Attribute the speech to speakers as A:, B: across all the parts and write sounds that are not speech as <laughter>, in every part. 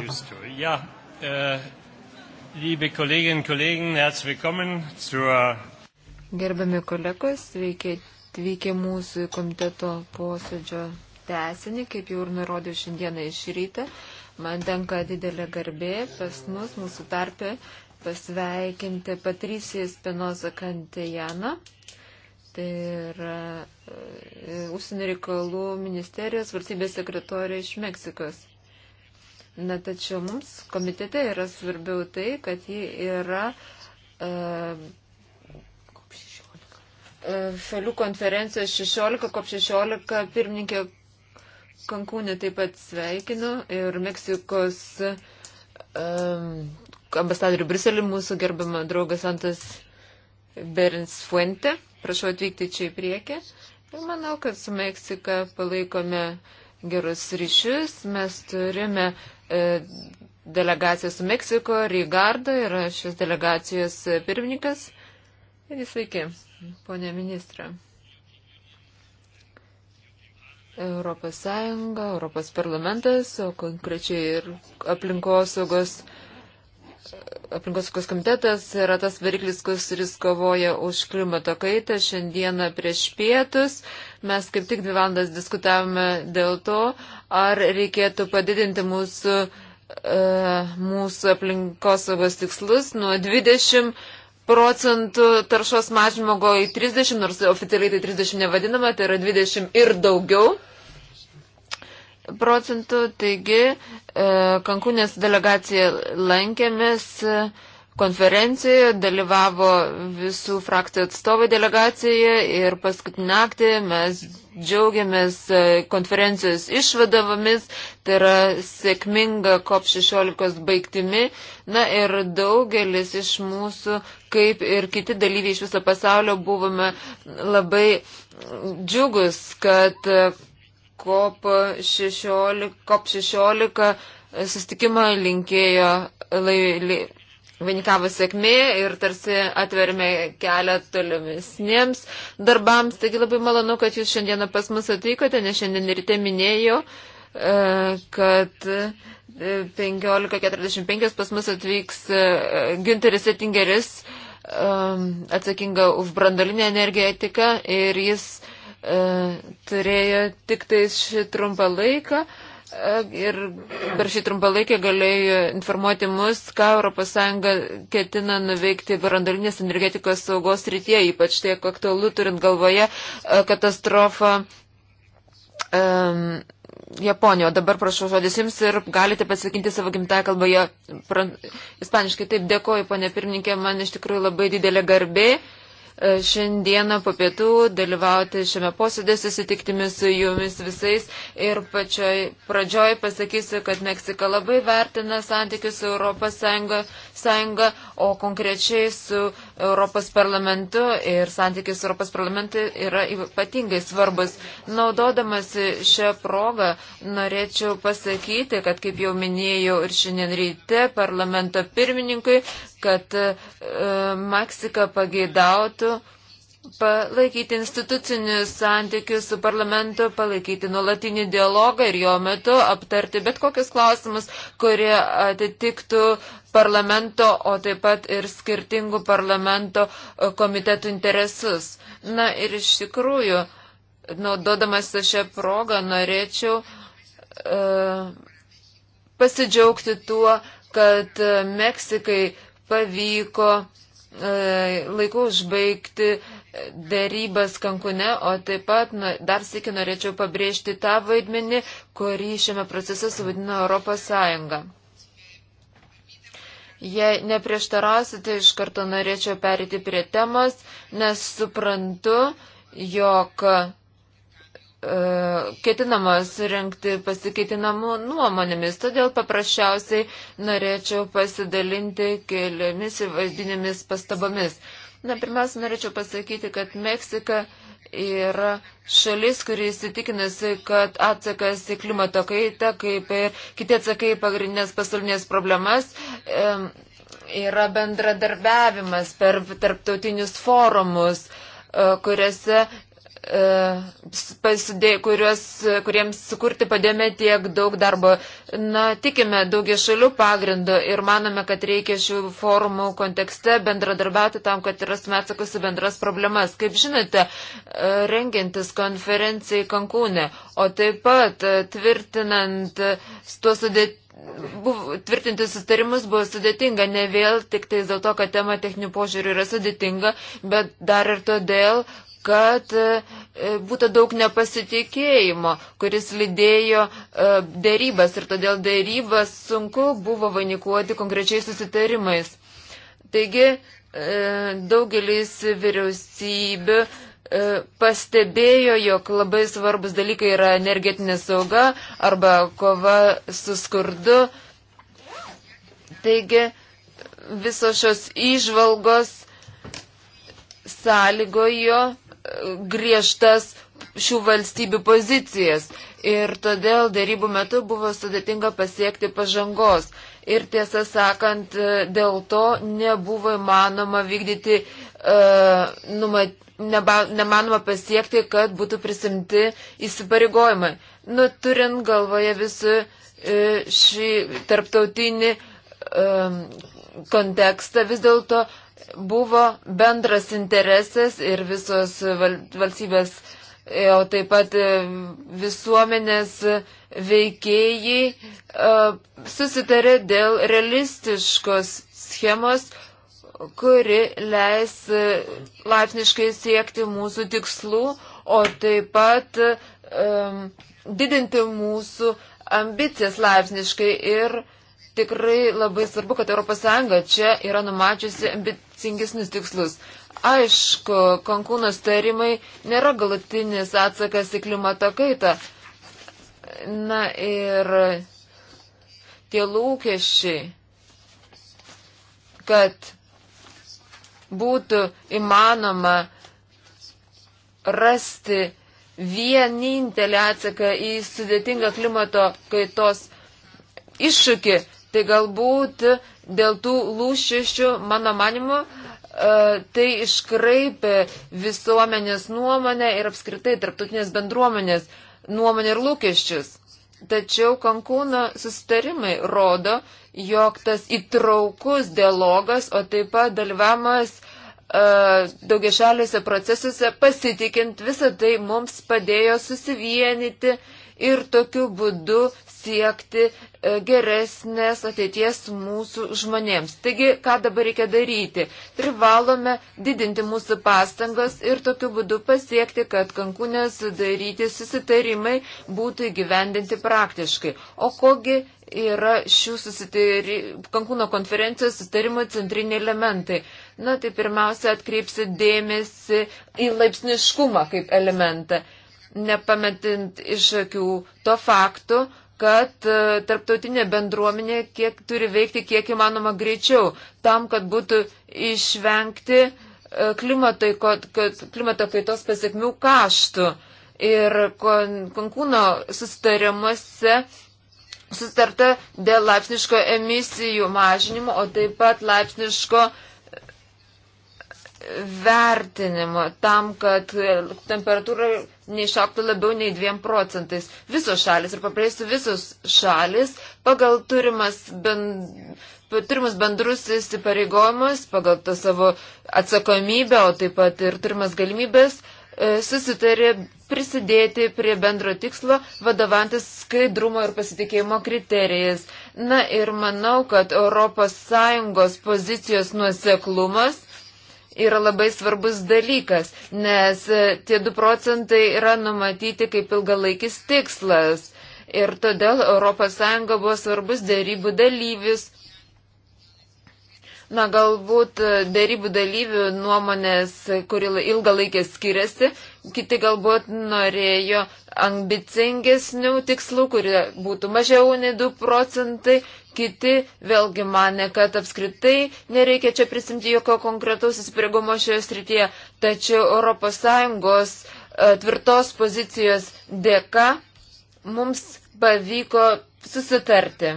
A: used to. Ja, äh, liebe Kolleginnen und Kollegen, herzlich willkommen zur.
B: Gerbiami kolegos, sveiki atvykę mūsų komiteto posėdžio tęsinį, kaip jau ir nurodė šiandieną iš ryto. Man tenka didelė garbė pas mus, mūsų tarpe, pasveikinti Patriciją Spinoza Kantejaną. Tai yra e, e, užsienio reikalų ministerijos valstybės sekretorija iš Meksikos. Na tačiau mums komitete yra svarbiau tai, kad ji yra uh, šalių konferencijos 16, kop 16 pirmininkė Kankūnė taip pat sveikino ir Meksikos um, ambasadorių Briselį mūsų gerbama draugas Antas Berins Fuente. Prašau atvykti čia į priekį. Ir manau, kad su Meksika palaikome gerus ryšius. Mes turime uh, E, delegacija su Meksiko, Rigardo yra šios delegacijos pirmininkas. Ir jis sveiki, ponė ministra. Europos Sąjunga, Europos parlamentas, o konkrečiai ir aplinkosaugos saugos aplinkosaugos komitetas yra tas variklis, kuris kovoja už klimato kaitą. Šiandieną prieš pietus mes kaip tik dvi valandas diskutavome dėl to, ar reikėtų padidinti mūsų, e, mūsų aplinkosaugos tikslus nuo 20 procentų taršos mažmogo į 30, nors oficialiai tai 30 nevadinama, tai yra 20 ir daugiau procentų. Taigi, e, Kankūnės delegacija lankėmės konferencijoje, dalyvavo visų frakcijų atstovai delegacijoje ir paskutinį naktį mes džiaugiamės e, konferencijos išvadavomis, tai yra sėkminga COP16 baigtimi. Na ir daugelis iš mūsų, kaip ir kiti dalyviai iš viso pasaulio, buvome labai džiugus, kad COP16, COP16 e, sustikimą linkėjo vainikavo sėkmė ir tarsi atverime kelią tolimesniems darbams. Taigi labai malonu, kad jūs šiandieną pas mus atvykote, nes šiandien ryte minėjo, e, kad 15.45 e, pas mus atvyks Günteris Ettingeris atsakinga už brandalinę energetiką ir jis uh, E, turėjo tik tai šį trumpą laiką e, ir per šį trumpą laiką galėjo informuoti mus, ką ES ketina nuveikti brandalinės energetikos saugos rytyje, ypač tiek aktualu turint galvoje e, katastrofą. Um, Japonijo. Dabar prašau žodis jums ir galite pasakinti savo gimtąją kalbą ja, pran, ispaniškai. Taip, dėkoju, ponė pirmininkė, man iš tikrųjų labai didelė garbė uh, E, šiandieną po pietų dalyvauti šiame posėdė, susitiktimi su jumis visais. Ir pačioj pradžioj pasakysiu, kad Meksika labai vertina santykius su ES, o konkrečiai su Europos parlamentu ir santykiai su Europos parlamentu yra ypatingai svarbus. Naudodamas šią progą norėčiau pasakyti, kad kaip jau minėjau ir šiandien ryte parlamento pirmininkui, kad e, Meksika pageidautų, e, palaikyti institucinius santykius su parlamentu, palaikyti nuolatinį dialogą ir jo metu aptarti bet kokius klausimus, kurie atitiktų parlamento, o taip pat ir skirtingų parlamento komitetų interesus. Na ir iš tikrųjų, naudodamas šią progą, norėčiau e, pasidžiaugti tuo, kad Meksikai pavyko e, laiku užbaigti dėrybas Kankune, o taip pat nu, dar sėki norėčiau pabrėžti tą vaidmenį, kurį šiame procese suvadino Europos Sąjunga. Jei neprieštarausite, iš karto norėčiau perėti prie temos, nes suprantu, jog e, ketinama surinkti pasikeitinamų nuomonėmis, todėl paprasčiausiai norėčiau pasidalinti keliomis įvaizdinėmis pastabomis. E, Na, pirmiausia, norėčiau pasakyti, kad Meksika yra šalis, kuri įsitikinusi, kad atsakas į klimato kaitą, kaip ir kiti atsakai į pagrindinės pasaulinės problemas, yra bendradarbiavimas per tarptautinius forumus e, kuriuose E, pasidė, kurios, kuriems sukurti padėmė tiek daug darbo. Na, tikime daugia šalių pagrindų ir manome, kad reikia šių formų kontekste bendradarbiauti tam, kad yra smetsakusi bendras problemas. Kaip žinote, e, rengiantis konferencijai Kankūne, o taip pat e, tvirtinant tuo sudėti. Buvo, tvirtinti sustarimus buvo sudėtinga, ne vėl tik tai dėl to, kad tema techninių požiūrių yra sudėtinga, bet dar ir todėl, kad e, e, būtų daug nepasitikėjimo, kuris lydėjo e, dėrybas ir todėl dėrybas sunku buvo vainikuoti konkrečiai susitarimais. Taigi daugelis vyriausybių pastebėjo, jog labai svarbus dalykai yra energetinė sauga arba kova su skurdu. Taigi visos šios išvalgos sąlygojo griežtas šių valstybių pozicijas ir todėl dėrybų metu buvo sudėtinga pasiekti pažangos. Ir tiesą sakant, dėl to nebuvo įmanoma vykdyti, uh, e, numat, neba, nemanoma pasiekti, kad būtų prisimti įsipareigojimai. Nu, turint galvoje visų e, šį tarptautinį um, kontekstą vis dėlto buvo bendras interesas ir visos val, valstybės, e, o taip pat e, visuomenės veikėjai e, susitarė dėl realistiškos schemos, kuri leis laipsniškai siekti mūsų tikslų, o taip pat um, didinti mūsų ambicijas laipsniškai ir tikrai labai svarbu, kad ES čia yra numačiusi ambicingesnius tikslus. Aišku, konkūnos tarimai nėra galutinis atsakas į klimato kaitą. Na ir tie lūkesčiai, kad būtų įmanoma rasti vienintelį atsaką į sudėtingą klimato kaitos iššūkį, Tai galbūt dėl tų lūšišių, mano manimo, e, tai iškraipė visuomenės nuomonę ir apskritai tarptautinės bendruomenės nuomonę ir lūkesčius. Tačiau Kankūno susitarimai rodo, jog tas įtraukus dialogas, o taip pat dalyvamas e, daugiašaliuose procesuose pasitikint, visą tai mums padėjo susivienyti ir tokiu būdu siekti e, geresnės ateities mūsų žmonėms. Taigi, ką dabar reikia daryti? Privalome didinti mūsų pastangas ir tokiu būdu pasiekti, kad kankūnė sudaryti susitarimai būtų įgyvendinti praktiškai. O kogi yra šių susitari... kankūno konferencijos susitarimo centriniai elementai? Na, tai pirmiausia atkreipsiu dėmesį į laipsniškumą kaip elementą nepametint iš akių to faktų, kad e, tarptautinė bendruomenė kiek turi veikti kiek įmanoma greičiau, tam, kad būtų išvengti e, klimato, klimato kaitos pasiekmių kaštų. Ir Kankūno sustarimuose sustarta dėl laipsniško emisijų mažinimo, o taip pat laipsniško uh, vertinimą tam, kad temperatūra neišauktų labiau nei 2 procentais. Visos šalis, ir paprėsiu visos šalis, pagal turimas, bend, turimas bendrus įsipareigojimus, pagal tą savo atsakomybę, o taip pat ir turimas galimybės, e, susitarė prisidėti prie bendro tikslo, vadovantis skaidrumo ir pasitikėjimo kriterijais. Na ir manau, kad ES pozicijos nuoseklumas yra labai svarbus dalykas, nes e, tie 2 procentai yra numatyti kaip ilgalaikis tikslas. Ir todėl ES buvo svarbus dėrybų dalyvis. Na, galbūt e, dėrybų dalyvių nuomonės, kuri ilgalaikė skiriasi, kiti galbūt norėjo ambicingesnių tikslų, kurie būtų mažiau nei 2 procentai, Kiti vėlgi mane, kad apskritai nereikia čia prisimti jokio konkretaus įsipareigomo šioje srityje, tačiau ES e, tvirtos pozicijos dėka mums pavyko susitarti.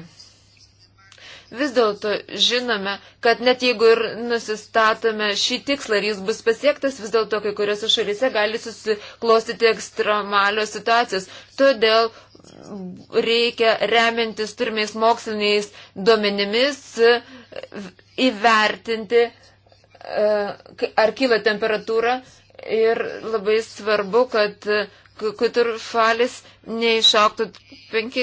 B: Vis dėlto žinome, kad net jeigu ir nusistatome šį tikslą ir jis bus pasiektas, vis dėlto kai kuriuose šalyse gali susiklostyti ekstremalios situacijos. Todėl reikia remintis turimais moksliniais duomenimis e, įvertinti, e, ar kyla temperatūra ir labai svarbu, kad kuturfalis neišauktų 5,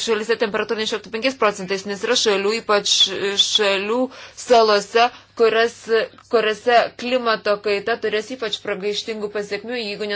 B: šalyse temperatūra neišauktų 5 procentais, nes yra šalių, ypač šalių salose, kurias, kuriuose klimato kaita turės ypač pragaištingų pasiekmių, jeigu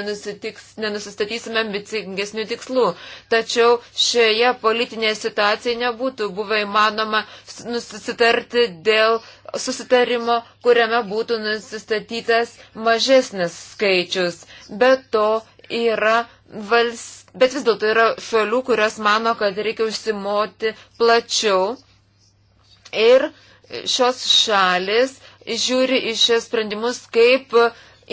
B: nenusistatysime ambicingesnių tikslų. Tačiau šioje politinėje situacijoje nebūtų buvę įmanoma nusitarti dėl susitarimo, kuriame būtų nusistatytas mažesnis skaičius. Be to, yra valstybės, bet vis dėlto yra šalių, kurios mano, kad reikia užsimoti plačiau. Ir šios šalis žiūri į šios sprendimus kaip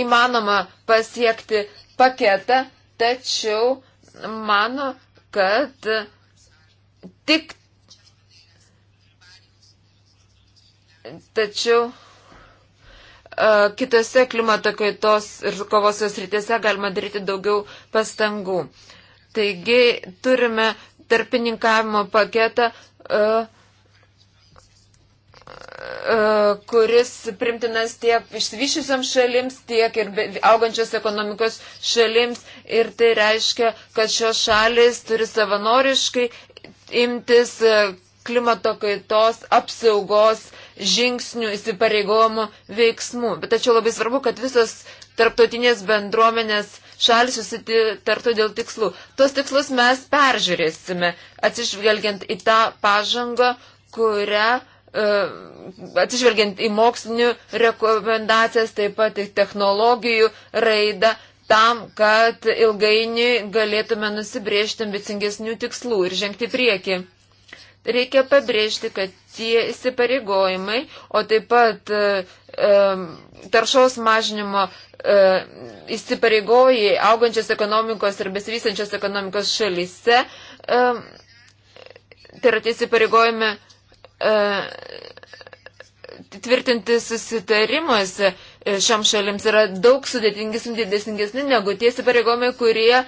B: įmanoma pasiekti paketą, tačiau mano, kad tik. Tačiau kitose klimato kaitos ir kovosios rytise galima daryti daugiau pastangų. Taigi turime tarpininkavimo paketą, kuris primtinas tiek išsivyšiusiam šalims, tiek ir augančios ekonomikos šalims. Ir tai reiškia, kad šios šalis turi savanoriškai imtis klimato kaitos apsaugos žingsnių, įsipareigojimų, veiksmų. Bet tačiau labai svarbu, kad visos tarptautinės bendruomenės šalis susitartų dėl tikslų. Tuos tikslus mes peržiūrėsime, atsižvelgiant į tą pažangą, kurią e, atsižvelgiant į mokslinių rekomendacijas, taip pat į technologijų raidą, tam, kad ilgainiui galėtume nusibriežti ambicingesnių tikslų ir žengti prieki. Reikia pabrėžti, kad tie įsipareigojimai, o taip pat e, e taršos mažinimo e, įsipareigojai augančios ekonomikos ir besivystančios ekonomikos šalyse, e, tai yra tie įsipareigojimai e, tvirtinti susitarimuose šiam šalims yra daug sudėtingesni, didesngesni negu tie įsipareigomai, kurie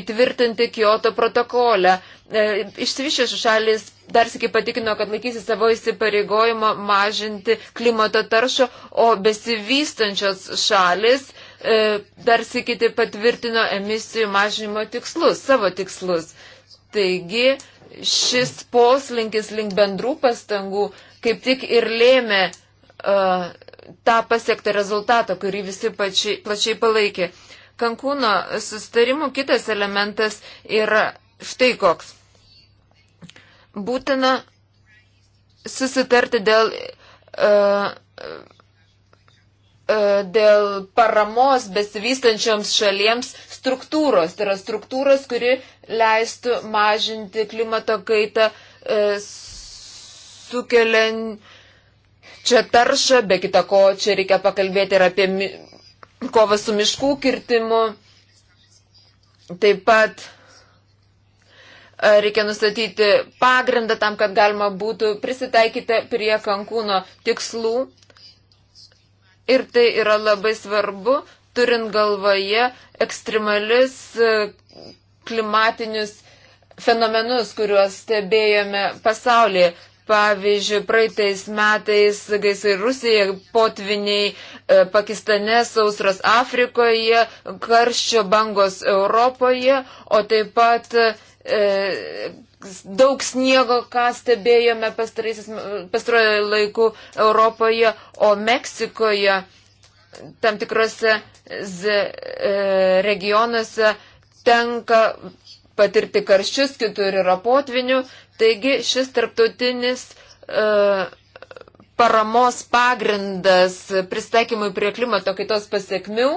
B: įtvirtinti Kyoto protokolę. E, Išsivyšęs šalis dar sėkiai patikino, kad laikysi savo įsipareigojimo mažinti klimato taršą, o besivystančios šalis e, dar sėkiai patvirtino emisijų mažinimo tikslus, savo tikslus. Taigi šis poslinkis link bendrų pastangų kaip tik ir lėmė uh, tą pasiektą rezultatą, kurį visi pačiai, plačiai palaikė. Kankūno sustarimų kitas elementas yra štai koks. Būtina susitarti dėl, uh, uh, dėl paramos besivystančioms šaliems struktūros. Tai yra struktūros, kuri leistų mažinti klimato kaitą uh, e, sukeliant čia taršą, be kita ko, čia reikia pakalbėti ir apie kovą su miškų kirtimu. Taip pat e, reikia nustatyti pagrindą tam, kad galima būtų prisitaikyti prie kankūno tikslų. Ir tai yra labai svarbu, turint galvoje ekstremalius e, klimatinius fenomenus, kuriuos stebėjome pasaulyje. Pavyzdžiui, praeitais metais gaisai Rusija, potviniai e, Pakistane, sausras Afrikoje, karščio bangos Europoje, o taip pat e, daug sniego, ką stebėjome pastarojo laiku Europoje, o Meksikoje tam tikrose e, regionuose tenka patirti karščius, kitur yra potvinių. Taigi šis tarptautinis uh, paramos pagrindas pristaikymui prie klimato kaitos pasiekmių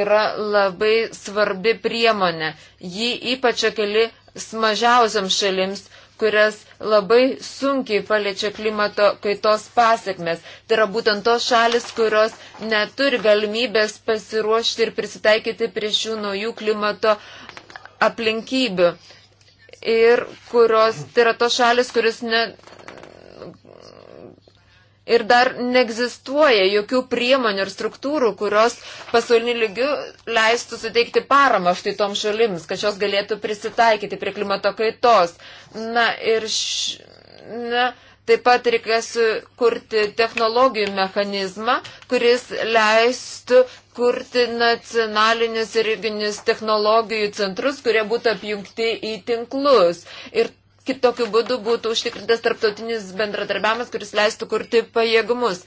B: yra labai svarbi priemonė. Ji ypač akeli mažiausiams šalims, kurias labai sunkiai paliečia klimato kaitos pasiekmes. Tai yra būtent tos šalis, kurios neturi galimybės pasiruošti ir prisitaikyti prie šių naujų klimato uh, aplinkybių ir kurios, tai yra tos šalis, kuris ne, ir dar neegzistuoja jokių priemonių ir struktūrų, kurios pasaulinį lygių leistų suteikti paramą štai tom šalims, kad šios galėtų prisitaikyti prie klimato kaitos. Na ir š... Na, Taip pat reikės kurti technologijų mechanizmą, kuris leistų kurti nacionalinius ir regioninius technologijų centrus, kurie būtų apjungti į tinklus. Ir kitokiu būdu būtų užtikrintas tarptautinis bendradarbiavimas, kuris leistų kurti pajėgumus.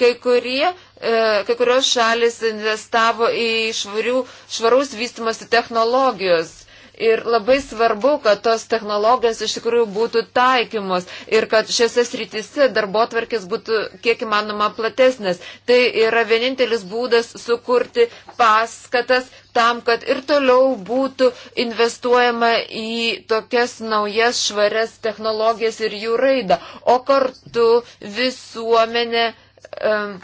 B: Kai, kurie, e, kai kurios šalis investavo į švarių, švaraus vystimosi technologijos Ir labai svarbu, kad tos technologijos iš tikrųjų būtų taikymos ir kad šiose srityse darbo tvarkės būtų kiek įmanoma platesnės. Tai yra vienintelis būdas sukurti paskatas tam, kad ir toliau būtų investuojama į tokias naujas švarias technologijas ir jų raidą, o kartu visuomenė, um,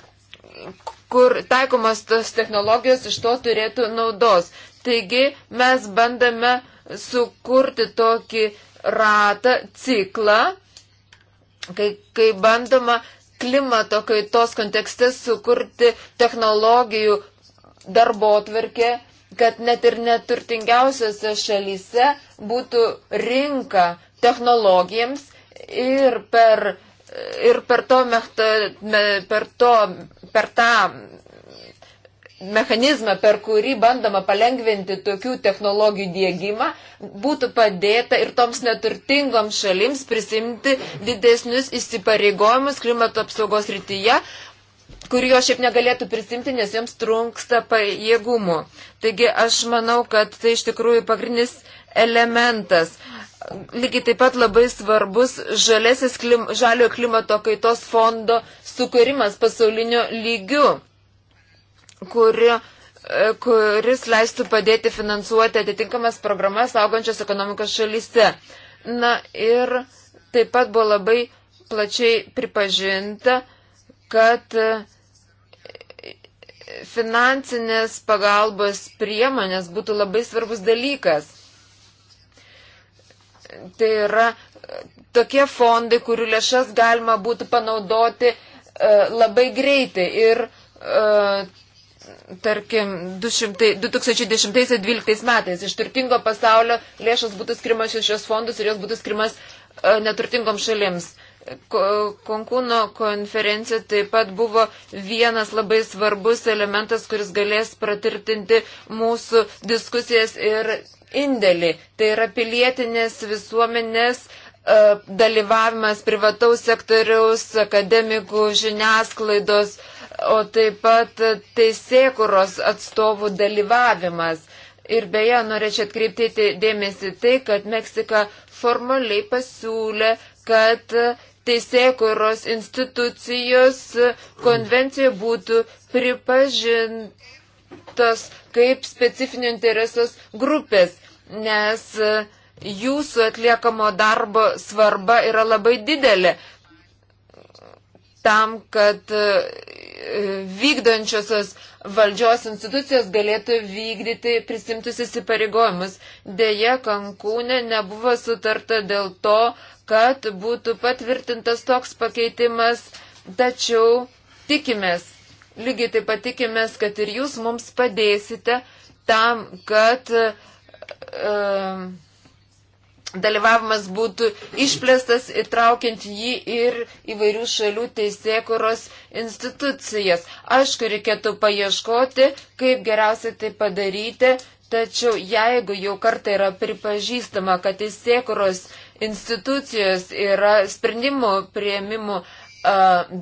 B: kur taikomos tos technologijos iš to turėtų naudos. Taigi mes bandame sukurti tokį ratą, ciklą, kai, kai bandoma klimato kaitos kontekste sukurti technologijų darbo atverkė, kad net ir neturtingiausiose šalyse būtų rinka technologijams ir per, ir per, to, mechta, per, to, per tą mechanizmą, per kurį bandoma palengventi tokių technologijų dėgymą, būtų padėta ir toms neturtingoms šalims prisimti didesnius įsipareigojimus klimato apsaugos rytyje, kurių jo šiaip negalėtų prisimti, nes joms trunksta pajėgumų. Taigi aš manau, kad tai iš tikrųjų pagrindinis elementas. Lygiai taip pat labai svarbus žaliojo klim, klimato kaitos fondo sukūrimas pasauliniu lygiu kuri e, kuris leistų padėti finansuoti atitinkamas programas augančios ekonomikos šalyse. Na ir taip pat buvo labai plačiai pripažinta, kad e, finansinės pagalbos priemonės būtų labai svarbus dalykas. Tai yra e, tokie fondai, kurių lėšas galima būtų panaudoti e, labai greitai ir e, tarkim, 2010-2012 metais iš turtingo pasaulio lėšas būtų skirimas šios fondus ir jos būtų skirimas e, neturtingom šalims. Konkūno konferencija taip pat buvo vienas labai svarbus elementas, kuris galės pratirtinti mūsų diskusijas ir indėlį. Tai yra pilietinės visuomenės e, dalyvavimas privataus sektoriaus, akademikų, žiniasklaidos, uh, o taip pat teisėkuros atstovų dalyvavimas. Ir beje, norėčiau atkreipti dėmesį tai, kad Meksika formaliai pasiūlė, kad teisėkuros institucijos konvencija būtų pripažintos kaip specifinio interesos grupės, nes jūsų atliekamo darbo svarba yra labai didelė tam, kad vykdančiosios valdžios institucijos galėtų vykdyti prisimtus įsipareigojimus. Deja, Kankūne nebuvo sutarta dėl to, kad būtų patvirtintas toks pakeitimas, tačiau tikimės, lygiai taip pat tikimės, kad ir jūs mums padėsite tam, kad uh, e, dalyvavimas būtų išplėstas įtraukiant jį ir įvairių šalių teisėkuros institucijas. Aišku, reikėtų paieškoti, kaip geriausiai tai padaryti, tačiau jeigu jau kartą yra pripažįstama, kad teisėkuros institucijos yra sprendimų prieimimų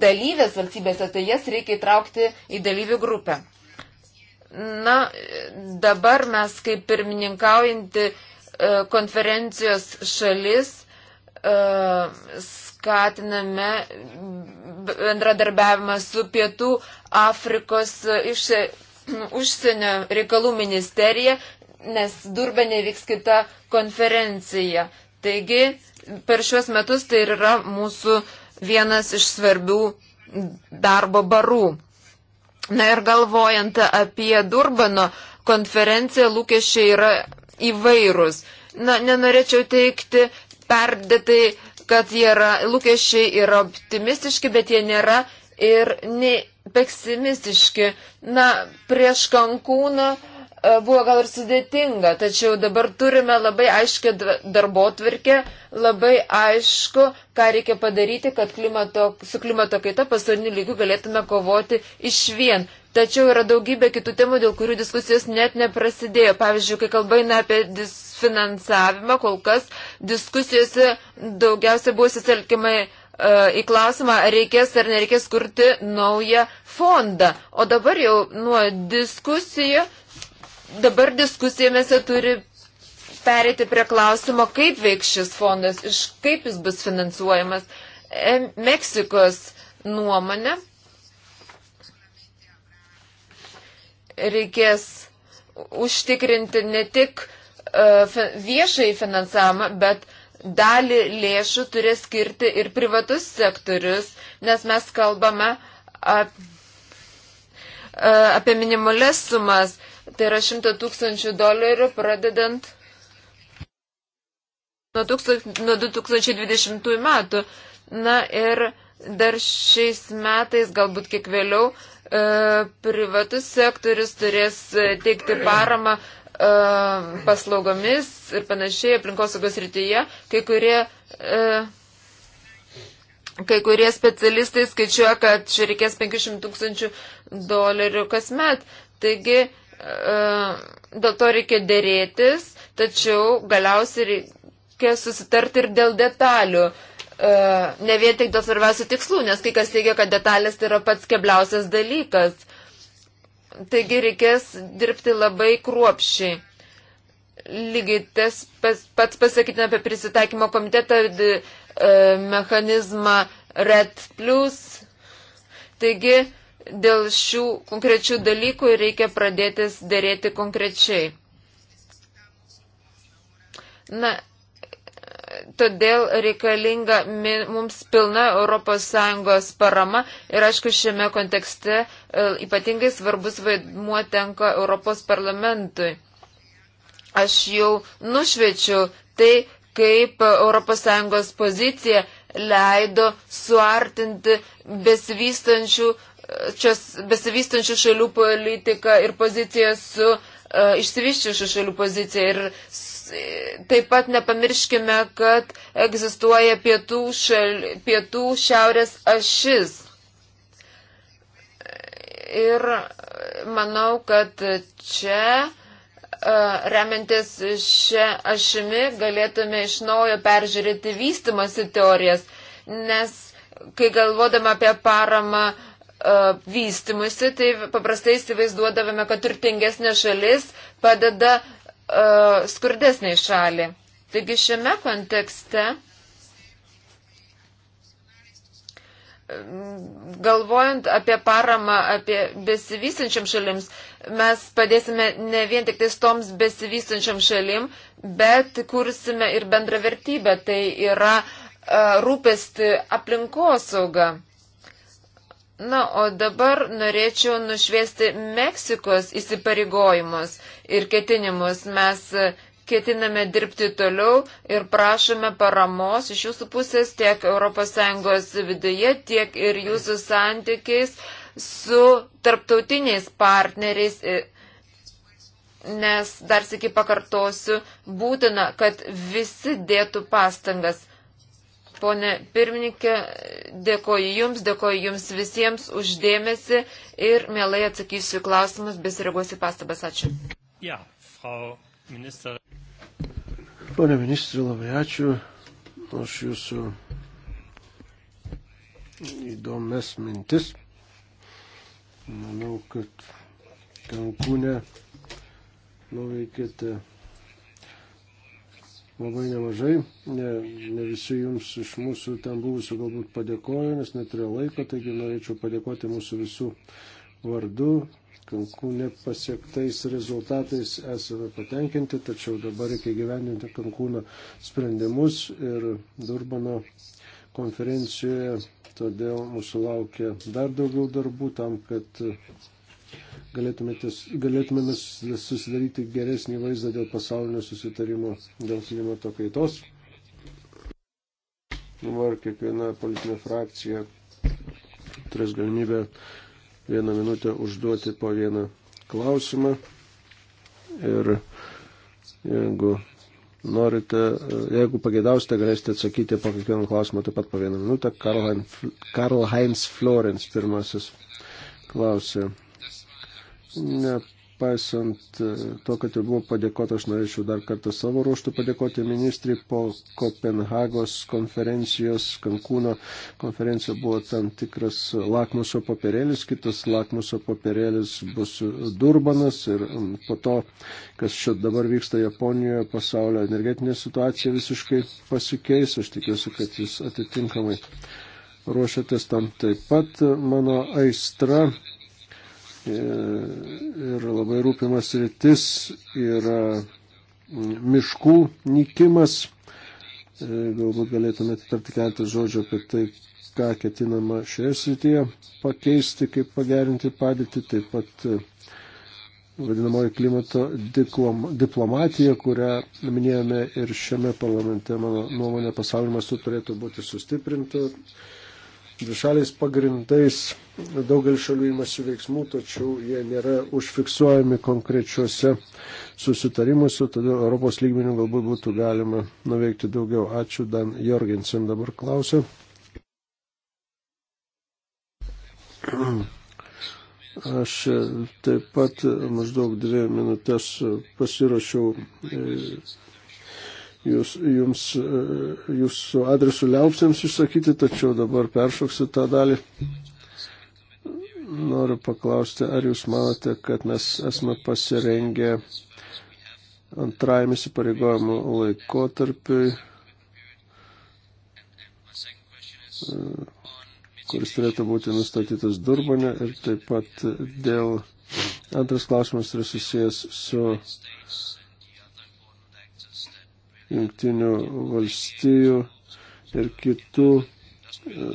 B: dalyvės valstybėse, tai jas reikia įtraukti į dalyvių grupę. Na, dabar mes kaip pirmininkaujanti E, konferencijos šalis e, skatiname bendradarbiavimą su Pietų Afrikos e, iš, <clears throat> užsienio reikalų ministerija, nes Durbanė vyks kita konferencija. Taigi, per šiuos metus tai yra mūsų vienas iš svarbių darbo barų. Na ir galvojant apie Durbano konferenciją, lūkesčiai yra įvairūs. Na, nenorėčiau teikti perdėtai, kad yra, lūkesčiai yra optimistiški, bet jie nėra ir ne pesimistiški. Na, prieš kankūną. Uh, E, buvo gal ir sudėtinga, tačiau dabar turime labai aiškę darbo tvirkę, labai aišku, ką reikia padaryti, kad klimato, su klimato kaita pasauliniu lygiu galėtume kovoti iš vien. Tačiau yra daugybė kitų temų, dėl kurių diskusijos net neprasidėjo. Pavyzdžiui, kai kalba eina apie finansavimą, kol kas diskusijose daugiausia buvo susitelkimai e, į klausimą, ar reikės ar nereikės kurti naują fondą. O dabar jau nuo diskusijų dabar diskusijomėse turi perėti prie klausimo, kaip veiks šis fondas, iš kaip jis bus finansuojamas. E, Meksikos nuomonė reikės užtikrinti ne tik e, viešai finansavimą, bet dalį lėšų turės skirti ir privatus sektorius, nes mes kalbame e, apie minimales sumas Tai yra 100 tūkstančių dolerių pradedant nuo, tūkstant, nuo 2020 metų. Na ir dar šiais metais, galbūt kiek vėliau, e, privatus sektorius turės e, teikti paramą e, paslaugomis ir panašiai aplinkosaugos rytyje, kai kurie, kai kurie specialistai skaičiuoja, kad čia reikės 500 tūkstančių dolerių kasmet. Taigi Ehm, dėl to reikia dėrėtis, tačiau galiausiai reikia susitarti ir dėl detalių. Ehm, ne vien tik dėl svarbiausių tikslų, nes kai kas teigia, kad detalės tai yra pats kebliausias dalykas. Taigi reikės dirbti labai kruopšiai. Lygiai tas pas, pats pasakytina apie prisitaikymo komitetą, ehm, mechanizmą RED. Taigi, dėl šių konkrečių dalykų reikia pradėtis dėrėti konkrečiai. Na, todėl reikalinga mums pilna ES parama ir aišku šiame kontekste e, ypatingai svarbus vaidmuo tenka Europos parlamentui. Aš jau nušvečiu tai, kaip ES pozicija leido suartinti besivystančių čia besivystančių šalių politika ir pozicija su uh, e, išsivyščiusių šalių pozicija. Ir e, taip pat nepamirškime, kad egzistuoja pietų, šal, pietų šiaurės ašis. Ir manau, kad čia e, remiantis šią ašimi galėtume iš naujo peržiūrėti vystimasi teorijas, nes kai galvodama apie paramą uh, E, vystimusi, tai paprastai įsivaizduodavome, kad turtingesnė šalis padeda uh, e, skurdesniai šaliai. Taigi šiame kontekste galvojant apie paramą, apie besivystančiam šalims, mes padėsime ne vien tik tais toms besivystančiam šalim, bet kursime ir bendrą vertybę, tai yra e, rūpesti aplinkosaugą. Na, o dabar norėčiau nušviesti Meksikos įsipareigojimus ir ketinimus. Mes e, ketiname dirbti toliau ir prašome paramos iš jūsų pusės tiek ES viduje, tiek ir jūsų santykiais su tarptautiniais partneriais. E, nes, dar sėki pakartosiu, būtina, kad visi dėtų pastangas. Pone pirmininkė, dėkoju Jums, dėkoju Jums visiems uždėmesi ir mielai atsakysiu klausimus, besireaguosiu pastabas. Ačiū.
A: Ja, Frau Minister. Pone ministrė, labai ačiū už Jūsų įdomias mintis. Manau, kad Kankūne nuveikėte. Nu, labai nemažai. Ne, ne visi jums iš mūsų ten buvusių galbūt padėkoju, nes neturėjau laiko, taigi norėčiau padėkoti mūsų visų vardu. Kankūne pasiektais rezultatais esame patenkinti, tačiau dabar reikia gyveninti Kankūno sprendimus ir Durbano konferencijoje, todėl mūsų laukia dar daugiau darbų tam, kad galėtumėme susidaryti geresnį vaizdą dėl pasaulinio susitarimo dėl klimato kaitos. Dabar kiekviena politinė frakcija turės galimybę vieną minutę užduoti po vieną klausimą. Ir jeigu norite, jeigu pageidausite, galėsite atsakyti po kiekvieną klausimą taip pat po vieną minutę. Karl Heinz Florence pirmasis klausė. Nepaisant e, to, kad jau buvo padėkota, aš norėčiau dar kartą savo ruoštų padėkoti ministrui po Kopenhagos konferencijos, Kankūno konferencija buvo tam tikras lakmuso papirėlis, kitas lakmuso papirėlis bus Durbanas ir po to, kas čia dabar vyksta Japonijoje, pasaulio energetinė situacija visiškai pasikeis, aš tikiuosi, kad jis atitinkamai ruošiatės tam taip pat. Mano aistra ir labai rūpimas rytis yra miškų nykimas. E, galbūt galėtumėte tarti keletą žodžių apie tai, ką ketinama šioje srityje pakeisti, kaip pagerinti padėtį, taip pat e, vadinamoji klimato diplomatija, kurią minėjome ir šiame parlamente, mano nuomonė, pasaulymas turėtų būti sustiprinta dvišaliais pagrindais daugelis šalių imasi veiksmų, tačiau jie nėra užfiksuojami konkrečiuose susitarimuose, todėl Europos lygmenių galbūt būtų galima nuveikti daugiau. Ačiū, Dan Jorgensen dabar klausia. Aš taip pat maždaug dvi minutės pasirašiau jūs, jums, e, jūsų adresu liaupsiams išsakyti, tačiau dabar peršoksiu tą dalį. Noriu paklausti, ar jūs manote, kad mes esame pasirengę antrajam įsipareigojimo laikotarpiui, e, kuris turėtų būti nustatytas Durbane ir taip pat dėl antras klausimas yra susijęs su jungtinių valstijų ir kitų e,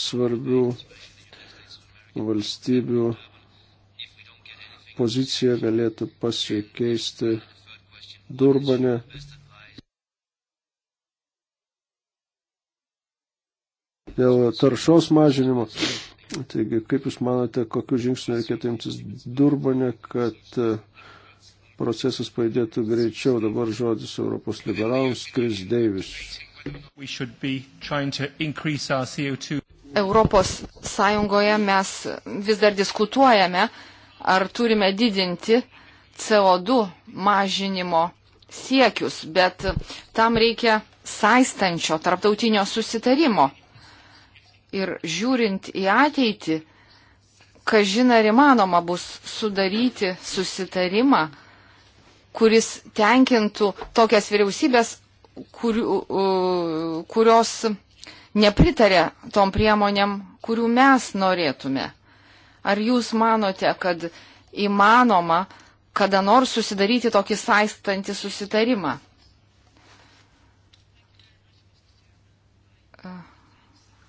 A: svarbių valstybių pozicija galėtų pasikeisti Durbane. Dėl taršos mažinimo. Taigi, kaip Jūs manote, kokiu žingsniu reikėtų imtis Durbane, kad uh, procesas pajudėtų greičiau. Dabar žodis Europos liberalams Kris Deivis.
C: Europos Sąjungoje mes vis dar diskutuojame, ar turime didinti CO2 mažinimo siekius, bet tam reikia saistančio tarptautinio susitarimo. Ir žiūrint į ateitį, kažin ar įmanoma bus sudaryti susitarimą, kuris tenkintų tokias vyriausybės, kur, kurios nepritarė tom priemonėm, kurių mes norėtume. Ar jūs manote, kad įmanoma kada nors susidaryti tokį saistantį susitarimą?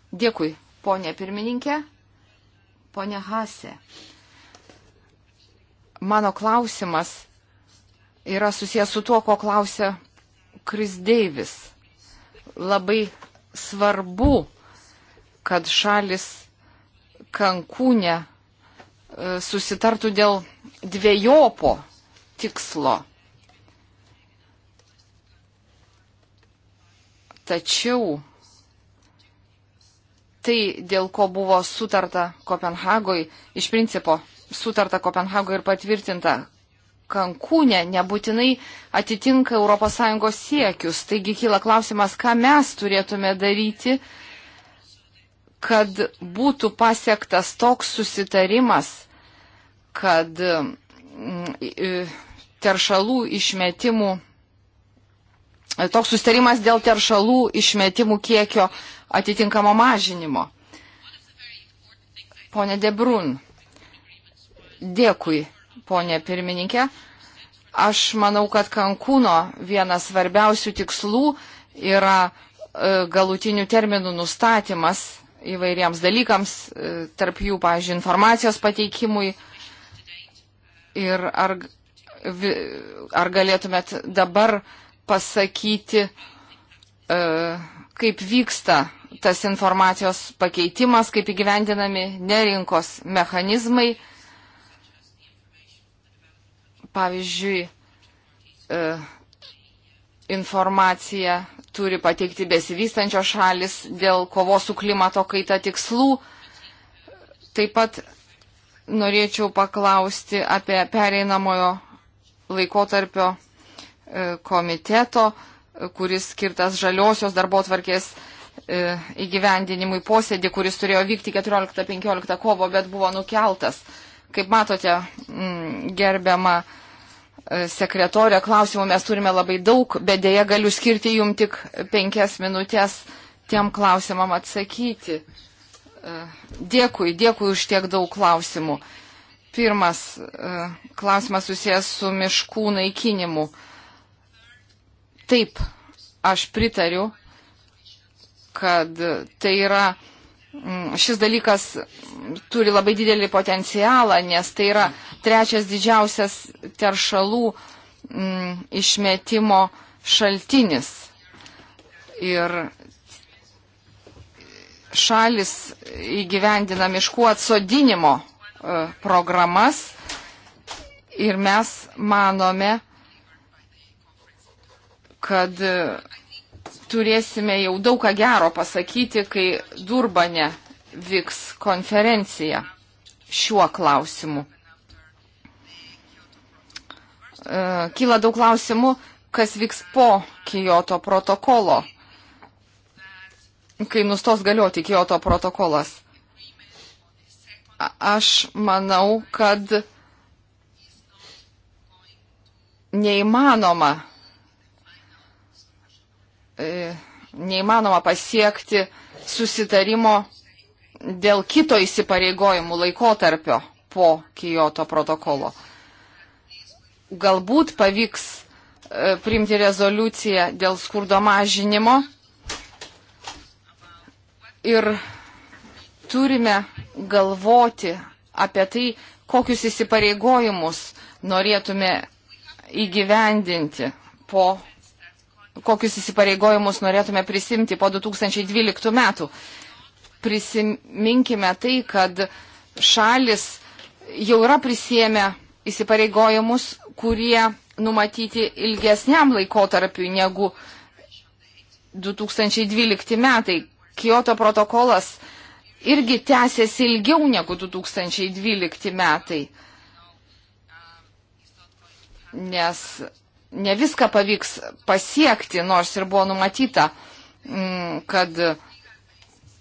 C: Dėkui, ponė pirmininkė, ponė Hase. Mano klausimas yra susijęs su tuo, ko klausė Kris Deivis. Labai svarbu, kad šalis Kankūne e, susitartų dėl dviejopo tikslo. Tačiau tai, dėl ko buvo sutarta Kopenhagoje, iš principo sutarta Kopenhagoje ir patvirtinta Kankūne nebūtinai atitinka ES siekius. Taigi kyla klausimas, ką mes turėtume daryti, kad būtų pasiektas toks susitarimas, kad mm, teršalų išmetimų, toks susitarimas dėl teršalų išmetimų kiekio atitinkamo mažinimo. Pone Debrun, dėkui ponė pirmininkė. Aš manau, kad Kankūno vienas svarbiausių tikslų yra e, galutinių terminų nustatymas įvairiems dalykams, e, tarp jų, pažiūrėjau, informacijos pateikimui. Ir ar, ar galėtumėt dabar pasakyti, e, kaip vyksta tas informacijos pakeitimas, kaip įgyvendinami nerinkos mechanizmai pavyzdžiui, e, informaciją turi pateikti besivystančios šalis dėl kovos su klimato kaita tikslų. Taip pat norėčiau paklausti apie pereinamojo laikotarpio e, komiteto, kuris skirtas žaliosios darbo tvarkės e, įgyvendinimui posėdį, kuris turėjo vykti 14-15 kovo, bet buvo nukeltas. Kaip matote, mm, gerbiama e, sekretorė, klausimų mes turime labai daug, bet dėja galiu skirti jum tik penkias minutės tiem klausimam atsakyti. E, dėkui, dėkui už tiek daug klausimų. Pirmas e, klausimas susijęs su miškų naikinimu. Taip, aš pritariu, kad tai yra Mm, šis dalykas turi labai didelį potencialą, nes tai yra trečias didžiausias teršalų m, mm, išmetimo šaltinis. Ir šalis įgyvendina miškų atsodinimo e, programas ir mes manome, kad turėsime jau daug ką gero pasakyti, kai Durbane vyks konferencija šiuo klausimu. E, kyla daug klausimų, kas vyks po Kyoto protokolo, kai nustos galioti Kyoto protokolas. Aš manau, kad neįmanoma E, neįmanoma pasiekti susitarimo dėl kito įsipareigojimų laikotarpio po Kijoto protokolo. Galbūt pavyks e, priimti rezoliuciją dėl skurdo mažinimo ir turime galvoti apie tai, kokius įsipareigojimus norėtume įgyvendinti po kokius įsipareigojimus norėtume prisimti po 2012 metų. Prisiminkime tai, kad šalis jau yra prisėmę įsipareigojimus, kurie numatyti ilgesniam laikotarpiu negu 2012 metai. Kyoto protokolas irgi tęsiasi ilgiau negu 2012 metai, nes ne viską pavyks pasiekti, nors ir buvo numatyta, mm, kad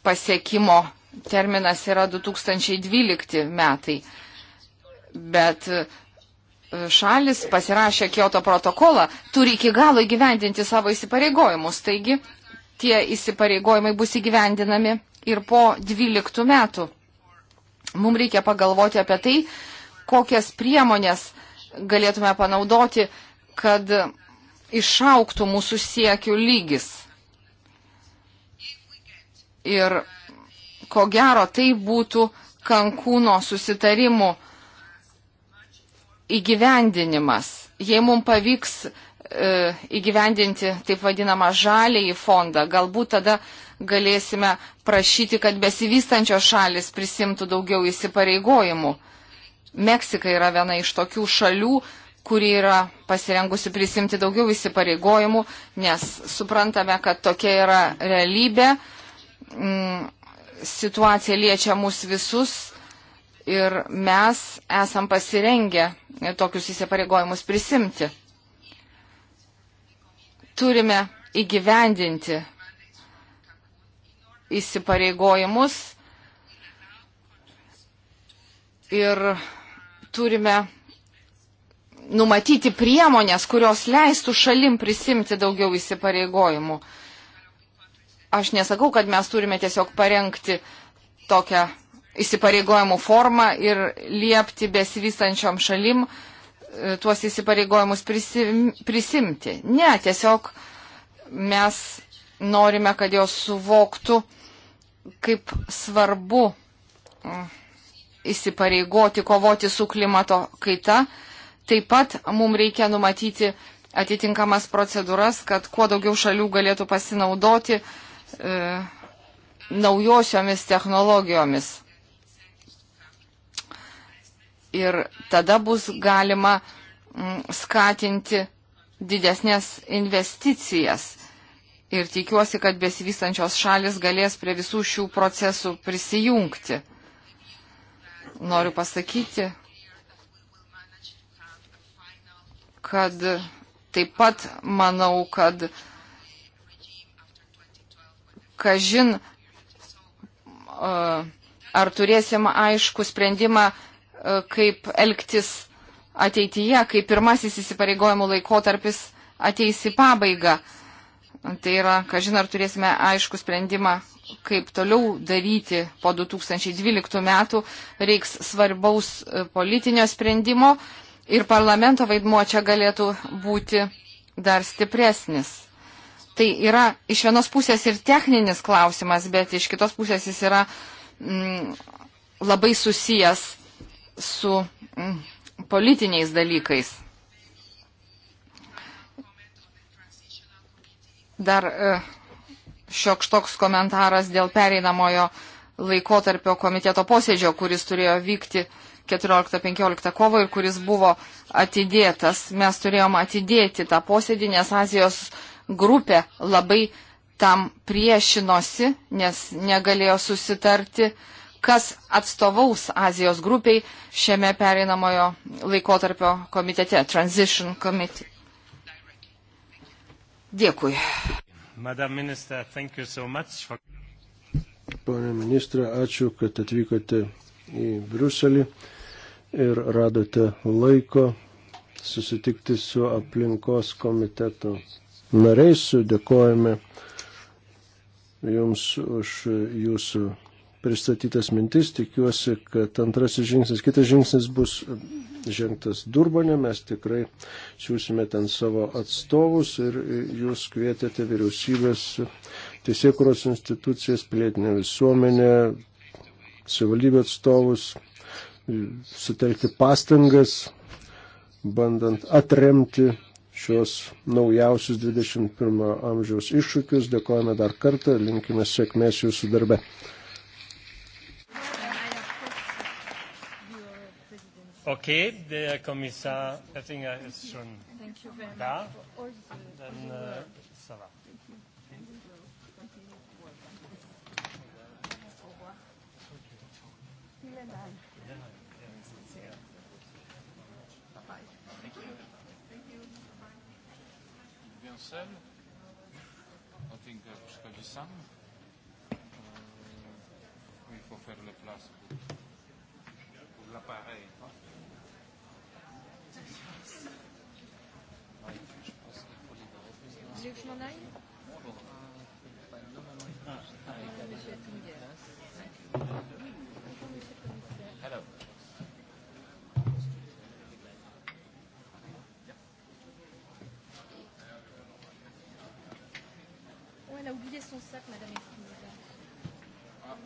C: pasiekimo terminas yra 2012 metai. Bet e, šalis pasirašė Kyoto protokolą, turi iki galo įgyvendinti savo įsipareigojimus. Taigi tie įsipareigojimai bus įgyvendinami ir po 12 metų. Mums reikia pagalvoti apie tai, kokias priemonės galėtume panaudoti kad išauktų mūsų siekių lygis. Ir ko gero tai būtų Kankūno susitarimų įgyvendinimas. Jei mums pavyks e, įgyvendinti taip vadinamą žalėjį fondą, galbūt tada galėsime prašyti, kad besivystančios šalis prisimtų daugiau įsipareigojimų. Meksika yra viena iš tokių šalių, kuri yra pasirengusi prisimti daugiau įsipareigojimų, nes suprantame, kad tokia yra realybė, mm, situacija liečia mus visus ir mes esam pasirengę tokius įsipareigojimus prisimti. Turime įgyvendinti įsipareigojimus ir turime numatyti priemonės, kurios leistų šalim prisimti daugiau įsipareigojimų. Aš nesakau, kad mes turime tiesiog parengti tokią įsipareigojimų formą ir liepti besivystančiom šalim e, tuos įsipareigojimus prisim, prisimti. Ne, tiesiog mes norime, kad jos suvoktų, kaip svarbu mm, įsipareigoti, kovoti su klimato kaita Taip pat mums reikia numatyti atitinkamas procedūras, kad kuo daugiau šalių galėtų pasinaudoti e, naujosiomis technologijomis. Ir tada bus galima m, mm, skatinti didesnės investicijas. Ir tikiuosi, kad besivystančios šalis galės prie visų šių procesų prisijungti. Noriu pasakyti, kad taip pat manau, kad kažin, ar turėsim aišku sprendimą, kaip elgtis ateityje, kai pirmasis įsipareigojimų laikotarpis ateis į pabaigą. Tai yra, kažin, ar turėsime aišku sprendimą, kaip toliau daryti po 2012 metų, reiks svarbaus politinio sprendimo. Uh, ir parlamento vaidmuo čia galėtų būti dar stipresnis. Tai yra iš vienos pusės ir techninis klausimas, bet iš kitos pusės jis yra mm, labai susijęs su mm, politiniais dalykais. Dar e, šioks toks komentaras dėl pereinamojo laikotarpio komiteto posėdžio, kuris turėjo vykti uh, 14-15 kovo ir kuris buvo atidėtas. Mes turėjom atidėti tą posėdį, nes Azijos grupė labai tam priešinosi, nes negalėjo susitarti, kas atstovaus Azijos grupiai šiame pereinamojo laikotarpio komitete, Transition Committee. Dėkui. Minister, so for...
A: Pane ministrė, ačiū, kad atvykote į Bruselį ir radote laiko susitikti su aplinkos komiteto nariais. Dėkojame Jums už Jūsų pristatytas mintis. Tikiuosi, kad antrasis žingsnis, kitas žingsnis bus žengtas Durbanė. Mes tikrai siūsime ten savo atstovus ir Jūs kvietėte vyriausybės, teisėkuros institucijas, pilietinę visuomenę, savivaldybę atstovus, sutelkti pastangas, bandant atremti šios naujausius 21 amžiaus iššūkius. Dėkojame dar kartą, linkime sėkmės jūsų darbe. Okay, der Kommissar Oettinger ist schon da.
D: Dann, äh, ça va. Vielen Dank.
C: cel. Oettinger przychodzi sam. Il faut faire le place pour, pour
D: l'appareil. J'ai que je m'en aille Bon. Ah, non, non, non. Ah,
C: avec, avec, avec, avec, avec, avec, avec, avec,
D: a oublié son sac, Madame Espinosa.
C: Ah.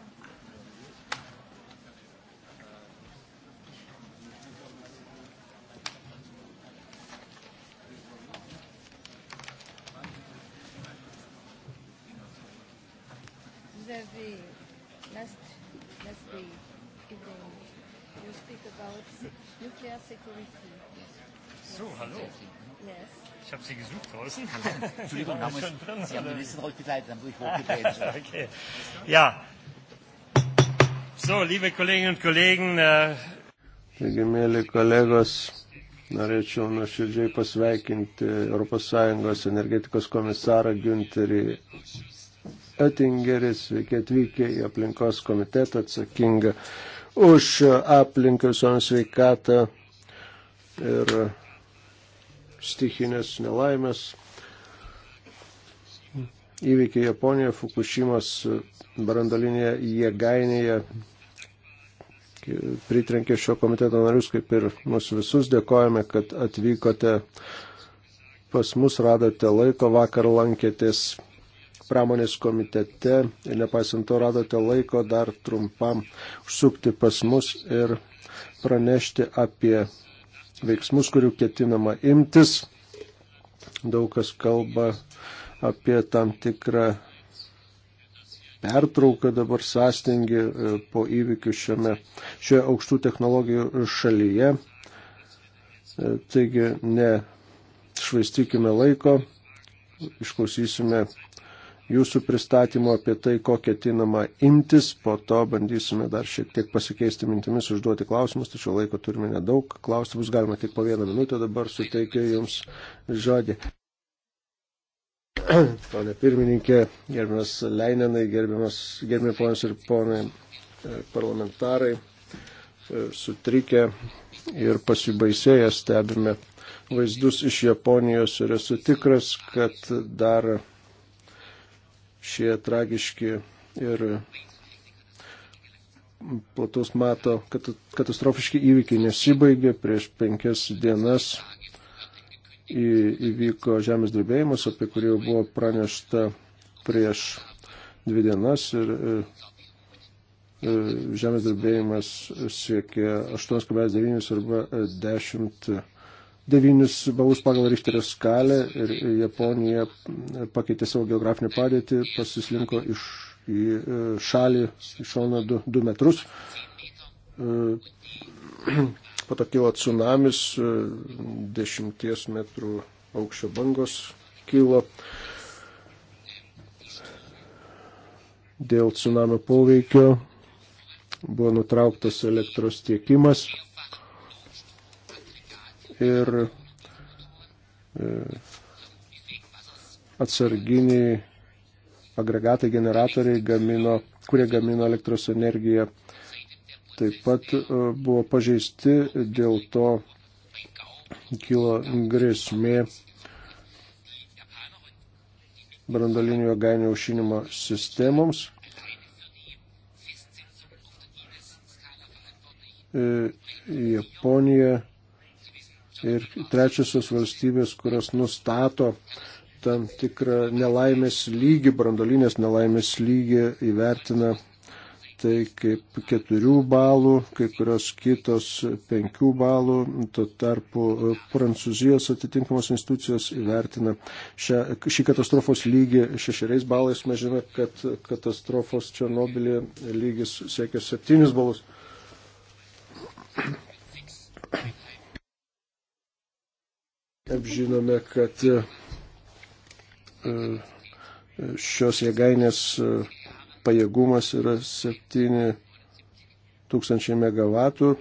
C: Vous avez
B: last last day evening you speak about nuclear security. Yes. So yes. hello. Yes.
C: Ich habe Sie gesucht draußen.
A: <laughs> Entschuldigung, damals, schon drin, Sie haben den Liste drauf geleitet, dann wurde ich <laughs> hochgedreht. okay. Ja. So, liebe Kolleginnen und Kollegen. Äh... Taigi, mėly kolegos, norėčiau nuoširdžiai pasveikinti ES energetikos komisarą Günterį Oettingeris, sveiki atvykę į aplinkos komitetą atsakingą už aplinką visuomenės sveikatą ir stichinės nelaimės. Įvykiai Japonijoje, Fukushimas brandalinėje jėgainėje pritrenkė šio komiteto narius, kaip ir mūsų visus. Dėkojame, kad atvykote pas mus, radote laiko, vakar lankėtės pramonės komitete ir nepaisant to radote laiko dar trumpam užsukti pas mus ir pranešti apie veiksmus, kurių ketinama imtis. Daug kas kalba apie tam tikrą pertrauką dabar sąstingi e, po įvykių šiame, šioje aukštų technologijų šalyje. E, taigi ne švaistykime laiko, išklausysime jūsų pristatymo apie tai, ko ketinama imtis. Po to bandysime dar šiek tiek pasikeisti mintimis, užduoti klausimus, tačiau laiko turime nedaug. Klausimus galima tik po vieną minutę, dabar suteikiu Jums žodį. Pane pirmininkė, gerbiamas Leinenai, gerbiamas ponas ir ponai e, parlamentarai, e, sutrikę ir pasibaisėję stebime vaizdus iš Japonijos ir esu tikras, kad dar šie tragiški ir platus mato katastrofiški įvykiai nesibaigė. Prieš penkias dienas įvyko žemės drebėjimas, apie kurį jau buvo pranešta prieš dvi dienas ir e, e, žemės drebėjimas siekia 8,9 arba 10 e, devynis balus pagal Richterio skalę ir Japonija pakeitė savo geografinę padėtį, pasislinko iš į e, šalį, į šoną 2 metrus. E, <clears throat> po to kilo tsunamis, 10 e, metrų aukščio bangos kilo. Dėl tsunamio poveikio buvo nutrauktas elektros tiekimas ir e, atsarginiai agregatai, generatoriai, gamino, kurie gamino elektros energiją, taip pat e, buvo pažeisti, dėl to kilo grėsmė brandalinių jėgainių aušinimo sistemoms. E, Japonija ir trečiosios valstybės, kurios nustato tam tikrą nelaimės lygį, brandolinės nelaimės lygį įvertina tai kaip keturių balų, kai kurios kitos penkių balų, tuo tarpu Prancūzijos atitinkamos institucijos įvertina šią, šį katastrofos lygį šešeriais balais, mes žinome, kad katastrofos Černobilė lygis siekia septynis balus. Apžinome, kad e, e, šios jėgainės e, pajėgumas yra 7 tūkstančiai megavatų.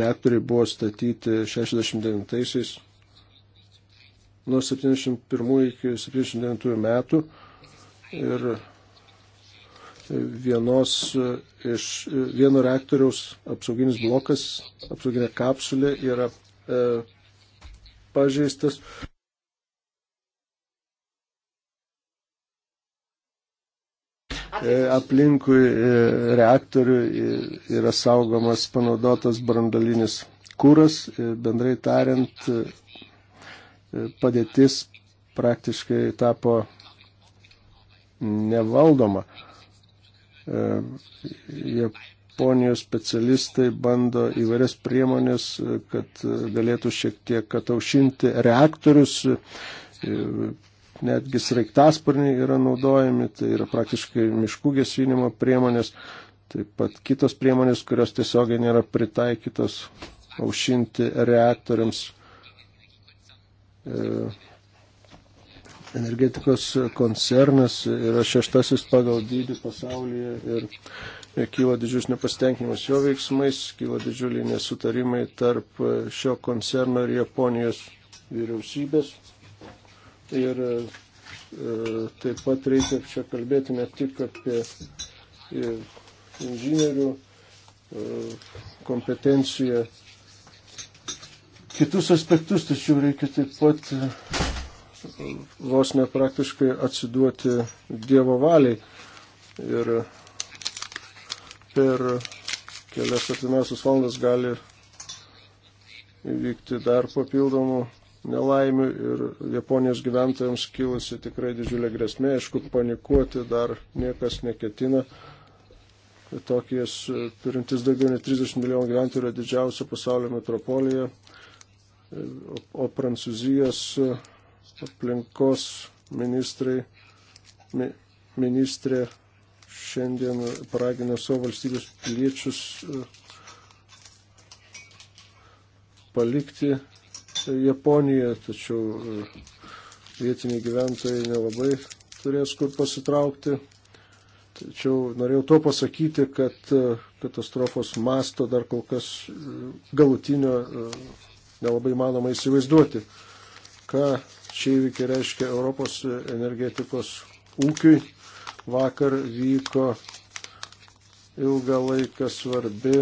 A: Reaktoriai buvo statyti 69-aisiais nuo 71 iki 79 metų ir vienos iš vieno reaktoriaus apsauginis blokas, apsauginė kapsulė yra e, pažeistas. E, aplinkui e, reaktorių e, yra saugomas panaudotas brandalinis kūras, bendrai tariant, padėtis praktiškai tapo nevaldoma. Jie Japonijos specialistai bando įvairias priemonės, e, kad e, galėtų šiek tiek kataušinti reaktorius. E, netgi sraigtasparniai yra naudojami, tai yra praktiškai miškų gesinimo priemonės, taip pat kitos priemonės, kurios tiesiogiai nėra pritaikytos aušinti reaktoriams. Energetikos koncernas yra šeštasis pagal dydį pasaulyje ir kyla didžiulis nepastenkinimas jo veiksmais, kyla didžiuliai nesutarimai tarp šio koncerno ir Japonijos vyriausybės. Ir e, taip pat reikia čia kalbėti ne tik apie e, inžinierių e, kompetenciją, kitus aspektus, tačiau reikia taip pat e, vos nepraktiškai atsiduoti Dievo valiai. Ir per kelias artimiausias valandas gali įvykti dar papildomų nelaimių ir Japonijos gyventojams kilusi tikrai didžiulė grėsmė. Aišku, panikuoti dar niekas neketina. Tokijas, turintis daugiau nei 30 milijonų gyventojų, yra didžiausia pasaulio metropolija, o Prancūzijos aplinkos ministrai, mi, ministrė šiandien paragina savo valstybės piliečius e, palikti Japoniją, tačiau e, vietiniai gyventojai nelabai turės kur pasitraukti. Tačiau norėjau to pasakyti, kad e, katastrofos masto dar kol kas galutinio nelabai manoma įsivaizduoti, ką šie įvykiai reiškia Europos energetikos ūkiui. Vakar vyko ilgą laiką svarbi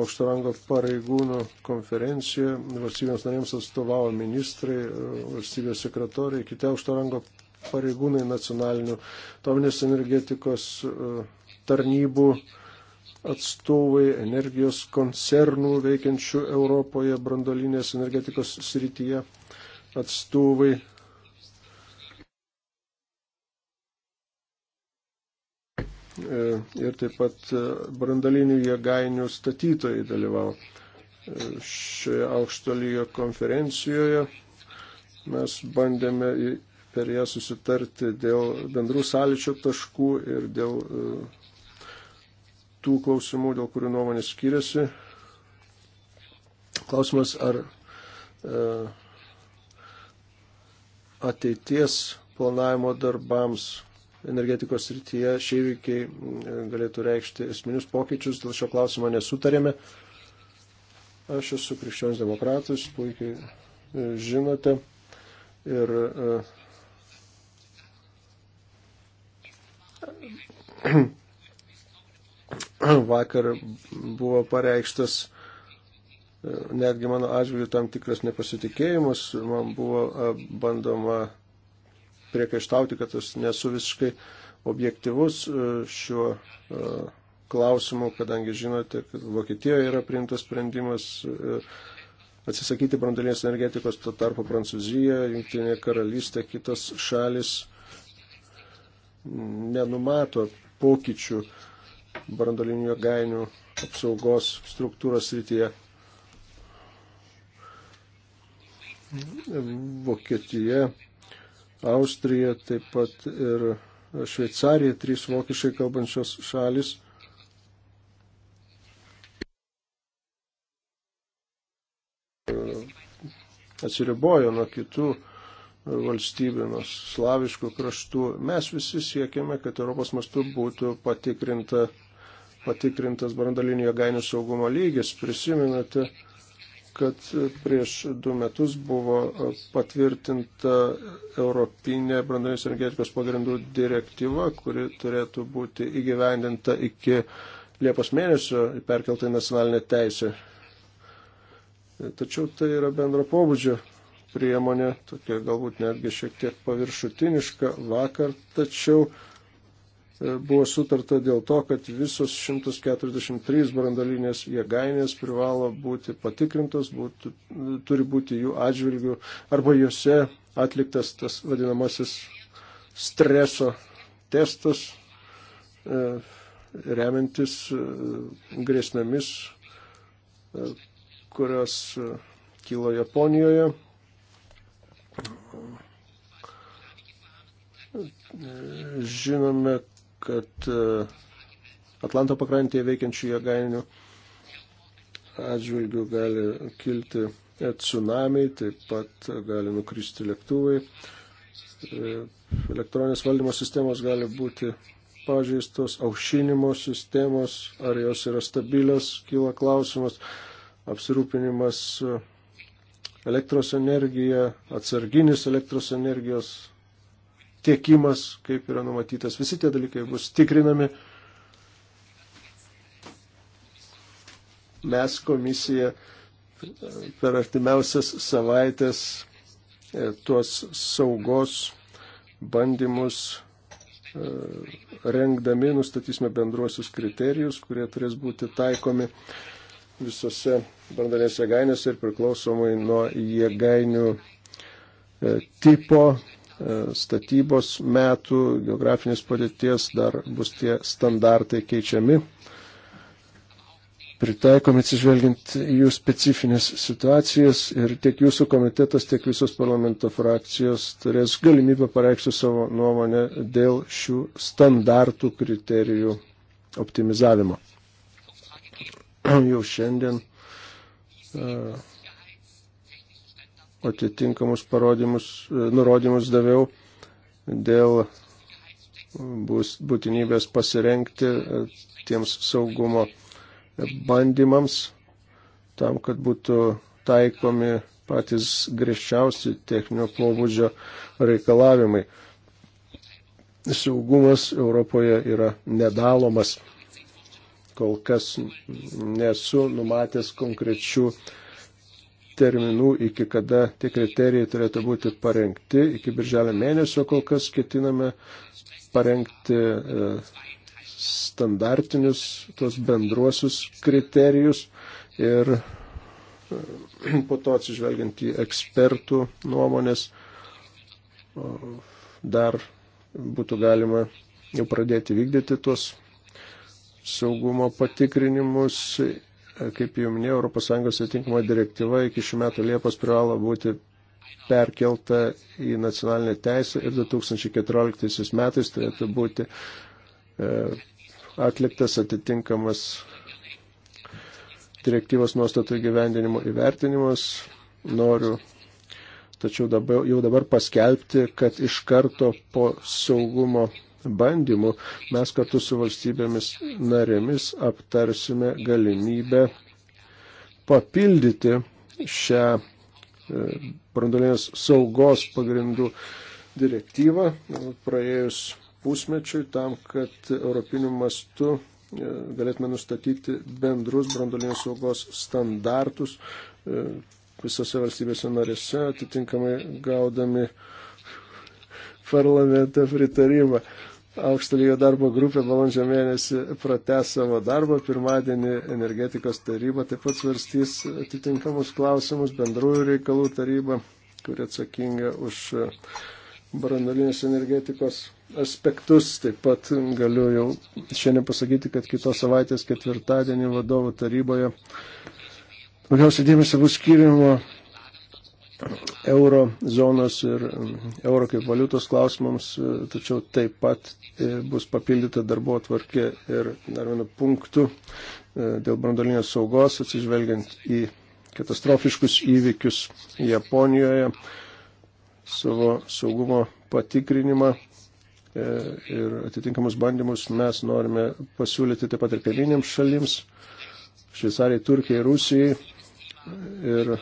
A: aukšto rango pareigūnų konferencija. Valstybės narėms atstovavo ministrai, valstybės sekretoriai, kiti aukšto rango pareigūnai nacionalinių tominės energetikos e, tarnybų atstovai, energijos koncernų veikiančių Europoje brandolinės energetikos srityje atstovai, E, ir taip pat e, brandalinių jėgainių statytojai dalyvavo e, šioje aukšto lygio konferencijoje. Mes bandėme per ją susitarti dėl bendrų sąlyčio taškų ir dėl tų klausimų, dėl kurių nuomonės skiriasi. Klausimas, ar ateities planavimo darbams energetikos srityje šie įvykiai mm, galėtų reikšti esminius pokyčius, dėl šio klausimo nesutarėme. Aš esu krikščionis demokratus, puikiai e, žinote. Ir e, <clears throat> vakar buvo pareikštas e, netgi mano atžvilgiu tam tikras nepasitikėjimas, man buvo bandoma priekaištauti, kad aš nesu visiškai objektivus e, šiuo e, klausimu, kadangi žinote, kad Vokietijoje yra priimtas sprendimas e, atsisakyti brandalinės energetikos, tuo tarpu Prancūzija, Junktinė karalystė, kitos šalis nenumato pokyčių brandolinių jėgainių apsaugos struktūros rytyje. Vokietija Austrija, taip pat ir Šveicarija, trys vokiškai kalbančios šalis. atsiribojo nuo kitų valstybių, nuo slaviškų kraštų. Mes visi siekiame, kad Europos mastu būtų patikrinta, patikrintas brandalinių jėgainių saugumo lygis. Prisimenate, kad prieš du metus buvo patvirtinta Europinė branduolinės energetikos pagrindų direktyva, kuri turėtų būti įgyvendinta iki Liepos mėnesio perkeltai nacionalinė teisė. Tačiau tai yra bendro pobūdžio priemonė, tokia galbūt netgi šiek tiek paviršutiniška vakar, tačiau E, buvo sutarta dėl to, kad visos 143 brandalinės jėgainės privalo būti patikrintos, būtų, turi būti jų atžvilgių arba juose atliktas tas vadinamasis streso testas e, remiantis e, grėsmėmis, kurios kilo Japonijoje žinome, kad e, Atlanto pakrantėje veikiančių jėgainių atžvilgių gali kilti e, tsunamiai, taip pat gali nukristi lėktuvai, e, elektroninės valdymo sistemos gali būti pažeistos, aušinimo sistemos, ar jos yra stabilios, kyla klausimas, apsirūpinimas elektros energija, atsarginis elektros energijos tiekimas, kaip yra numatytas. Visi tie dalykai bus tikrinami. Mes komisija e, per artimiausias savaitės e, tuos saugos bandymus e, rengdami nustatysime bendruosius kriterijus, kurie turės būti taikomi visose brandanės jėgainėse ir priklausomai nuo jėgainių tipo E, statybos metų, geografinės padėties dar bus tie standartai keičiami, pritaikomi atsižvelgiant į jų specifinės situacijas ir tiek jūsų komitetas, tiek visos parlamento frakcijos turės galimybę pareikšti savo nuomonę dėl šių standartų kriterijų optimizavimo. <clears throat> Jau šiandien uh, atitinkamus parodymus, e, nurodymus daviau dėl bus būtinybės pasirenkti e, tiems saugumo bandymams, tam, kad būtų taikomi patys griežčiausi techninio pobūdžio reikalavimai. Saugumas Europoje yra nedalomas. Kol kas nesu numatęs konkrečių uh, terminų, iki kada tie kriterijai turėtų būti parengti. Iki birželio mėnesio kol kas ketiname parengti e, standartinius, tos bendruosius kriterijus ir e, <clears throat> po to atsižvelgiant į ekspertų nuomonės dar būtų galima jau pradėti vykdyti tuos saugumo patikrinimus kaip jau minėjau, ES atitinkama direktyva iki šių metų Liepos privalo būti perkelta į nacionalinę teisę ir 2014 metais turėtų būti e, atliktas atitinkamas direktyvos nuostatų įgyvendinimo įvertinimas. Noriu tačiau dabar, jau dabar paskelbti, kad iš karto po saugumo bandymų mes kartu su valstybėmis narėmis aptarsime galimybę papildyti šią e, brandolinės saugos pagrindų direktyvą praėjus pusmečiui tam, kad europiniu mastu e, galėtume nustatyti bendrus brandolinės saugos standartus e, visose valstybėse narėse, atitinkamai gaudami parlamentą pritarimą aukšto lygio darbo grupė balandžio mėnesį pratęs savo darbą. Pirmadienį energetikos taryba taip pat svarstys atitinkamus klausimus, bendrųjų reikalų taryba, kuri atsakinga už brandolinės energetikos aspektus. Taip pat galiu jau šiandien pasakyti, kad kitos savaitės ketvirtadienį vadovų taryboje daugiausiai dėmesio bus skiriama euro zonos ir um, euro kaip valiutos klausimams, e, tačiau taip pat e, bus papildyta darbo atvarkė ir dar vienu punktu e, dėl brandolinės saugos atsižvelgiant į katastrofiškus įvykius Japonijoje, savo saugumo patikrinimą ir atitinkamus bandymus mes norime pasiūlyti taip pat ir kaiminėms šalims, Šveicarijai, Turkijai, Rusijai ir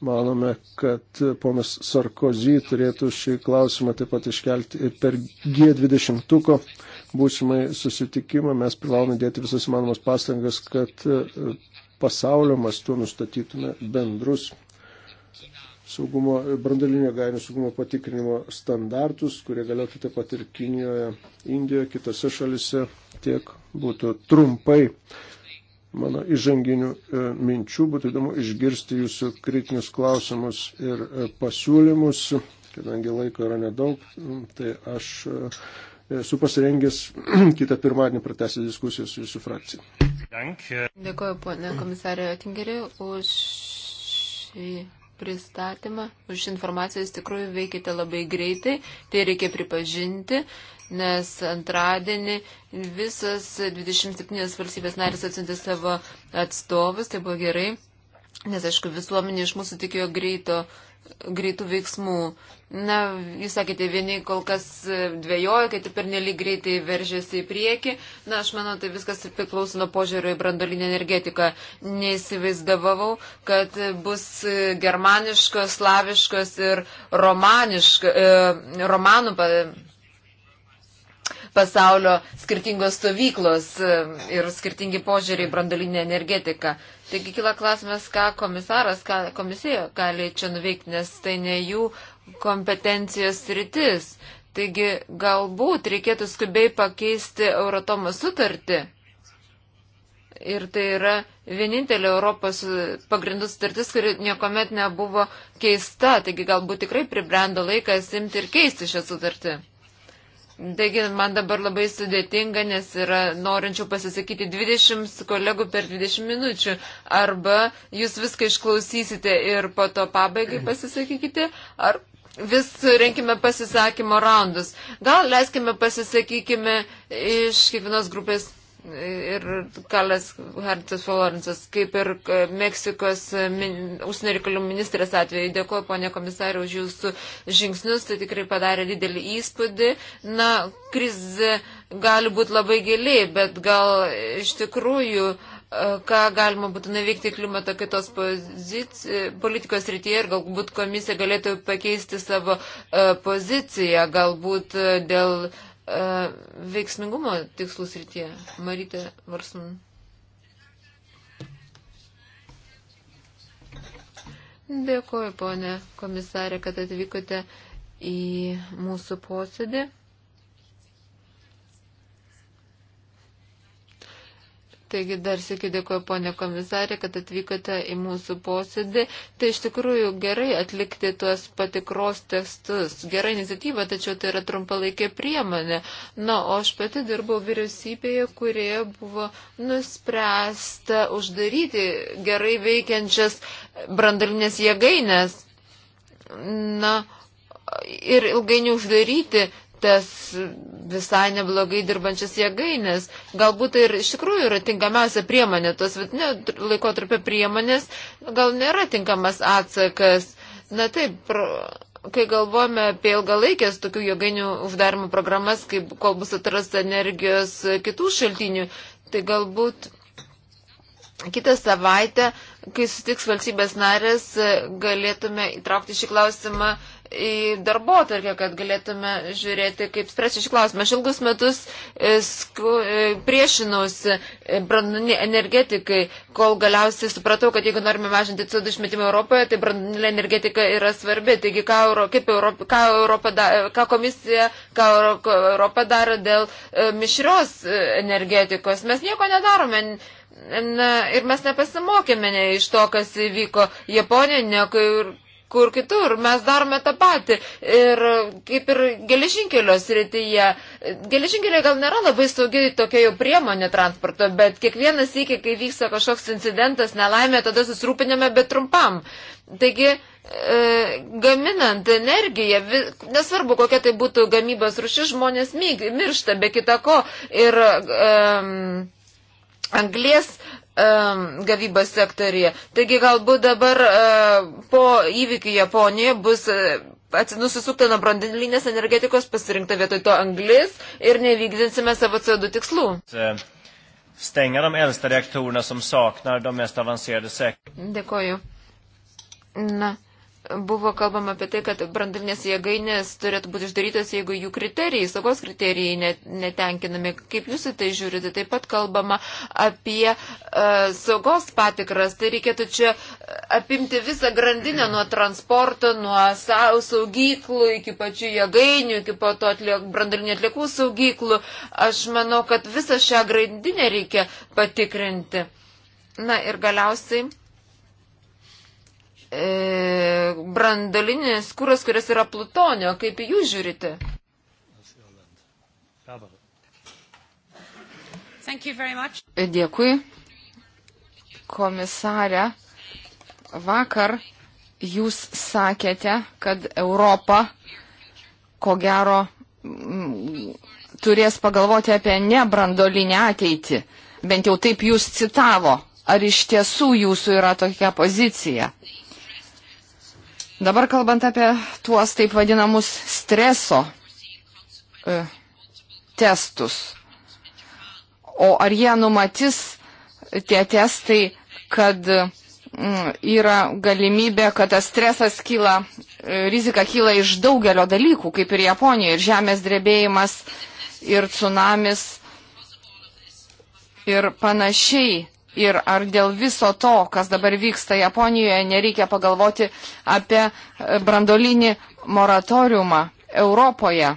A: Manome, kad ponas Sarkozy turėtų šį klausimą taip pat iškelti ir per G20 būsimai susitikimą. Mes privalome dėti visas įmanomas pastangas, kad e, pasaulio mastu nustatytume bendrus saugumo, brandalinio gairių saugumo patikrinimo standartus, kurie galėtų taip pat ir Kinijoje, Indijoje, kitose šalise tiek būtų trumpai mano įžanginių e, minčių. Būtų įdomu išgirsti jūsų kritinius klausimus ir e, pasiūlymus, kadangi laiko yra nedaug, tai aš e, esu pasirengęs <clears throat> kitą pirmadienį pratęsti diskusiją su jūsų frakcija.
C: Dėkuoju,
B: ponė komisarė Tingeriu, už šį pristatymą, už informaciją jūs tikrųjų veikite labai greitai, tai reikia pripažinti, nes antradienį visas 27 valstybės narės atsintė savo atstovus, tai buvo gerai, nes aišku, visuomenė iš mūsų tikėjo greito uh, greitų veiksmų. Na, jūs sakėte, vieni kol kas dvėjoja, kiti pernelyg greitai veržėsi į priekį. Na, aš manau, tai viskas priklauso nuo požiūrio į brandolinę energetiką. Neįsivaizdavau, kad bus germaniškos, slaviškos ir romaniška, e, romanų pa, pasaulio skirtingos stovyklos e, ir skirtingi požiūriai į brandolinę energetiką. Taigi kila klausimas, ką komisaras, ką komisija gali čia nuveikti, nes tai ne jų kompetencijos rytis. Taigi galbūt reikėtų skubiai pakeisti Euratomo sutartį. Ir tai yra vienintelė Europos pagrindų sutartis, kuri niekuomet nebuvo keista. Taigi galbūt tikrai pribrendo laikas imti ir keisti šią sutartį. Taigi man dabar labai sudėtinga, nes yra norinčių pasisakyti 20 kolegų per 20 minučių. Arba jūs viską išklausysite ir po to pabaigai <clears throat> pasisakykite, ar vis renkime pasisakymo raundus. Gal leiskime pasisakykime iš kiekvienos grupės ir Kalas Hartas Florensas, kaip ir e, Meksikos e, užsienio reikalų ministras atveju. Dėkuoju, ponė komisarė, už jūsų žingsnius, tai tikrai padarė didelį įspūdį. Na, krizė gali būti labai gili, bet gal iš tikrųjų e, ką galima būtų nuveikti klimato kitos politikos rytyje ir galbūt komisija galėtų pakeisti savo poziciją, galbūt dėl uh, E, veiksmingumo tikslus rytie. Marytė Varsun. Dėkuoju, ponė komisarė, kad atvykote į mūsų posėdį. Taigi dar sėkiu dėkoju ponė komisarė, kad atvykote į mūsų posėdį. Tai iš tikrųjų gerai atlikti tuos patikros testus. Gera iniciatyva, tačiau tai yra trumpalaikė priemonė. Na, o aš pati dirbau vyriausybėje, kurioje buvo nuspręsta uždaryti gerai veikiančias brandalinės jėgainės. Na, ir ilgainiui uždaryti tas visai neblogai dirbančias jėgainės. Galbūt tai ir iš tikrųjų yra tinkamiausia priemonė, tos vidinio laikotarpio priemonės gal nėra tinkamas atsakas. Na taip, pro, kai galvojame apie ilgalaikės tokių jėgainių uždarimo programas, kaip kol bus atrasta energijos kitų šaltinių, tai galbūt kitą savaitę, kai sutiks valstybės narės, galėtume įtraukti šį klausimą į darbo tarkę, kad galėtume žiūrėti, kaip spręsti šį klausimą. Aš ilgus metus e, e, priešinausi e, branduolinį energetikai, kol galiausiai supratau, kad jeigu norime mažinti CO2 išmetimą Europoje, tai branduolinė energetika yra svarbi. Taigi, ką, Euro, kaip Europa, ką, Europa da, ką komisija, ką Europa daro dėl mišrios energetikos. Mes nieko nedarome. Na, ir mes nepasimokėme ne iš to, kas įvyko Japonijoje, ne, kai kur kitur. Mes darome tą patį. Ir kaip ir geležinkelio srityje. Geležinkeliai gal nėra labai saugiai tokia jau priemonė transporto, bet kiekvienas iki, kai vyksta kažkoks incidentas, nelaimė, tada susirūpinėme, bet trumpam. Taigi, e, gaminant energiją, nesvarbu kokia tai būtų gamybos rušis, žmonės miršta be kitako ir um, anglės gavybos sektorija. Taigi galbūt dabar po įvykių Japonijoje bus nusisukta nuo brandilinės energetikos, pasirinkta vietoj to anglis ir nevykdinsime savo CO2 tikslų.
D: Stänga de äldsta reaktorerna som saknar
A: de mest avancerade säkerhetssystemen.
B: Dėkoju. Na buvo kalbama apie tai, kad brandalinės jėgainės turėtų būti uždarytos, jeigu jų kriterijai, saugos kriterijai netenkinami. Kaip jūs į tai žiūrite, taip pat kalbama apie uh, saugos patikras. Tai reikėtų čia apimti visą grandinę nuo transporto, nuo saugyklų iki pačių jėgainių, iki po to atliek, brandalinių atliekų saugyklų. Aš manau, kad visą šią grandinę reikia patikrinti. Na ir galiausiai e, brandolinis kūras, kuris yra plutonio, kaip jūs žiūrite?
C: Dėkui, komisarė. Vakar jūs sakėte, kad Europa, ko gero, turės pagalvoti apie nebrandolinę ateitį. Bent jau taip jūs citavo. Ar iš tiesų jūsų yra tokia pozicija? Dabar kalbant apie tuos taip vadinamus streso e, testus. O ar jie numatys tie testai, kad m, mm, yra galimybė, kad tas stresas kyla, e, rizika kyla iš daugelio dalykų, kaip ir Japonijoje, ir žemės drebėjimas, ir tsunamis, ir panašiai. Ir ar dėl viso to, kas dabar vyksta Japonijoje, nereikia pagalvoti apie e, brandolinį moratoriumą Europoje?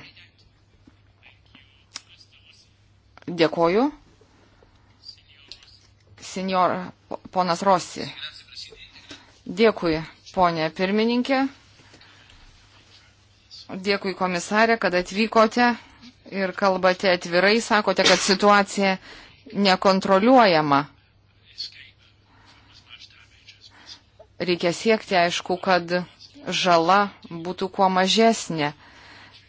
C: Dėkoju. Senjor, ponas Rossi. Dėkui, ponė pirmininkė. Dėkui, komisarė, kad atvykote ir kalbate atvirai, sakote, kad situacija nekontroliuojama. reikia siekti, aišku, kad žala būtų kuo mažesnė.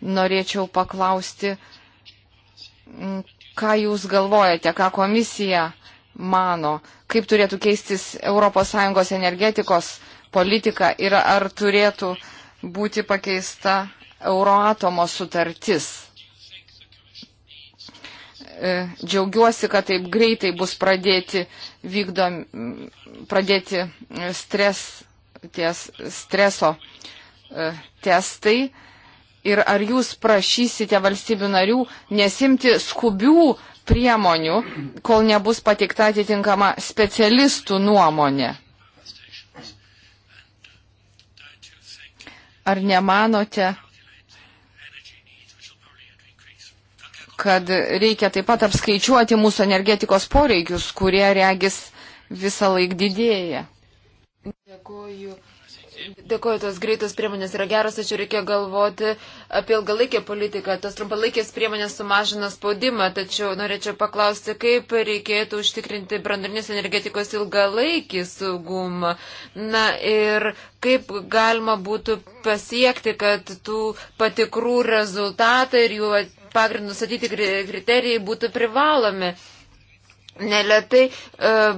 C: Norėčiau paklausti, ką Jūs galvojate, ką komisija mano, kaip turėtų keistis ES energetikos politika ir ar turėtų būti pakeista Euroatomo sutartis. E, džiaugiuosi, kad taip greitai bus pradėti, vykdom, pradėti e, stres, ties, streso e, testai. Ir ar jūs prašysite valstybių narių nesimti skubių priemonių, kol nebus pateikta atitinkama specialistų nuomonė? Ar nemanote, kad reikia taip pat apskaičiuoti mūsų energetikos poreikius, kurie regis visą laik didėja.
B: Dėkuoju. Dėkuoju, tos greitos priemonės yra geros, tačiau reikia galvoti apie ilgalaikę politiką. Tos trumpalaikės priemonės sumažina spaudimą, tačiau norėčiau paklausti, kaip reikėtų užtikrinti brandarnės energetikos ilgalaikį saugumą. Na ir kaip galima būtų pasiekti, kad tų patikrų rezultatai ir jų pagrindų nustatyti kriterijai būtų privalomi. Neletai e,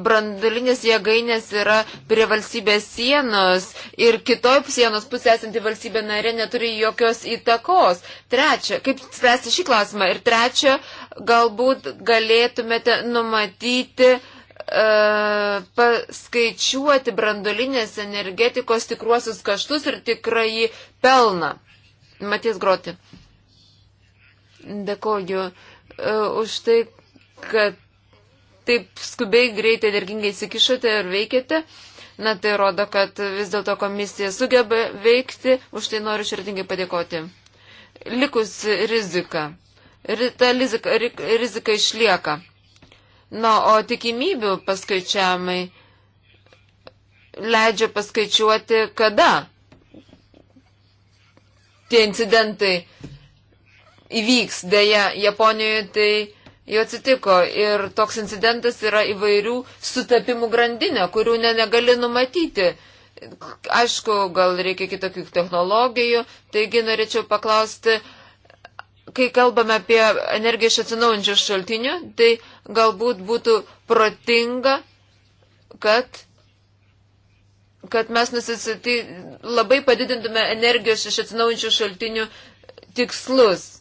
B: brandulinės jėgainės yra prie valstybės sienos ir kitoj sienos pusė esanti valstybė narė neturi jokios įtakos. Trečia, kaip spręsti šį klausimą? Ir trečia, galbūt galėtumėte numatyti uh, paskaičiuoti brandolinės energetikos tikruosius kaštus ir tikrąjį pelną. Matys groti. Dėkoju e, už tai, kad taip skubiai, greitai, energingai įsikišote ir veikėte. Na tai rodo, kad vis dėlto komisija sugeba veikti, už tai noriu širdingai padėkoti. Likus rizika. Ta rizika, rizika išlieka. Na, o tikimybių paskaičiamai leidžia paskaičiuoti, kada tie incidentai įvyks. Deja, Japonijoje tai jau atsitiko ir toks incidentas yra įvairių sutapimų grandinė, kurių ne, negali numatyti. Aišku, gal reikia kitokių technologijų, taigi norėčiau paklausti, kai kalbame apie energiją iš atsinaujančių šaltinių, tai galbūt būtų protinga, kad kad mes nusisiti, labai padidintume energijos iš atsinaujančių šaltinių tikslus.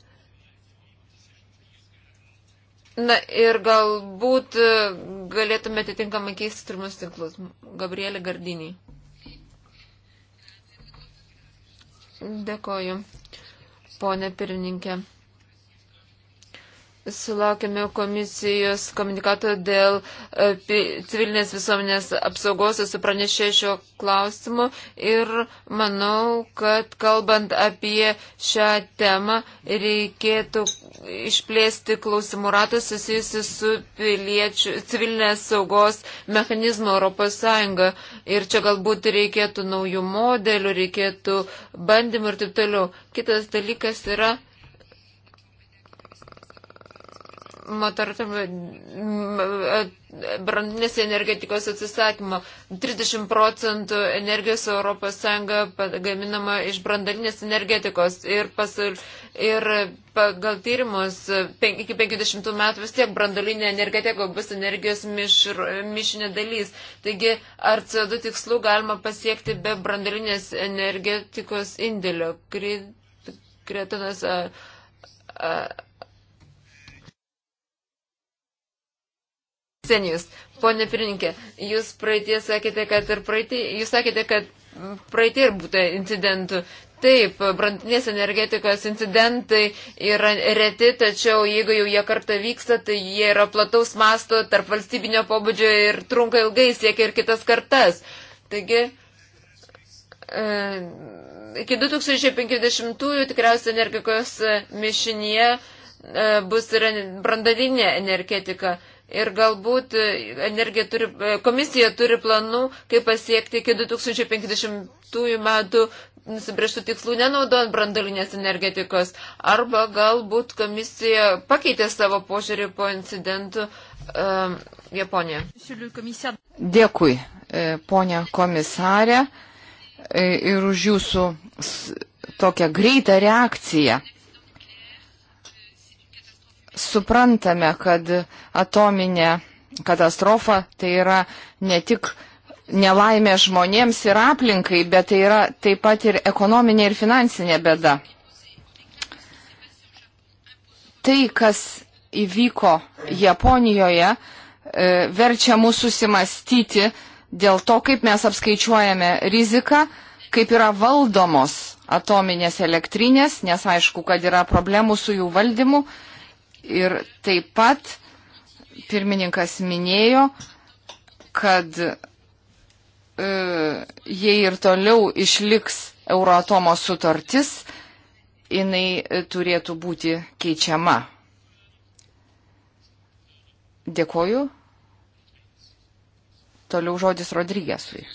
B: Na ir galbūt e, galėtume atitinkamai keisti turimus tinklus. Gabrielė Gardinį. Dėkoju, ponė pirmininkė. Sulaukėme komisijos komunikato dėl e, civilinės visuomenės apsaugos, esu pranešė šio klausimu ir manau, kad kalbant apie šią temą reikėtų išplėsti klausimų ratą susijusi su piliečių, civilinės saugos mechanizmu Europos Sąjunga. Ir čia galbūt reikėtų naujų modelių, reikėtų bandymų ir taip toliau. Kitas dalykas yra Mm, branduolinės energetikos atsisakymo. 30 procentų energijos ES gaminama iš branduolinės energetikos ir, pasul, ir pagal tyrimus pen, iki 50 metų vis tiek branduolinė energetika bus energijos mišr, mišinė dalys. Taigi, ar CO2 tikslų galima pasiekti be branduolinės energetikos indėlio? Kri, kretinas, a, a, Senijus, ponė Pirinkė, jūs praeitie sakėte, kad ir praeitie, jūs sakėte, kad praeitie ir būtų incidentų. Taip, brantinės energetikos incidentai yra reti, tačiau jeigu jau jie kartą vyksta, tai jie yra plataus masto, tarp valstybinio pobūdžio ir trunka ilgai, siekia ir kitas kartas. Taigi, e, iki 2050-ųjų tikriausiai energetikos mišinyje e, bus ir brandalinė energetika. E, Ir galbūt e, turi, e, komisija turi planų, kaip pasiekti iki 2050 metų nusibrieštų tikslų nenaudojant brandolinės energetikos. Arba galbūt komisija pakeitė savo požiūrį po incidentų um, e, Japonijoje.
C: Dėkui, ponia komisarė, ir už jūsų tokią greitą reakciją suprantame, kad atominė katastrofa tai yra ne tik nelaimė žmonėms ir aplinkai, bet tai yra taip pat ir ekonominė ir finansinė bėda. Tai, kas įvyko Japonijoje, e, verčia mūsų susimastyti dėl to, kaip mes apskaičiuojame riziką, kaip yra valdomos atominės elektrinės, nes aišku, kad yra problemų su jų valdymu. Ir taip pat pirmininkas minėjo, kad e, jei ir toliau išliks Euroatomo sutartis, jinai e, turėtų būti keičiama. Dėkoju. Toliau žodis Rodrygėsui.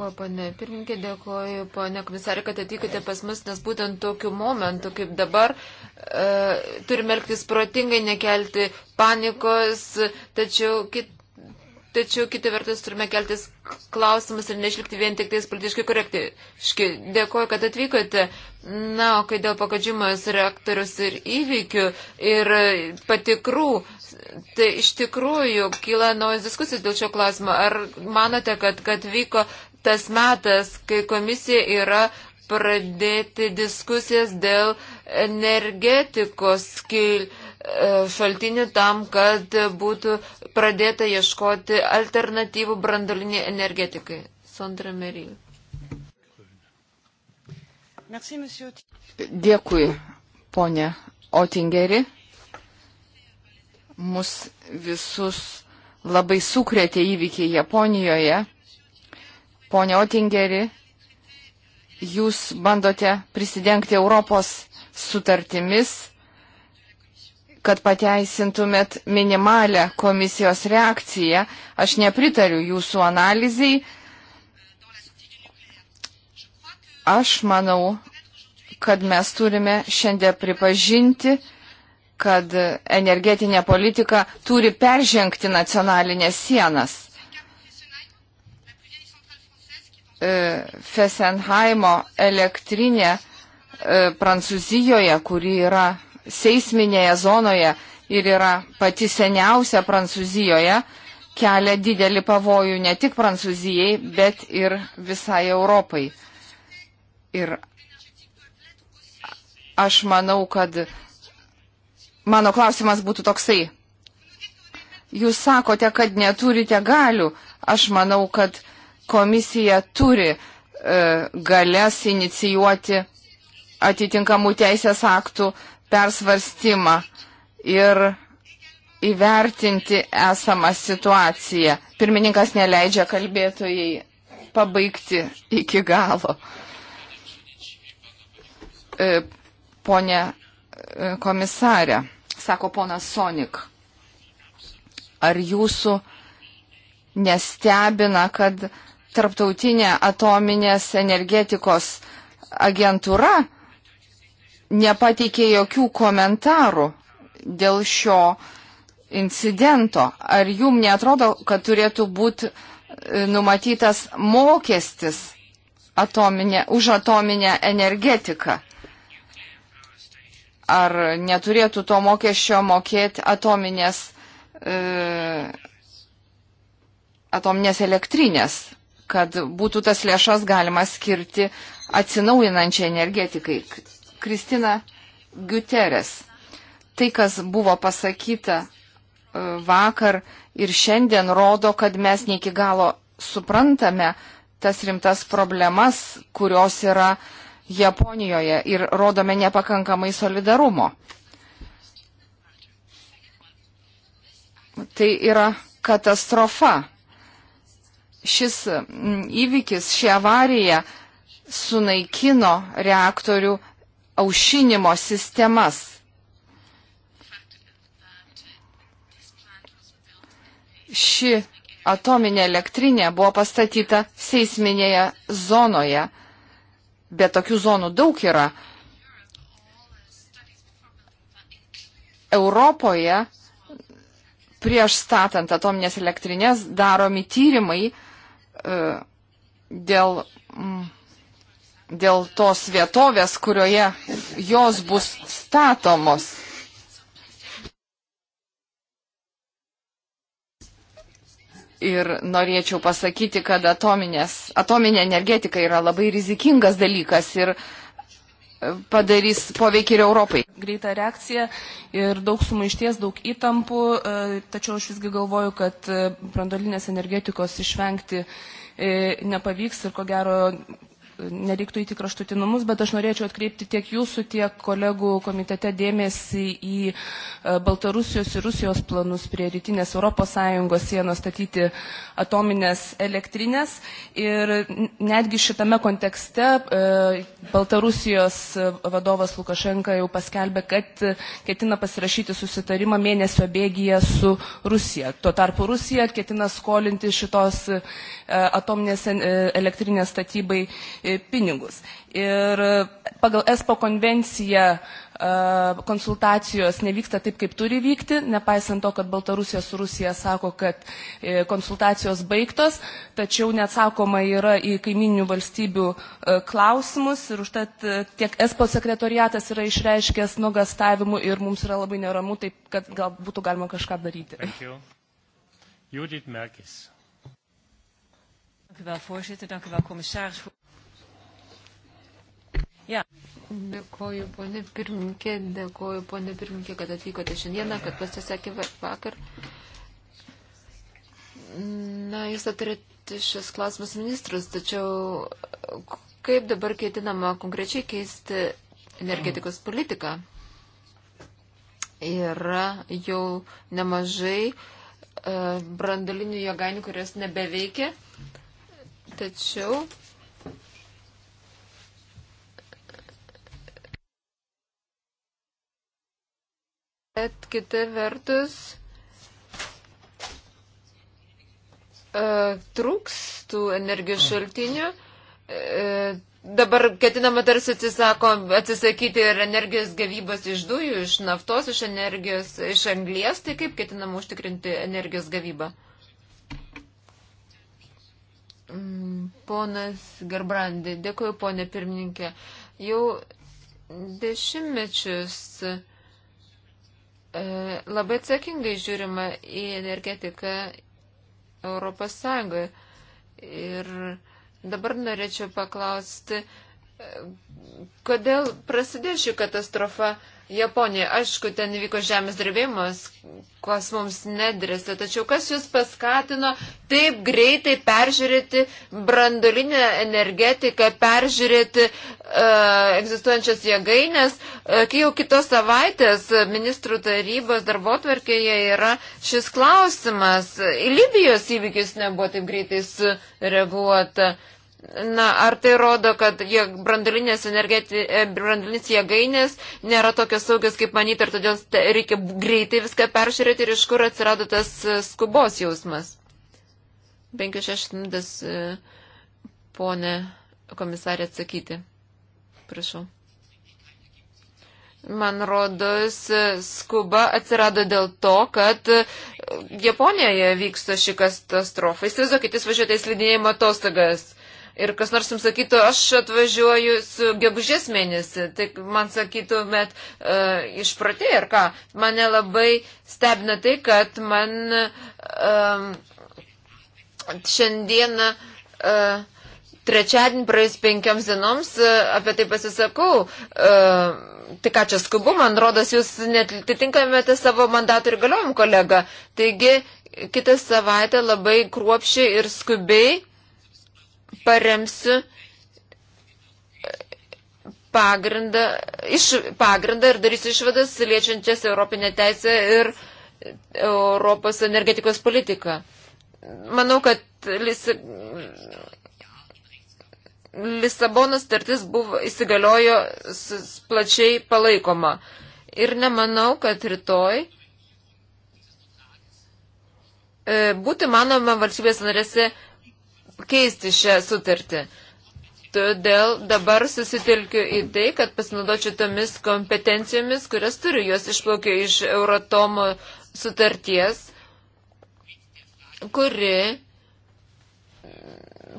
B: Dėkuoju, pane pirmininkė, dėkuoju, pane komisarė, kad atvykote pas mus, nes būtent tokiu momentu, kaip dabar, e, turime elgtis protingai, nekelti panikos, tačiau, kit, tačiau kitą vertus turime keltis klausimus ir neišlikti vien tik tais politiškai korektiški. Dėkuoju, kad atvykote. Na, o kai dėl pakadžimas reaktorius ir įvykių ir patikrų, Tai iš tikrųjų kyla naujas diskusijas dėl šio klausimo. Ar manote, kad, kad vyko tas metas, kai komisija yra pradėti diskusijas dėl energetikos skil e, šaltinių tam, kad būtų pradėta ieškoti alternatyvų brandoliniai energetikai. Sondra Meryl.
C: Dėkui, ponė Otingeri. Mus visus labai sukrėtė įvykiai Japonijoje Pone Otingeri, jūs bandote prisidengti Europos sutartimis, kad pateisintumėt minimalę komisijos reakciją. Aš nepritariu jūsų analizai. Aš manau, kad mes turime šiandien pripažinti, kad energetinė politika turi peržengti nacionalinės sienas. E, Fesenheimo elektrinė e, Prancūzijoje, kuri yra seisminėje zonoje ir yra pati seniausia Prancūzijoje, kelia didelį pavojų ne tik Prancūzijai, bet ir visai Europai. Ir aš manau, kad mano klausimas būtų toksai. Jūs sakote, kad neturite galių. Aš manau, kad komisija turi e, galės inicijuoti atitinkamų teisės aktų persvarstymą ir įvertinti esamą situaciją. Pirmininkas neleidžia kalbėtojai pabaigti iki galo. E, Pone komisarė, sako ponas Sonik, ar jūsų nestebina, kad Tarptautinė atominės energetikos agentūra nepateikė jokių komentarų dėl šio incidento. Ar jum netrodo, kad turėtų būti e, numatytas mokestis atominė, už atominę energetiką? Ar neturėtų to mokesčio mokėti atominės, e, atominės elektrinės? kad būtų tas lėšas galima skirti atsinaujinančiai energetikai. Kristina Guterres. Tai, kas buvo pasakyta e, vakar ir šiandien, rodo, kad mes ne iki galo suprantame tas rimtas problemas, kurios yra Japonijoje ir rodome nepakankamai solidarumo. Tai yra katastrofa šis mm, įvykis, ši avarija sunaikino reaktorių aušinimo sistemas. Ši atominė elektrinė buvo pastatyta seisminėje zonoje, bet tokių zonų daug yra. Europoje prieš statant atominės elektrinės daromi tyrimai, E, dėl, mm, dėl tos vietovės, kurioje jos bus statomos. Ir norėčiau pasakyti, kad atominės, atominė energetika yra labai rizikingas
D: dalykas ir uh, padarys poveikį ir Europai. Greita reakcija ir daug sumaišties, daug įtampų, e, tačiau aš visgi galvoju, kad e, brandolinės energetikos išvengti e, nepavyks ir ko gero nereiktų įti kraštutinumus, bet aš norėčiau atkreipti tiek jūsų, tiek kolegų komitete dėmesį į e, Baltarusijos ir Rusijos planus prie rytinės ES sienos statyti atominės elektrinės. Ir netgi šitame kontekste e, Baltarusijos vadovas Lukašenka jau paskelbė, kad ketina pasirašyti susitarimą mėnesio bėgyje su Rusija. Tuo tarpu Rusija ketina skolinti šitos e, atominės elektrinės statybai E, pinigus. Ir e, pagal ESPO konvenciją e, konsultacijos nevyksta taip, kaip turi vykti, nepaisant to, kad Baltarusija su Rusija sako, kad konsultacijos baigtos, tačiau neatsakoma yra į kaiminių valstybių klausimus ir užtat tiek ESPO sekretoriatas yra išreiškęs nuogastavimų ir mums yra labai neramu, taip kad gal būtų galima kažką daryti.
A: Judith Merkis.
B: Dank u wel, voorzitter. Dank u wel, commissaris. Ja. Dėkoju, ponė pirmininkė, dėkoju, ponė pirmininkė, kad atvykote šiandieną, kad pasisakė vakar. Na, jūs aptarėte šis klausimas ministrus, tačiau kaip dabar ketinama konkrečiai keisti energetikos politiką? Yra jau nemažai e, brandalinių jėgainių, kurios nebeveikia, tačiau Bet kita vertus, e, trūks tų energijos šaltinių. E, dabar ketinama tarsi atsisako, atsisakyti ir energijos gavybos iš dujų, iš naftos, iš energijos, iš anglies. Tai kaip ketinama užtikrinti energijos gavybą? Mm, ponas Garbrandi, dėkuoju ponė pirmininkė. Jau dešimtmečius E, labai atsakingai žiūrima į energetiką Europos Sąjungoje. Ir dabar norėčiau paklausti, e, kodėl prasidėjo ši katastrofa Japonija. Aišku, ten vyko žemės drebėjimas, kas mums nedrėsė. Tačiau kas jūs paskatino taip greitai peržiūrėti brandolinę energetiką, peržiūrėti uh, egzistuojančias jėgainės, uh, kai jau kitos savaitės ministrų tarybos darbotvarkėje yra šis klausimas. Į Libijos įvykius nebuvo taip greitai sureaguota. Uh, Na, ar tai rodo, kad brandulinės, brandulinės e, jėgainės nėra tokios saugios, kaip manyti, ir todėl reikia greitai viską peržiūrėti ir iš kur atsirado tas e, skubos jausmas? 5-6 e, ponė komisarė atsakyti. Prašau. Man rodos, skuba atsirado dėl to, kad Japonijoje vyksta ši katastrofa. Įsivaizduokit, jūs važiuojate į slidinėjimo atostogas ir kas nors jums sakytų, aš atvažiuoju su gegužės mėnesį, tai man sakytumėt, e, išpratė ir ką, mane labai stebina tai, kad man e, šiandieną e, trečiadienį praėjus penkiams dienoms e, apie tai pasisakau. E, tai ką čia skubu, man rodos, jūs netitinkamėte savo mandatų ir galiojimų kolega. Taigi, kitą savaitę labai kruopšiai ir skubiai paremsiu pagrindą, iš, pagrindą ir darysiu išvadas liečiančias Europinę teisę ir Europos energetikos politiką. Manau, kad lis, Lisabonos tartis buvo įsigaliojo plačiai palaikoma. Ir nemanau, kad rytoj e, būti manoma valstybės narėse keisti šią sutartį. Todėl dabar susitelkiu į tai, kad pasinaudočiau tomis kompetencijomis, kurias turiu, jos išplaukė iš Euratomo sutarties, kuri,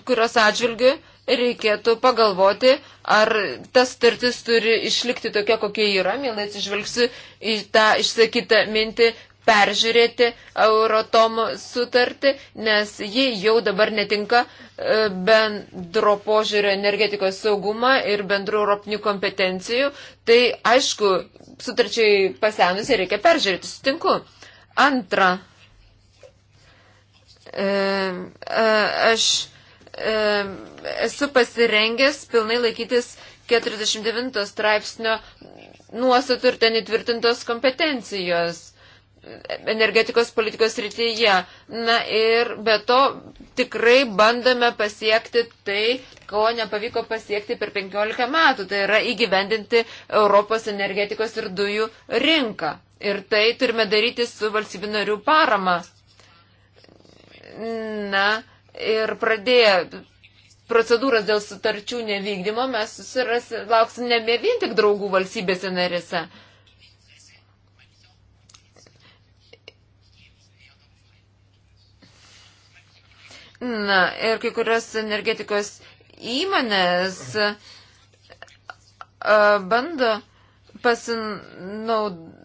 B: kurios atžvilgių reikėtų pagalvoti, ar tas sutartis turi išlikti tokia, kokia yra. Mielai atsižvelgsiu į tą išsakytą mintį, peržiūrėti Euratom sutartį, nes ji jau dabar netinka e, bendro požiūrio energetikos saugumą ir bendrų europinių kompetencijų. Tai aišku, sutarčiai pasenusiai reikia peržiūrėti, sutinku. Antra, e, e, aš e, esu pasirengęs pilnai laikytis 49 straipsnio nuostatų ir ten įtvirtintos kompetencijos energetikos politikos rytyje. Na ir be to tikrai bandome pasiekti tai, ko nepavyko pasiekti per 15 metų, tai yra įgyvendinti Europos energetikos ir dujų rinką. Ir tai turime daryti su valstybių narių parama. Na ir pradėję procedūras dėl sutarčių nevykdymo, mes susirasi, lauksime ne vien tik draugų valstybėse narėse. Na, ir kai kurios energetikos įmonės a, bando pasinaudoti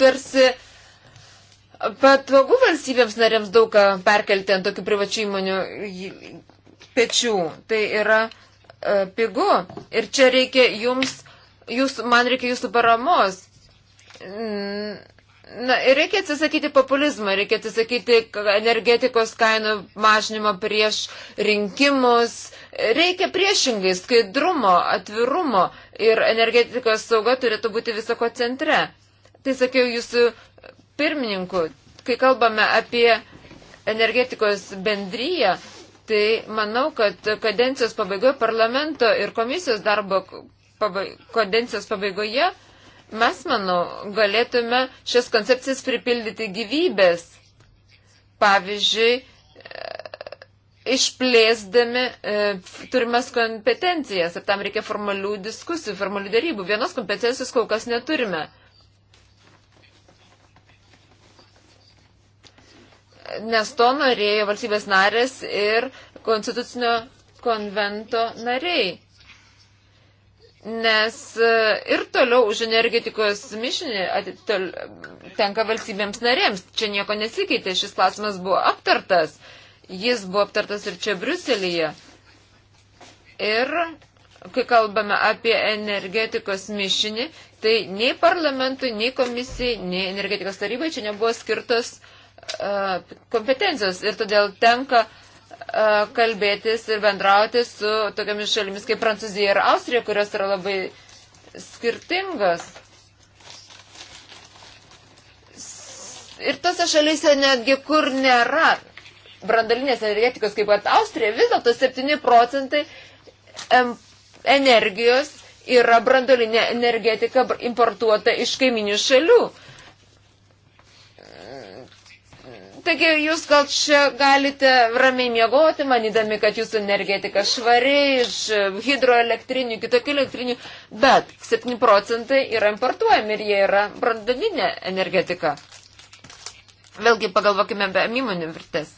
B: tarsi patogų valstybėms narėms daug ką perkelti ant tokių privačių įmonių pečių. Tai yra e, pigu. Ir čia reikia jums, jūs, man reikia jūsų paramos. Na, reikia atsisakyti populizmą, reikia atsisakyti energetikos kainų mažinimo prieš rinkimus, reikia priešingai skaidrumo, atvirumo ir energetikos sauga turėtų būti visoko centre. Tai sakiau jūsų pirmininku, kai kalbame apie energetikos bendryją, tai manau, kad kadencijos pabaigoje parlamento ir komisijos darbo paba, kadencijos pabaigoje Mes, manau, galėtume šias koncepcijas pripildyti gyvybės. Pavyzdžiui, e, išplėsdami e, turimas kompetencijas ir tam reikia formalių diskusijų, formalių darybų. Vienos kompetencijos kol kas neturime. Nes to norėjo valstybės narės ir konstitucinio konvento nariai nes e, ir toliau už energetikos mišinį tenka valstybėms narėms. Čia nieko nesikeitė, šis klausimas buvo aptartas. Jis buvo aptartas ir čia Bruselėje. Ir kai kalbame apie energetikos mišinį, tai nei parlamentui, nei komisijai, nei energetikos tarybai čia nebuvo skirtos uh, kompetencijos ir todėl tenka uh, E, kalbėtis ir bendrauti su tokiamis šalimis kaip Prancūzija ir Austrija, kurios yra labai skirtingos. Ir tose šalyse netgi, kur nėra brandalinės energetikos, kaip kad Austrija, vis dėlto 7 procentai energijos yra brandolinė energetika importuota iš kaiminių šalių. Taigi jūs gal čia galite ramiai miegoti, manydami, kad jūsų energetika švari iš hidroelektrinių, kitokių elektrinių, bet 7 procentai yra importuojami ir jie yra brandaninė energetika. Vėlgi pagalvokime apie įmonių vertės.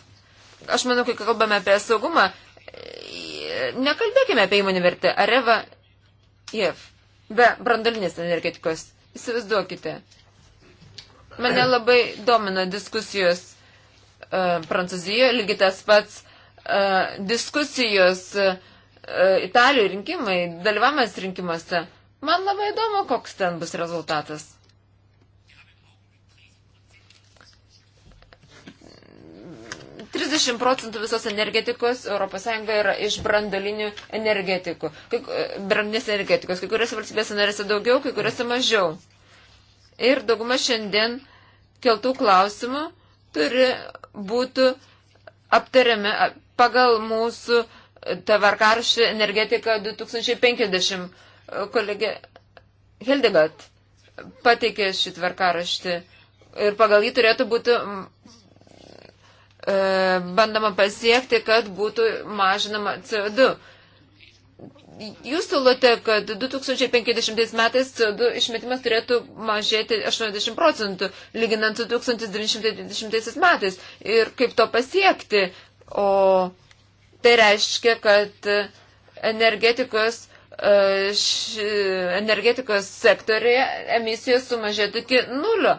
B: Aš manau, kai kalbame apie saugumą, nekalbėkime apie įmonių vertę. Areva IF. Be brandalinės energetikos. Įsivaizduokite. Mane labai domina diskusijos E, Prancūzijoje, lygiai tas pats e, diskusijos e, Italijoje rinkimai, dalyvavimas rinkimuose. Man labai įdomu, koks ten bus rezultatas. Trisdešimt procentų visos energetikos ES yra iš brandolinių energetikų. Brandolinės energetikos. Kai kuriuose valstybėse narėse daugiau, kai kuriuose mažiau. Ir dauguma šiandien keltų klausimų turi būtų aptariami pagal mūsų tavarkaršį energetiką 2050. Kolegė Hildegat pateikė šį tvarkaraštį ir pagal jį turėtų būti e, bandoma pasiekti, kad būtų mažinama CO2. Jūs siūlote, kad 2050 metais CO2 išmetimas turėtų mažėti 80 procentų, lyginant su 1920 metais. Ir kaip to pasiekti? O tai reiškia, kad energetikos, e, š, energetikos sektorėje emisijos sumažėtų iki nulio.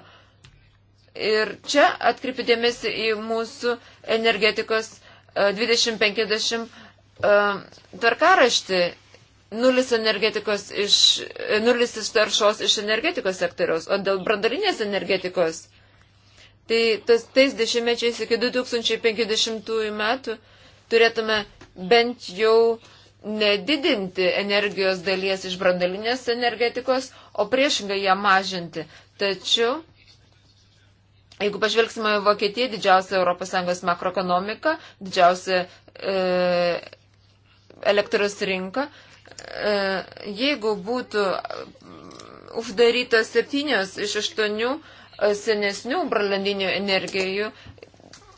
B: Ir čia atkreipidėmėsi į mūsų energetikos 2050 e, e, tvarkaraštį nulis, energetikos iš, e, nulis iš taršos iš energetikos sektoriaus, o dėl brandarinės energetikos. Tai tas, tais dešimtmečiais iki 2050 metų turėtume bent jau nedidinti energijos dalies iš brandalinės energetikos, o priešingai ją mažinti. Tačiau, jeigu pažvelgsime į Vokietiją, didžiausia ES makroekonomika, didžiausia e, elektros rinka, E, jeigu būtų uždarytos septynios iš aštuonių e, senesnių brandinių energijų,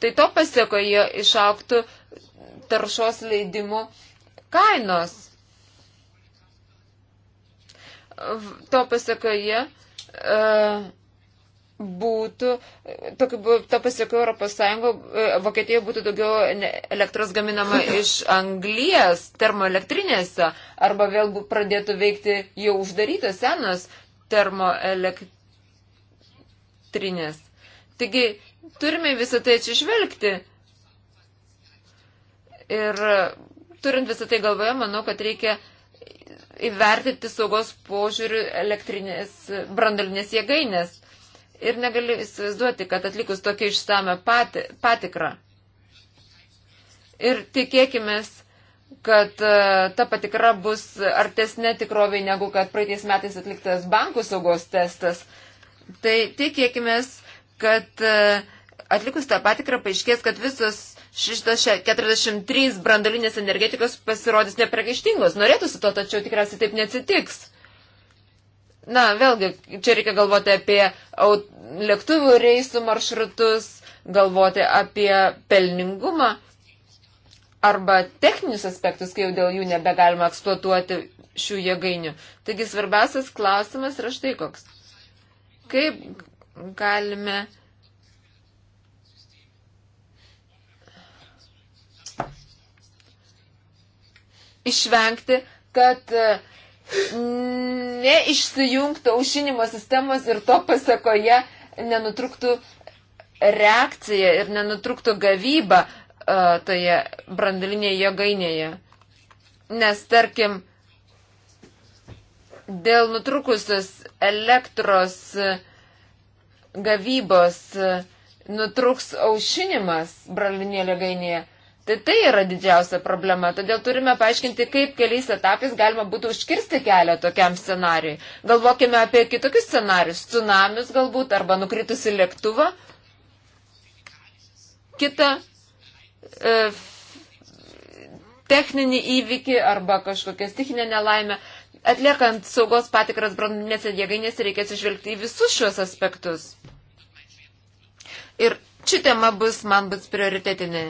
B: tai to pasiekoje išauktų taršos leidimų kainos. To pasiekoje e, būtų, tokiu, to pasiekiu Europos Sąjungo, e, Vokietijoje būtų daugiau elektros gaminama <laughs> iš anglijas termoelektrinėse, arba vėl pradėtų veikti jau uždarytos senos termoelektrinės. Taigi, turime visą tai atsižvelgti. Ir turint visą tai galvoje, manau, kad reikia įvertinti saugos požiūrių elektrinės brandalinės jėgainės ir negaliu įsivaizduoti, kad atlikus tokį išsame pati, patikrą. Ir tikėkime, kad e, ta patikra bus artesnė tikroviai negu kad praeitais metais atliktas bankų saugos testas. Tai tikėkime, kad e, atlikus tą patikrą paaiškės, kad visos 643 brandalinės energetikos pasirodys neprekaištingos. Norėtųsi to, tačiau tikriausiai taip neatsitiks. Na, vėlgi, čia reikia galvoti apie lėktuvų reisų maršrutus, galvoti apie pelningumą arba techninius aspektus, kai jau dėl jų nebegalima eksploatuoti šių jėgainių. Taigi svarbiausias klausimas yra štai koks. Kaip galime. Išvengti, kad uh, neišsijungtų aušinimo sistemos ir to pasakoje nenutruktų reakcija ir nenutruktų gavyba uh, toje brandalinėje jėgainėje. Nes tarkim, dėl nutrukusios elektros e, gavybos e, nutruks aušinimas brandalinėje jėgainėje Tai tai yra didžiausia problema. Todėl turime paaiškinti, kaip keliais etapais galima būtų užkirsti kelią tokiam scenariui. Galvokime apie kitokius scenarius. Tsunamius galbūt arba nukritusi lėktuvą. Kita e, techninį įvykį arba kažkokią stichinę nelaimę. Atliekant saugos patikras branduolinėse jėgainėse reikės išvelgti į visus šios aspektus. Ir ši tema bus, man bus prioritetinė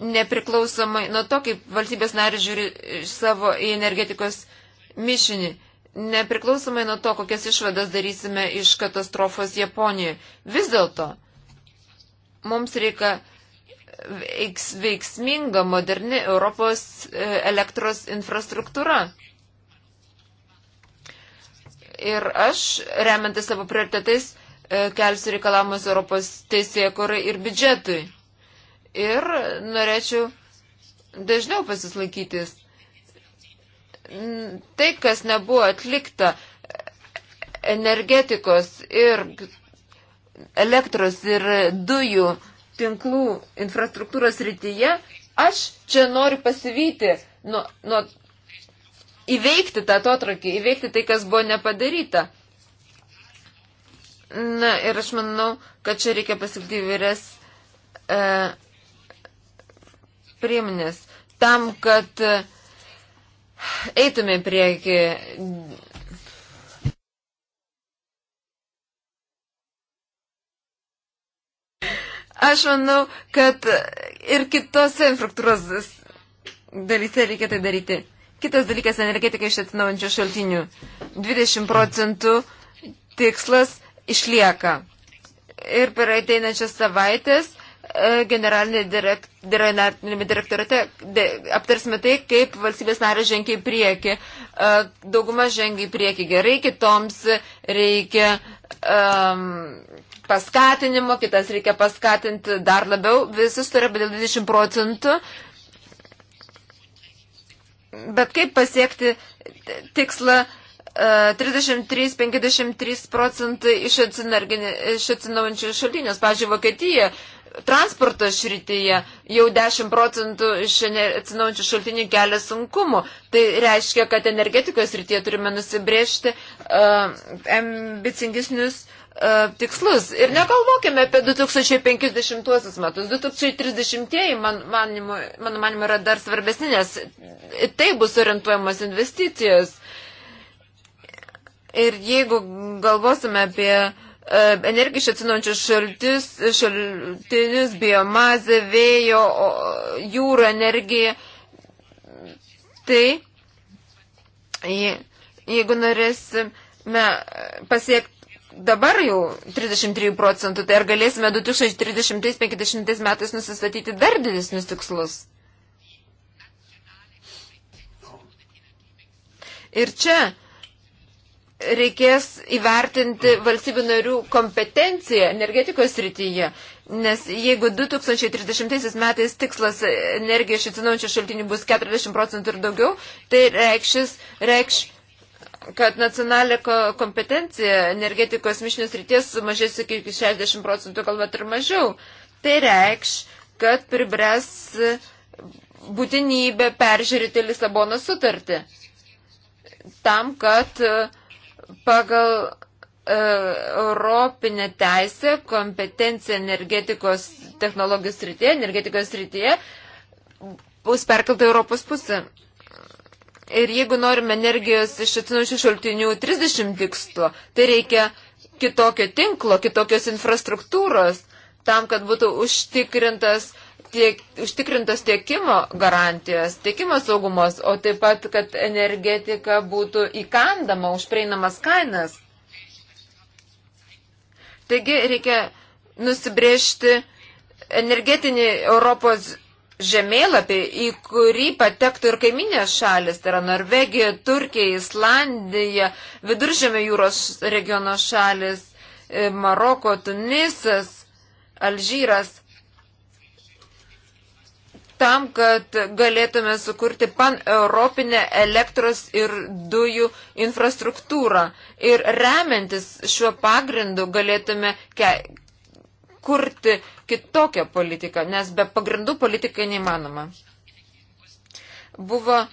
B: nepriklausomai nuo to, kaip valstybės narė žiūri savo į energetikos mišinį, nepriklausomai nuo to, kokias išvadas darysime iš katastrofos Japonijoje. Vis dėlto mums reikia veiksminga moderni Europos e, elektros infrastruktūra. Ir aš, remiantis savo prioritetais, e, kelsiu reikalavimus Europos teisėje kurai ir biudžetui ir norėčiau dažniau pasislankytis. Tai, kas nebuvo atlikta energetikos ir elektros ir dujų tinklų infrastruktūros rytyje, aš čia noriu pasivyti, nuo, nuo, įveikti tą atotrakį, įveikti tai, kas buvo nepadaryta. Na ir aš manau, kad čia reikia pasilgti vyres. E, priemonės tam, kad e, eitume prieki. Aš manau, kad ir kitose infrastruktūros dalyse reikia tai daryti. Kitas dalykas - energetika iš atsinaujančių šaltinių. 20 procentų tikslas išlieka. Ir per ateinančias savaitės generalinėme direktorate aptarsime tai, kaip valstybės narės žengia į priekį. E, dauguma žengia į priekį gerai, kitoms reikia um, paskatinimo, kitas reikia paskatinti dar labiau. Visus turi dėl 20 procentų. Bet kaip pasiekti tikslą 33-53 e, procentai iš atsinaujančių šaltinių. Pavyzdžiui, Vokietija transporto šrityje jau 10 procentų iš atsinaujančių šaltinių kelia sunkumų. Tai reiškia, kad energetikos srityje turime nusibriežti uh, ambicingesnius uh, tikslus. Ir nekalvokime apie 2050 metus. 2030 man, manimo, mano manimo yra dar svarbesni, nes tai bus orientuojamos investicijos. Ir jeigu galvosime apie uh, energiją iš atsinaujančius šaltis, šaltinius, biomazę, vėjo, jūrą energiją. Tai, jeigu norėsime pasiekti dabar jau 33 procentų, tai ar galėsime 2030-50 metais nusistatyti dar didesnius tikslus? Ir čia reikės įvertinti valstybių narių kompetenciją energetikos srityje. Nes jeigu 2030 metais tikslas energija iš atsinaujančių šaltinių bus 40 procentų ir daugiau, tai reikšis, reikš, kad nacionalinė kompetencija energetikos mišinės ryties sumažės iki 60 procentų, galbūt ir mažiau. Tai reikš, kad pribres būtinybė peržiūrėti Lisabono sutartį tam, kad uh, Pagal e, Europinė teisė, kompetencija energetikos technologijos srityje, energetikos srityje bus perkelta Europos pusė. Ir jeigu norime energijos iš atsinaujančių šaltinių 30 tikslo, tai reikia kitokio tinklo, kitokios infrastruktūros, tam, kad būtų užtikrintas uh, tiek, užtikrintos tiekimo garantijos, tiekimo saugumos, o taip pat, kad energetika būtų įkandama už prieinamas kainas. Taigi reikia nusibriežti energetinį Europos žemėlapį, į kurį patektų ir kaiminės šalis, tai yra Norvegija, Turkija, Islandija, Viduržėmio jūros regiono šalis, e, Maroko, Tunisas, Alžyras tam, kad galėtume sukurti pan-europinę elektros ir dujų infrastruktūrą. Ir remiantis šiuo pagrindu galėtume kurti kitokią politiką, nes be pagrindų politika neįmanoma. Buvo e,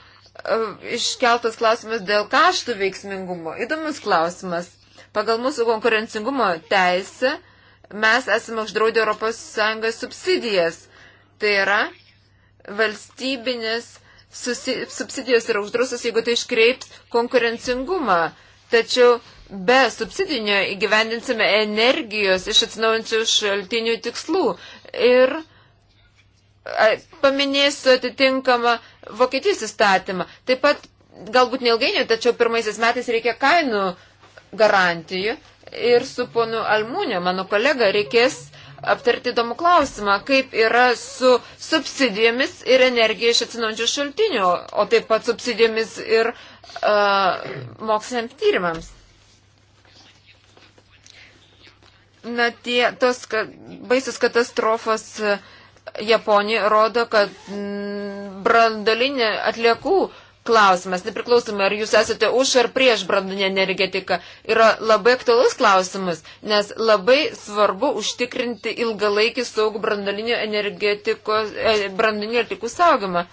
B: iškeltas klausimas dėl kaštų veiksmingumo. Įdomus klausimas. Pagal mūsų konkurencingumo teisę mes esame uždraudę ES subsidijas. Tai yra, valstybinis susi, subsidijos yra uždrausios, jeigu tai iškreips konkurencingumą. Tačiau be subsidinio įgyvendinsime energijos iš atsinaujančių šaltinių tikslų. Ir paminėsiu atitinkamą Vokietijos įstatymą. Taip pat, galbūt neilgainiui, tačiau pirmaisiais metais reikia kainų garantijų. Ir su ponu Almūnė, mano kolega, reikės uh, aptarti įdomų klausimą, kaip yra su subsidijomis ir energija iš atsinaujančių šaltinių, o taip pat subsidijomis ir uh, moksliniams tyrimams. Na, tie, tos ka, baisus katastrofos Japonijoje rodo, kad brandolinė atliekų uh, klausimas, nepriklausomai ar jūs esate už ar prieš brandinę energetiką, yra labai aktualus klausimas, nes labai svarbu užtikrinti ilgalaikį saugų brandinio energetikų e, saugimą.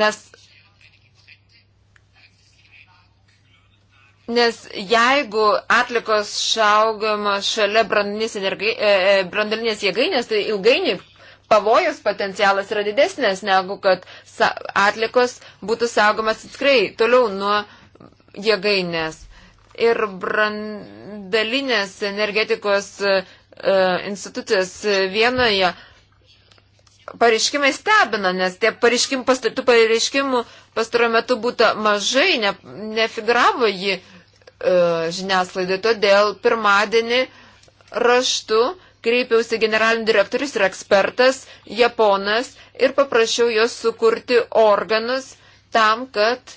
B: Nes, nes jeigu atlikos šaugama šalia brandalinės, energi, e, e, brandalinės jėgainės, tai ilgainiui pavojus potencialas yra didesnės negu kad atlikos būtų saugomas atskrai toliau nuo jėgainės. Ir brandalinės energetikos e, e, institucijos vienoje pareiškimai stebina, nes tie pareiškim, tų pareiškimų pastaruoju metu būtų mažai, ne, nefiguravo jį e, žiniasklaidai. Todėl pirmadienį raštu kreipiausi generaliniu direktorius ir ekspertas, japonas, ir paprašiau jos sukurti organus tam, kad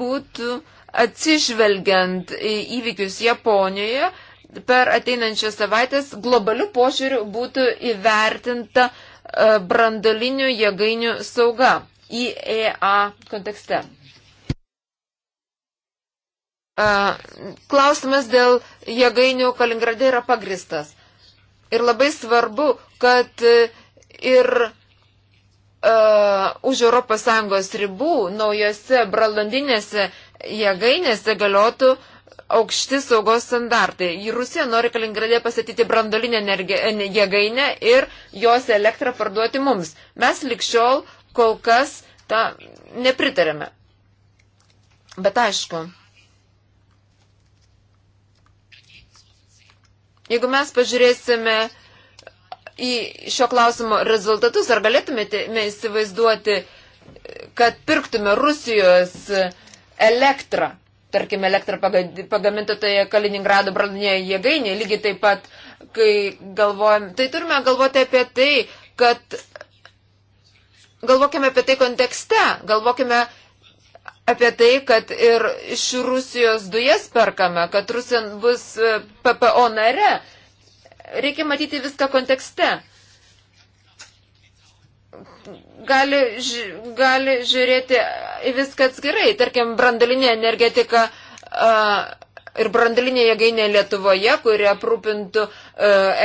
B: būtų atsižvelgiant į įvykius Japonijoje, per ateinančias savaitės globalių požiūrių būtų įvertinta e, brandolinių jėgainių sauga IEA kontekste klausimas dėl jėgainių Kaliningrade yra pagristas. Ir labai svarbu, kad ir uh, už ES ribų naujose bralandinėse jėgainėse galiotų aukšti saugos standartai. Į Rusiją nori Kaliningrade pastatyti brandolinę jėgainę ir jos elektrą parduoti mums. Mes likščiol kol kas tą nepritarėme. Bet aišku, Jeigu mes pažiūrėsime į šio klausimo rezultatus, ar galėtumėte įsivaizduoti, kad pirktume Rusijos elektrą, tarkim, elektrą pagamintą toje Kaliningrado branduolinėje jėgainėje, lygiai taip pat, kai galvojam, tai turime galvoti apie tai, kad galvokime apie tai kontekste, galvokime apie tai, kad ir iš Rusijos dujas perkame, kad Rusija bus e, PPO nare. Reikia matyti viską kontekste. Gali, ži, gali žiūrėti į viską atskirai. Tarkim, brandalinė energetika. Uh, ir brandalinė jėgainė Lietuvoje, kuri aprūpintų e,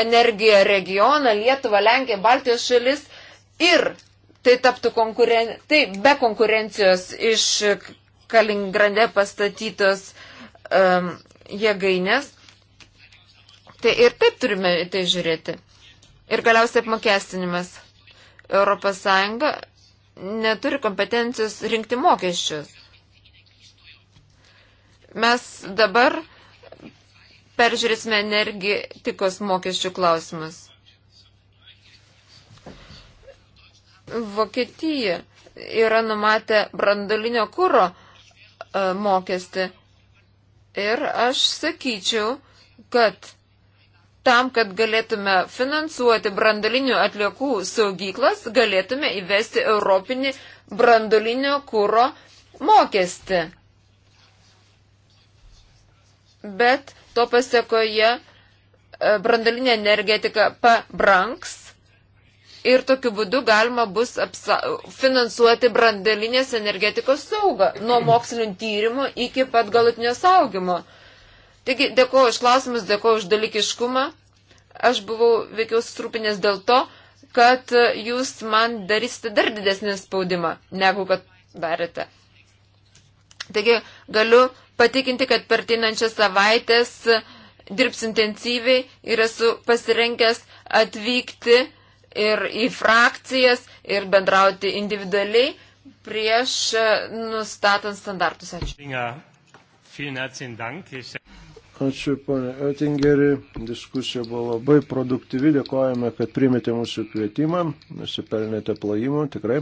B: energiją regioną, Lietuvą, Lenkiją, Baltijos šalis ir tai taptų konkuren... tai be konkurencijos iš Kaliningrade pastatytos um, jėgainės. Tai ir taip turime į tai žiūrėti. Ir galiausiai apmokestinimas. Europos Sąjunga neturi kompetencijos rinkti mokesčius. Mes dabar peržiūrėsime energetikos mokesčių klausimus. Vokietija yra numatę brandolinio kūro e, mokestį. Ir aš sakyčiau, kad tam, kad galėtume finansuoti brandolinių atliekų saugyklas, galėtume įvesti Europinį brandolinio kūro mokestį. Bet to pasiekoje e, brandolinė energetika pabranks ir tokiu būdu galima bus apsa finansuoti brandelinės energetikos saugą nuo mokslinio tyrimo iki pat galutinio saugimo. Taigi dėkuoju už klausimus, dėkuoju už dalykiškumą. Aš buvau veikiau susirūpinęs dėl to, kad jūs man darysite dar didesnį spaudimą, negu kad darėte. Taigi galiu patikinti, kad per tinančias savaitės dirbs intensyviai ir esu pasirengęs atvykti ir į frakcijas ir bendrauti individualiai prieš e, nustatant standartus.
A: Ačiū. Ačiū, ponė Oettingeri. Diskusija buvo labai produktyvi. Dėkojame, kad primėte mūsų kvietimą. Nusipelnėte plojimų, tikrai.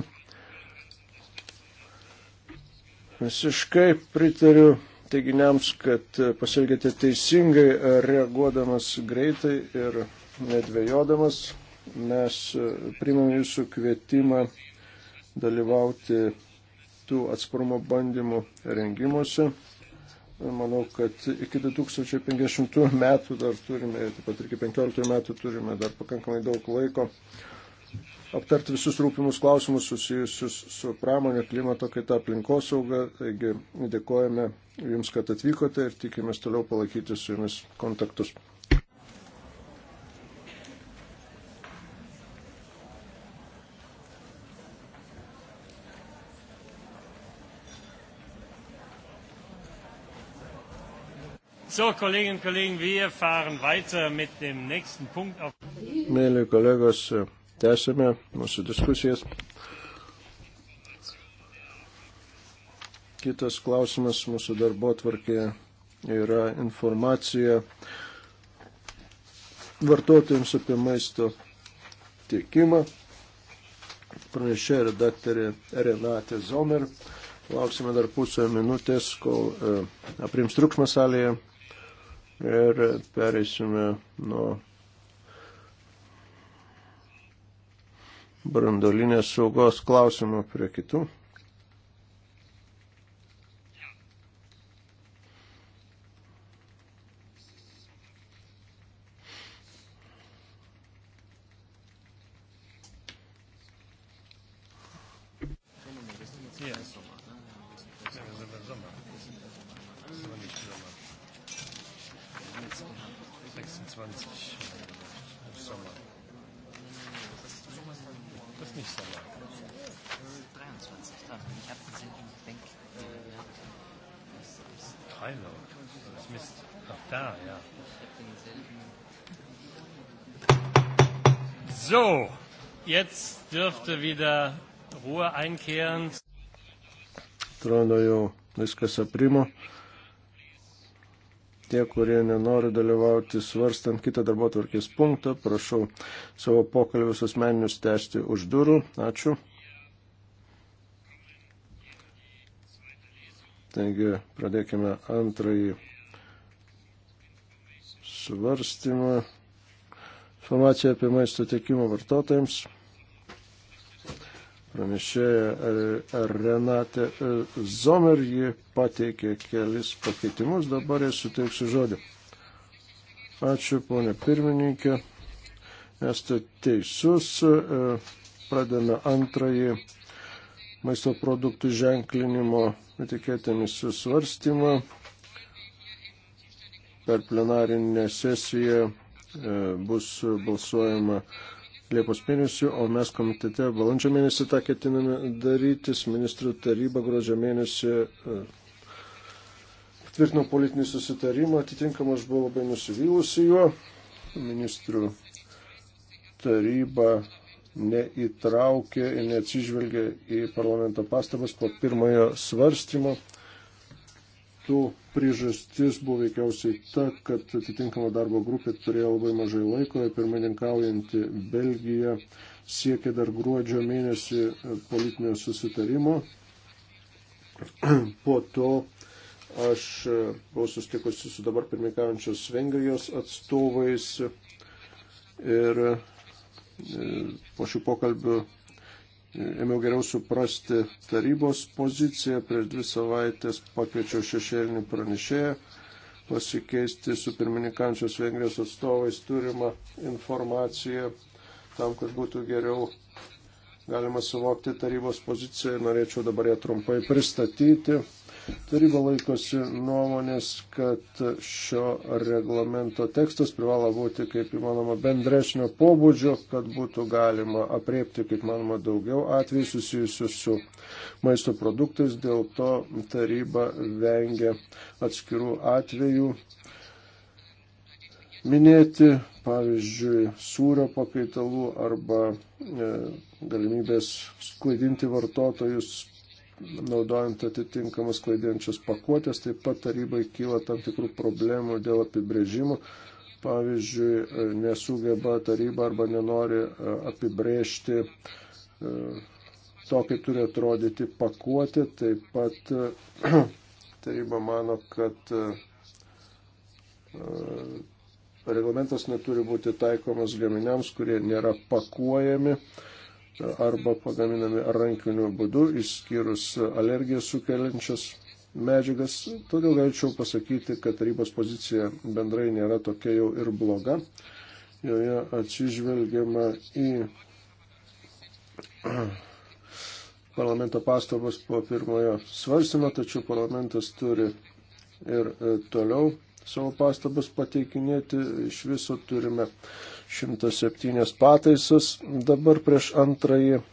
A: Visiškai pritariu teiginiams, kad pasielgėte teisingai, reaguodamas greitai ir nedvėjodamas. Mes e, primam jūsų kvietimą dalyvauti tų atsparumo bandymų rengimuose. Manau, kad iki 2050 metų dar turime, taip pat iki 2015 metų turime dar pakankamai daug laiko aptarti visus rūpimus klausimus susijusius su pramonė, klimato kaita, aplinkosauga. Taigi dėkojame Jums, kad atvykote ir tikimės toliau palaikyti su Jumis kontaktus.
C: So, Kolleginnen und Kollegen, wir fahren weiter mit dem nächsten Punkt auf.
A: Mėly kolegos, tęsime mūsų diskusijas. Kitas klausimas mūsų darbo tvarkėje yra informacija vartotojams apie maisto tiekimą. Pranešė redaktorė Renate Zomer. Lauksime dar pusę minutės, kol e, aprims triukšmas salėje ir pereisime nuo brandolinės saugos klausimų prie kitų. Atrodo jau viskas aprimo. Tie, kurie nenori dalyvauti svarstant kitą darbo tvarkės punktą, prašau savo pokalbius asmeninius tęsti už durų. Ačiū. Taigi pradėkime antrąjį svarstymą. Informacija apie maisto tiekimą vartotojams pranešėja e, Renate e, Zomer, ji pateikė kelis pakeitimus, dabar jis suteiksiu žodį. Ačiū, ponė pirmininkė, esate teisus, e, pradėme antrąjį maisto produktų ženklinimo etiketėmis susvarstymą. Per plenarinę sesiją bus balsuojama Liepos mėnesį, o mes komitete balandžio mėnesį tą ketiname darytis. Ministrų taryba gruodžio mėnesį patvirtino e, politinį susitarimą, atitinkamą aš buvau labai nusivylusi juo. Ministrų taryba neįtraukė ir neatsižvelgė į parlamento pastabas po pirmojo svarstymo to priežastis buvo veikiausiai ta, kad atitinkama darbo grupė turėjo labai mažai laiko ir pirmininkaujanti Belgija siekė dar gruodžio mėnesį politinio susitarimo. <clears throat> Po to aš buvau susitikusi su dabar pirmininkaujančios Vengrijos atstovais ir e, po šių pokalbių ėmiau geriau suprasti tarybos poziciją. Prieš dvi savaitės pakviečiau šešėlinį pranešėją pasikeisti su pirmininkančios Vengrijos atstovais turimą informaciją tam, kad būtų geriau galima suvokti tarybos poziciją. Norėčiau dabar ją trumpai pristatyti. Taryba laikosi nuomonės, kad šio reglamento tekstas privalo būti kaip įmanoma bendresnio pobūdžio, kad būtų galima apriepti kaip manoma daugiau atvejų susijusių su maisto produktais. Dėl to taryba vengia atskirų atvejų minėti, pavyzdžiui, sūrio pakaitalų arba e, galimybės sklaidinti vartotojus naudojant atitinkamas klaidinčias pakuotės, taip pat tarybai kyla tam tikrų problemų dėl apibrėžimų. Pavyzdžiui, e, nesugeba taryba arba nenori e, apibrėžti e, to, kaip turi atrodyti pakuotė. Taip pat <clears throat> taryba mano, kad reglamentas neturi būti taikomas gaminiams, kurie nėra pakuojami arba pagaminami rankiniu būdu, išskyrus alergiją sukeliančias medžiagas. Todėl galėčiau pasakyti, kad tarybos pozicija bendrai nėra tokia jau ir bloga. Joje atsižvelgiama į parlamento pastabas po pirmojo svarstymo, tačiau parlamentas turi ir toliau savo pastabas pateikinėti. Iš viso turime 107 pataisas dabar prieš antrąjį e,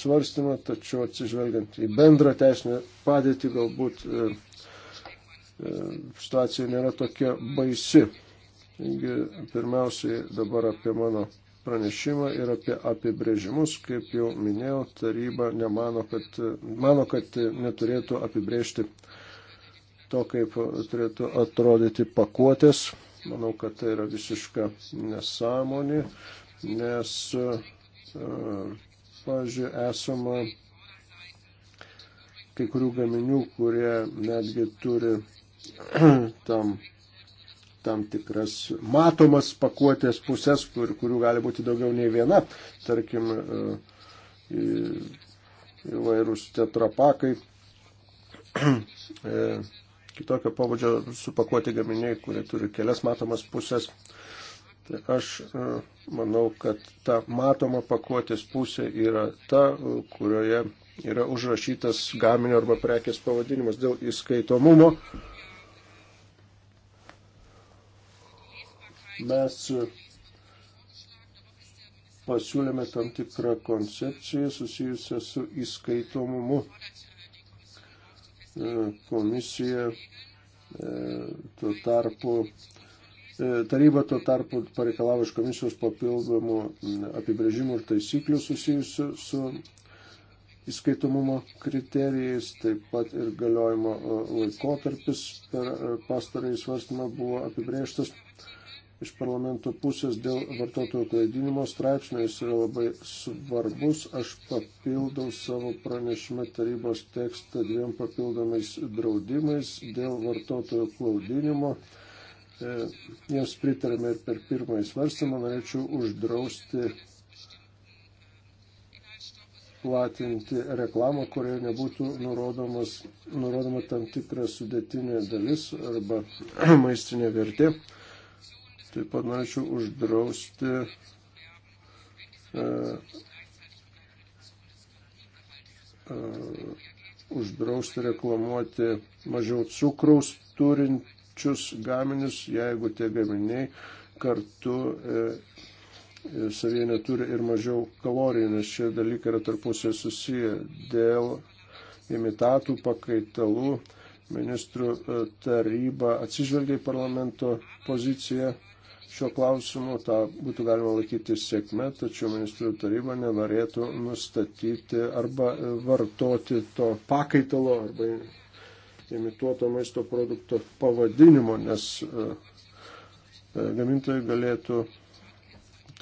A: svarstymą, tačiau atsižvelgiant į bendrą teisinę padėtį galbūt e, e, situacija nėra tokia baisi. Taigi, pirmiausiai dabar apie mano pranešimą ir apie apibrėžimus. Kaip jau minėjau, taryba nemano, kad, mano, kad neturėtų apibrėžti uh, to, kaip turėtų atrodyti pakuotės. Manau, kad tai yra visiška nesąmonė, nes, e, pavyzdžiui, esama kai kurių gaminių, kurie netgi turi <clears throat> tam, tam tikras matomas pakuotės pusės, kur, kurių gali būti daugiau nei viena, tarkim, e, įvairūs tetrapakai. <clears throat> E, kitokio pobūdžio supakuoti gaminiai, kurie turi kelias matomas pusės. Tai aš e, manau, kad ta matoma pakuotės pusė yra ta, e, kurioje yra užrašytas gaminio arba prekės pavadinimas dėl įskaitomumo. Mes e, pasiūlėme tam tikrą koncepciją susijusią su įskaitomumu E, komisija e, tuo tarpu, e, taryba tuo tarpu pareikalavo iš komisijos papildomų apibrėžimų ir taisyklių susijusių su įskaitomumo kriterijais, taip pat ir galiojimo laikotarpis per pastarąjį svarstymą buvo apibrėžtas iš parlamento pusės dėl vartotojų klaidinimo straipsnio, jis yra labai svarbus. Aš papildau savo pranešimą tarybos tekstą dviem papildomais draudimais dėl vartotojų klaidinimo. E, jiems pritarėme ir per pirmąjį svarstymą norėčiau uždrausti platinti reklamą, kurioje nebūtų nurodomas, nurodoma tam tikra sudėtinė dalis arba <clears throat> maistinė vertė. Taip pat norėčiau uždrausti uh, uh, uždrausti reklamuoti mažiau cukraus turinčius gaminius, jeigu tie gaminiai kartu uh, savyje neturi ir mažiau kalorijų, nes šie dalykai yra tarpusai susiję dėl imitatų pakaitalų. Ministrų taryba atsižvelgia į parlamento poziciją šiuo klausimu, tą būtų galima laikyti sėkme, tačiau ministrų taryba nenorėtų nustatyti arba vartoti to pakaitalo arba imituoto maisto produkto pavadinimo, nes e, e, gamintojai galėtų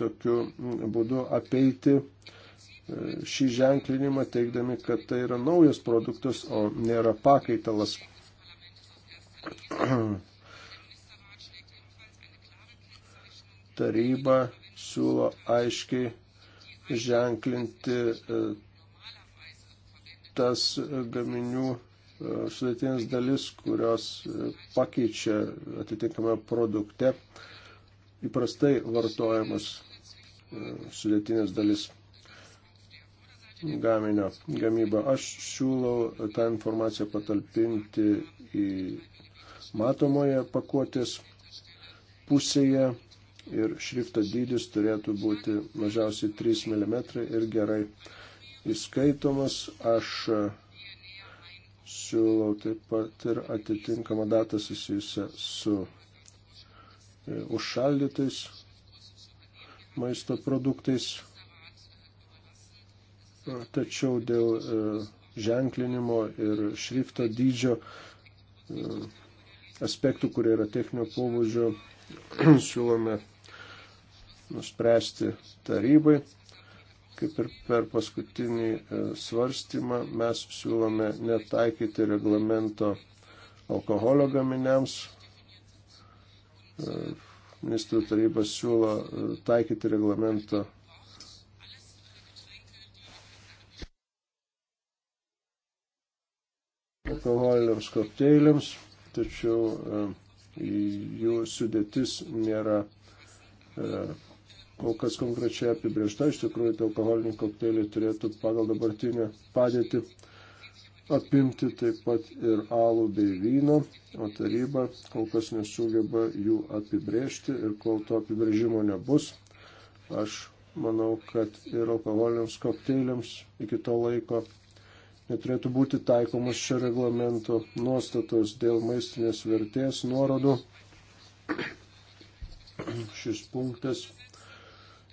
A: tokiu būdu apeiti e, šį ženklinimą, teikdami, kad tai yra naujas produktas, o nėra pakaitalas <clears throat> taryba siūlo aiškiai ženklinti e, tas gaminių e, sudėtinės dalis, kurios e, pakeičia atitinkamą produkte įprastai vartojamas sudėtinės dalis gaminio gamybą. Aš siūlau tą informaciją patalpinti į matomoje pakuotės pusėje ir šrifto dydis turėtų būti mažiausiai 3 mm ir gerai įskaitomas. Aš siūlau taip pat ir atitinkamą datą susijusią su e, užšaldytais maisto produktais. Tačiau dėl e, ženklinimo ir šrifto dydžio e, aspektų, kurie yra techninio pobūdžio, <clears throat> siūlome nuspręsti tarybai. Kaip ir per paskutinį e, svarstymą mes siūlome netaikyti reglamento alkoholio gaminiams. E, ministrų taryba siūlo e, taikyti reglamentą alkoholiniams kokteiliams, tačiau jų sudėtis nėra kol kas konkrečiai apibriešta. Iš tikrųjų, tai alkoholiniai kokteiliai turėtų pagal dabartinę padėtį apimti taip pat ir alų bei vyną, o taryba kol kas nesugeba jų apibrėžti ir kol to apibrėžimo nebus, aš manau, kad ir alkoholiniams kokteiliams iki to laiko neturėtų būti taikomas šio reglamento nuostatos dėl maistinės vertės nuorodų. Šis punktas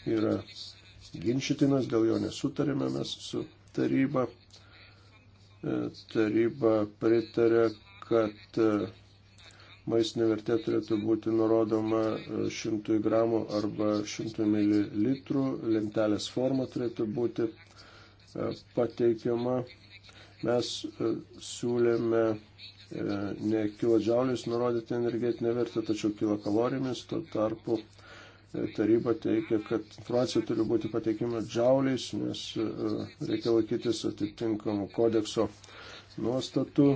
A: yra ginčytinas, dėl jo nesutarėme mes su taryba. E, taryba pritarė, kad e, maistinė vertė turėtų būti nurodoma 100 e, gramų arba 100 ml, lentelės forma turėtų būti pateikiama. Mes siūlėme ne kilodžiauliais nurodyti energetinę vertę, tačiau kilokalorijomis, tuo tarpu taryba teikia, kad informacija turi būti pateikima džiauliais, nes e, reikia laikytis atitinkamų kodekso nuostatų.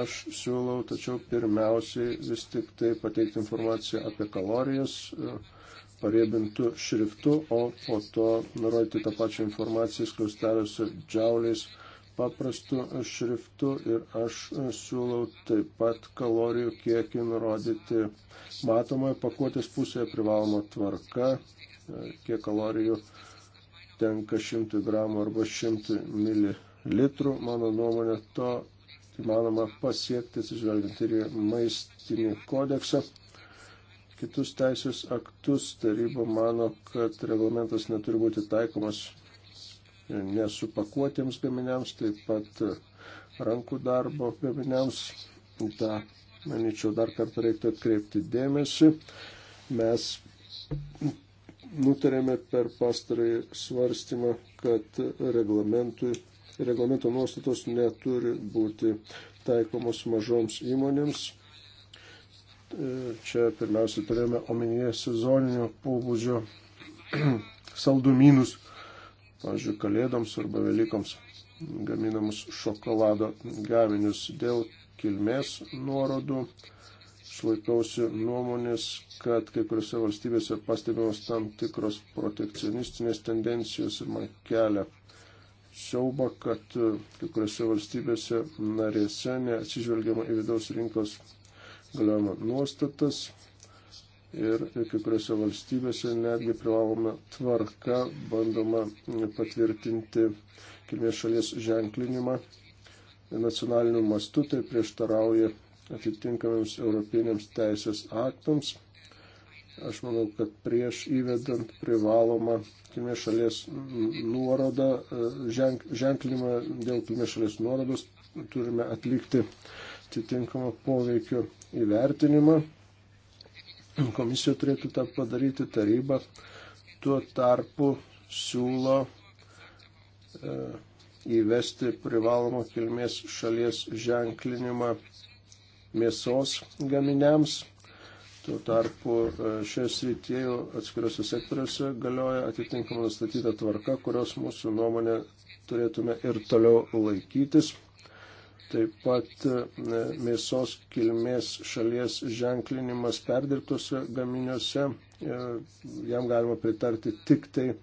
A: Aš siūlau, tačiau pirmiausiai vis tik tai pateikti informaciją apie kalorijas e, pariebintų šriftų, o po to nurodyti tą pačią informaciją skliausteliuose džiauliais paprastu šriftu ir aš siūlau taip pat kalorijų kiekį nurodyti matomoje pakuotės pusėje privaloma tvarka, kiek kalorijų tenka 100 gramų arba 100 ml. Mano nuomonė to įmanoma pasiekti, atsižvelgiant ir į maistinį kodeksą kitus teisės aktus taryba mano, kad reglamentas neturi būti taikomas nesupakuotiems gaminiams, taip pat rankų darbo gaminiams. Ta, manyčiau, dar kartą reiktų atkreipti dėmesį. Mes nutarėme per pastarąjį svarstymą, kad reglamento nuostatos neturi būti taikomos mažoms įmonėms. E, čia pirmiausia turėjome omenyje sezoninio pobūdžio <clears throat> saldumynus pavyzdžiui, kalėdoms arba velikoms gaminamus šokolado gaminius dėl kilmės nuorodų. Šlaikausi nuomonės, kad kai kuriuose valstybėse pastebimos tam tikros protekcionistinės tendencijos ir man kelia siauba, kad e, kai kuriuose valstybėse narėse neatsižvelgiama į vidaus rinkos galiojimo nuostatas ir kai kuriuose valstybėse netgi privaloma tvarka bandoma patvirtinti kilmės šalies ženklinimą nacionaliniu mastu, tai prieštarauja atitinkamiems europiniams teisės aktams. Aš manau, kad prieš įvedant privalomą kilmės šalies nuorodą, e, ženk, ženklinimą dėl kilmės šalies nuorodos turime atlikti atitinkamą poveikio įvertinimą Komisija turėtų tą padaryti taryba. Tuo tarpu siūlo e, įvesti privalomą kilmės šalies ženklinimą mėsos gaminiams. Tuo tarpu e, šioje srityje atskiriuose sektoriuose galioja atitinkama nustatyta tvarka, kurios mūsų nuomonė turėtume ir toliau laikytis taip pat e, mėsos kilmės šalies ženklinimas perdirbtose gaminiuose, e, jam galima pritarti tik tai e,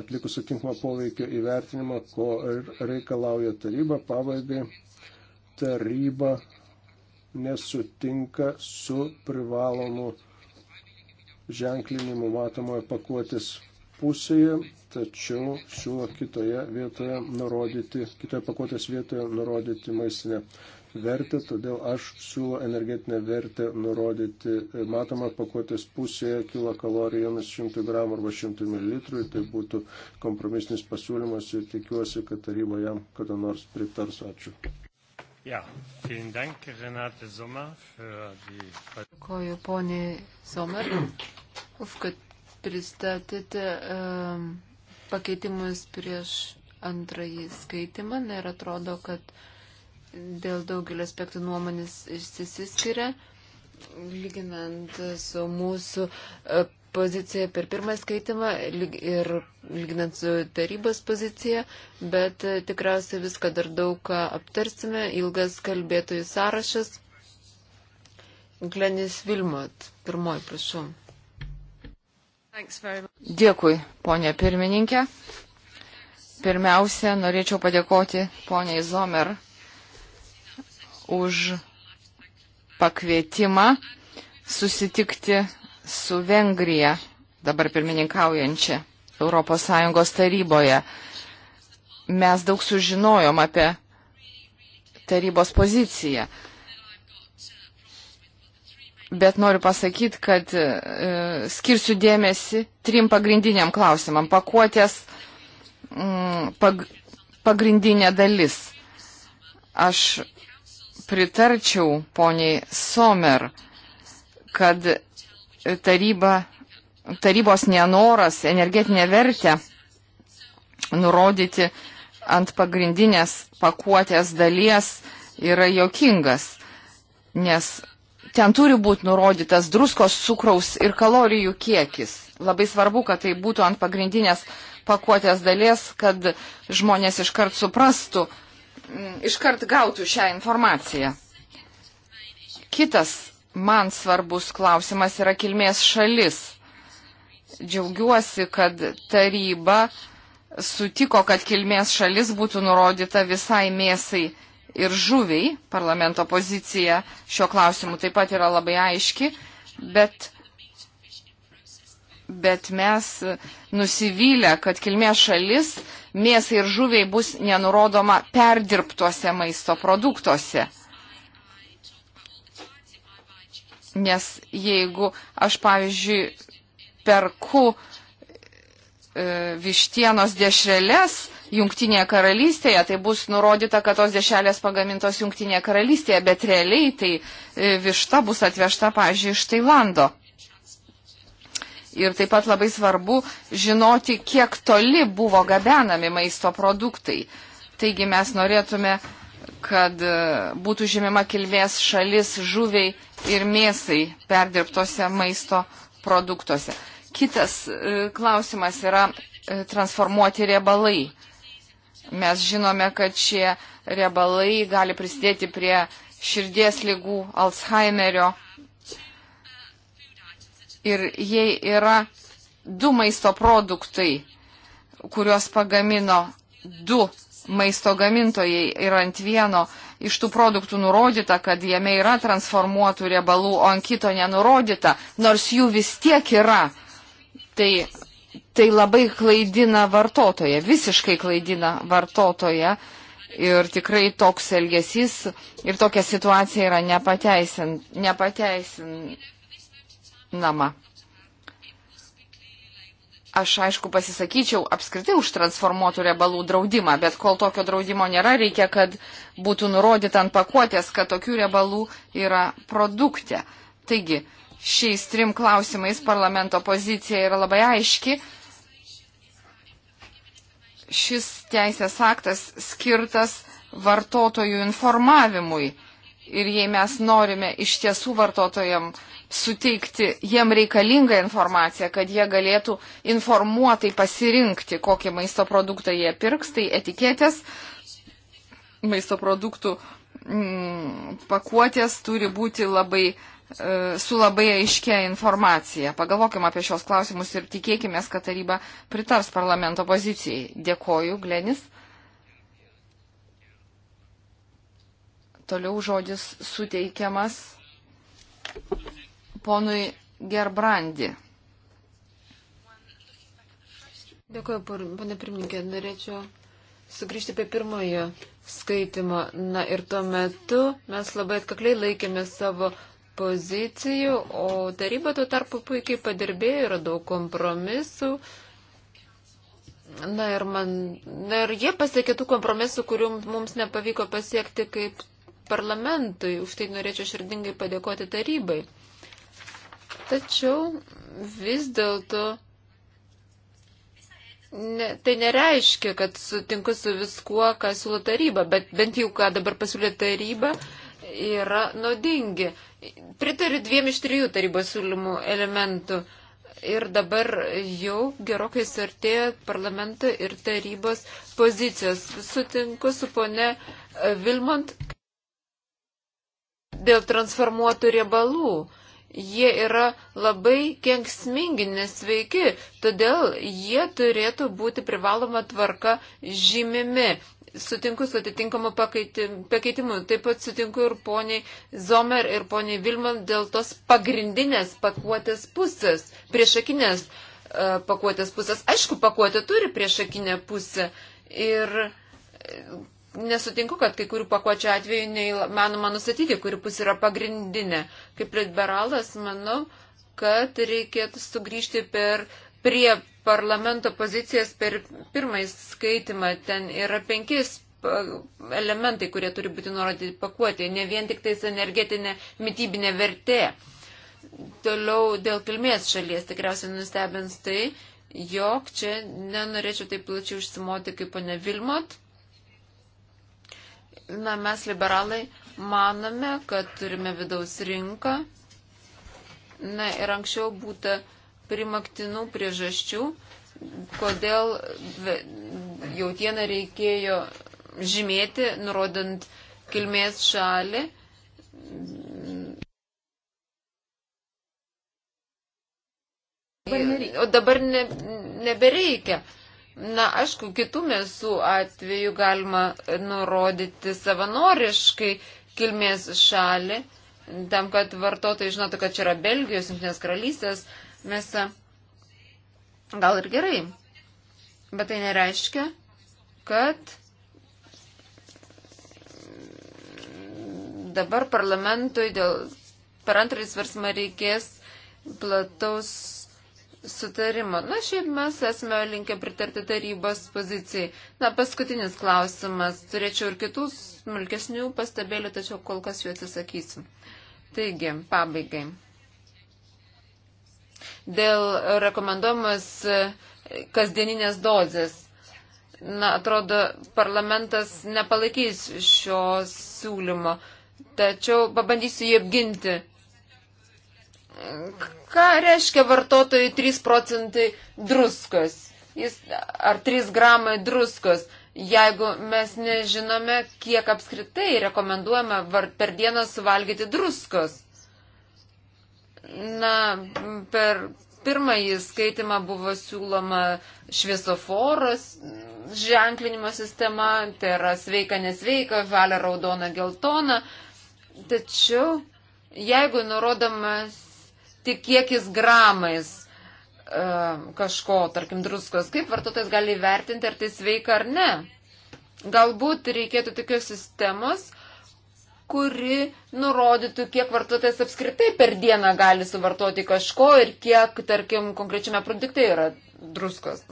A: atlikus atitinkamą poveikio įvertinimą, ko reikalauja taryba, pabaigai taryba nesutinka su privalomu ženklinimu matomoje pakuotės pusėje tačiau siūlo kitoje vietoje nurodyti, kitoje pakuotės vietoje nurodyti maistinę vertę, todėl aš siūlo energetinę vertę nurodyti matomą pakuotės pusėje kilokalorijomis 100 gramų arba 100 ml. Tai būtų kompromisinis pasiūlymas ir tikiuosi, kad taryba jam kada nors pritars. Ačiū. Ja, vielen Dank, Renate Sommer, für die. Dėkoju,
B: ponė Sommer, už kad pristatėte um, pakeitimus prieš antrąjį skaitimą na, ir atrodo, kad dėl daugelio aspektų nuomonės išsiskiria, lyginant su mūsų e, pozicija per pirmą skaitimą ir lyginant su tarybos pozicija, bet e, tikriausiai viską dar daug ką aptarsime. Ilgas kalbėtojų sąrašas.
C: Glenis Vilmot, pirmoji, prašau. Dėkui, ponė pirmininkė. Pirmiausia, norėčiau padėkoti poniai Zomer už pakvietimą susitikti su Vengrija, dabar pirmininkaujančia ES taryboje. Mes daug sužinojom apie tarybos poziciją bet noriu pasakyti, kad e, skirsiu dėmesį trim pagrindiniam klausimam. Pakuotės m, mm, pag, pagrindinė dalis. Aš pritarčiau poniai Somer, kad taryba, tarybos nenoras energetinę vertę nurodyti ant pagrindinės pakuotės dalies yra jokingas, nes ten turi būti nurodytas druskos, cukraus ir kalorijų kiekis. Labai svarbu, kad tai būtų ant pagrindinės pakuotės dalies, kad žmonės iškart suprastų, mm, iškart gautų šią informaciją. Kitas man svarbus klausimas yra kilmės šalis. Džiaugiuosi, kad taryba sutiko, kad kilmės šalis būtų nurodyta visai mėsai ir žuviai. Parlamento pozicija šio klausimu taip pat yra labai aiški, bet, bet mes nusivylę, kad kilmės šalis mėsai ir žuviai bus nenurodoma perdirbtuose maisto produktuose. Nes jeigu aš, pavyzdžiui, perku uh, E, vištienos dešrelės Junktinėje karalystėje, tai bus nurodyta, kad tos dešrelės pagamintos Junktinėje karalystėje, bet realiai tai e, višta bus atvežta, pažiūrėjau, iš Tailando. Ir taip pat labai svarbu žinoti, kiek toli buvo gabenami maisto produktai. Taigi mes norėtume, kad e, būtų žymima kilmės šalis žuviai ir mėsai perdirbtose maisto produktuose. Kitas e, klausimas yra e, transformuoti riebalai. Mes žinome, kad šie riebalai gali prisidėti prie širdies lygų, Alzheimerio. Ir jei yra du maisto produktai, kuriuos pagamino du maisto gamintojai ir ant vieno iš tų produktų nurodyta, kad jame yra transformuotų riebalų, o ant kito nenurodyta, nors jų vis tiek yra tai, tai labai klaidina vartotoje, visiškai klaidina vartotoje. Ir tikrai toks elgesys ir tokia situacija yra nepateisin, nepateisinama. Aš aišku pasisakyčiau apskritai už transformuotų riebalų draudimą, bet kol tokio draudimo nėra, reikia, kad būtų nurodyta ant pakuotės, kad tokių riebalų yra produkte. Taigi, šiais trim klausimais parlamento pozicija yra labai aiški. Šis teisės aktas skirtas vartotojų informavimui. Ir jei mes norime iš tiesų vartotojam suteikti jiem reikalingą informaciją, kad jie galėtų informuotai pasirinkti, kokį maisto produktą jie pirks, tai etiketės maisto produktų mm, pakuotės turi būti labai E, su labai aiškia informacija. Pagalvokime apie šios klausimus ir tikėkime, kad taryba pritars parlamento pozicijai. Dėkoju, Glenis. Toliau žodis suteikiamas ponui Gerbrandi.
B: Dėkuoju, pane pirmininkė, norėčiau sugrįžti prie pirmojo skaitimo. Na ir tuo metu mes labai atkakliai laikėme savo pozicijų, o taryba tuo tarpu puikiai padirbėjo, yra daug kompromisų. Na ir, man, na ir jie pasiekė tų kompromisų, kurių mums nepavyko pasiekti kaip parlamentui. Už tai norėčiau širdingai padėkoti tarybai. Tačiau vis dėlto Ne, tai nereiškia, kad sutinku su viskuo, ką siūlo taryba, bet bent jau ką dabar pasiūlė taryba, yra naudingi. Pritariu dviem iš trijų tarybos siūlymų elementų. Ir dabar jau gerokai sartėja parlamento ir tarybos pozicijos. Sutinku su pone e, Vilmont dėl transformuotų riebalų jie yra labai kenksmingi, nesveiki, todėl jie turėtų būti privaloma tvarka žymimi sutinku su atitinkamu pakeitimu. Taip pat sutinku ir poniai Zomer ir poniai Vilman dėl tos pagrindinės pakuotės pusės, priešakinės uh, pakuotės pusės. Aišku, pakuotė turi priešakinę pusę ir e, nesutinku, kad kai kurių pakuočių atveju neįmanoma nustatyti, kuri pusė yra pagrindinė. Kaip liberalas, manau, kad reikėtų sugrįžti per prie parlamento pozicijas per pirmąjį skaitimą. Ten yra penkis elementai, kurie turi būti nurodyti pakuoti, ne vien tik tais energetinė mytybinė vertė. Toliau dėl kilmės šalies tikriausiai nustebins tai, jog čia nenorėčiau taip plačiai užsimoti kaip pane Vilmot. Na, mes liberalai manome, kad turime vidaus rinką. Na ir anksčiau būtų primaktinų priežasčių, kodėl jautieną reikėjo žymėti, nurodant kilmės šalį. O dabar ne, nebereikia. Na, aišku, kitų mėsų atveju galima nurodyti savanoriškai kilmės šalį, tam, kad vartotojai žinotų, kad čia yra Belgijos, Junktinės karalystės, uh, Mes gal ir gerai, bet tai nereiškia, kad dabar parlamentui dėl per antrąjį svarsmą reikės plataus sutarimo. Na, šiaip mes esame linkę pritarti tarybos pozicijai. Na, paskutinis klausimas. Turėčiau ir kitų smulkesnių pastabėlių, tačiau kol kas jų atsisakysiu. Taigi, pabaigai dėl rekomenduojamas e, kasdieninės dozės. Na, atrodo, parlamentas nepalaikys šio siūlymo, tačiau pabandysiu jį apginti. Ką reiškia vartotojai 3 procentai druskos? Jis, ar 3 gramai druskos? Jeigu mes nežinome, kiek apskritai rekomenduojama per dieną suvalgyti druskos. Na, per pirmąjį skaitimą buvo siūloma šviesoforas ženklinimo sistema, tai yra sveika nesveika, žalia raudona geltona. Tačiau, jeigu nurodomas tik kiekis gramais e, kažko, tarkim, druskos, kaip vartotojas gali vertinti, ar tai sveika ar ne. Galbūt reikėtų tokios sistemos, kuri nurodytų, kiek vartotojas apskritai per dieną gali suvartoti kažko ir kiek, tarkim, konkrečiame produkte yra druskos.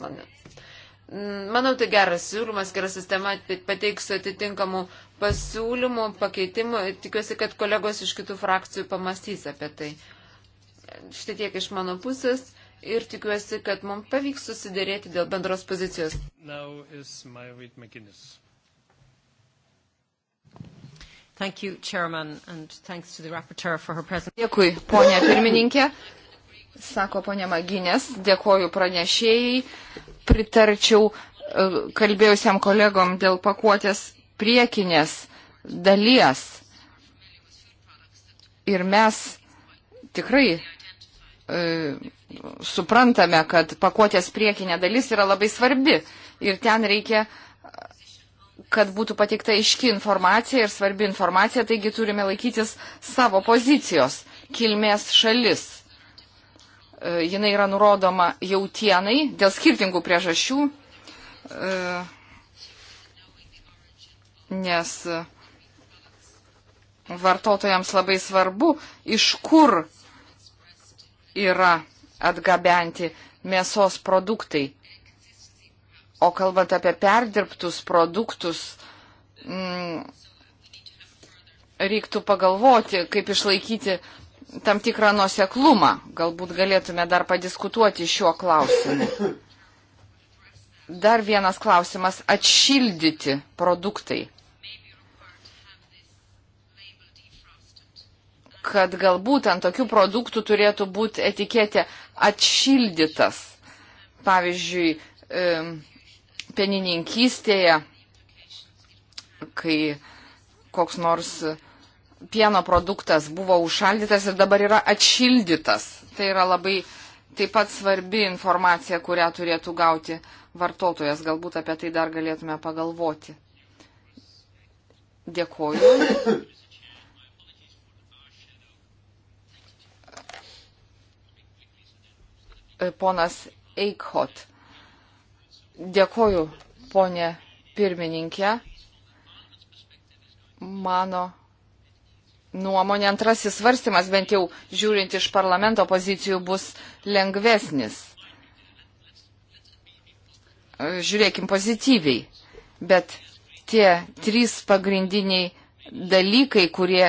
B: Manau, tai geras siūlymas, gera sistema, tai pateiksiu atitinkamų pasiūlymų, pakeitimų, tikiuosi, kad kolegos iš kitų frakcijų pamastys apie tai. Štai tiek iš mano pusės ir tikiuosi, kad mums pavyks susidėrėti dėl bendros pozicijos.
A: Now is my read McGuinness.
B: Thank you, Chairman, and
C: thanks to the Rapporteur for her presentation. Dėkui, ponia pirmininkė. Sako ponia Maginės, dėkoju pranešėjai, pritarčiau e, kalbėjusiam kolegom dėl pakuotės priekinės dalies. Ir mes tikrai e, suprantame, kad pakuotės priekinė dalis yra labai svarbi ir ten reikia kad būtų pateikta iški informacija ir svarbi informacija, taigi turime laikytis savo pozicijos, kilmės šalis. E, jinai yra nurodoma jautienai dėl skirtingų priežasčių, e, nes vartotojams labai svarbu, iš kur yra atgabenti mėsos produktai O kalbant apie perdirbtus produktus, m, mm, reiktų pagalvoti, kaip išlaikyti tam tikrą nuoseklumą. Galbūt galėtume dar padiskutuoti šiuo klausimu. Dar vienas klausimas - atšildyti produktai. Kad galbūt ant tokių produktų turėtų būti etiketė atšildytas. Pavyzdžiui, penininkystėje, kai koks nors pieno produktas buvo užšaldytas ir dabar yra atšildytas. Tai yra labai taip pat svarbi informacija, kurią turėtų gauti vartotojas. Galbūt apie tai dar galėtume pagalvoti. Dėkoju. Ponas Eikhot. Dėkoju, ponė pirmininkė. Mano nuomonė antrasis svarstymas, bent jau žiūrint iš parlamento pozicijų, bus lengvesnis. Žiūrėkim pozityviai, bet tie trys pagrindiniai dalykai, kurie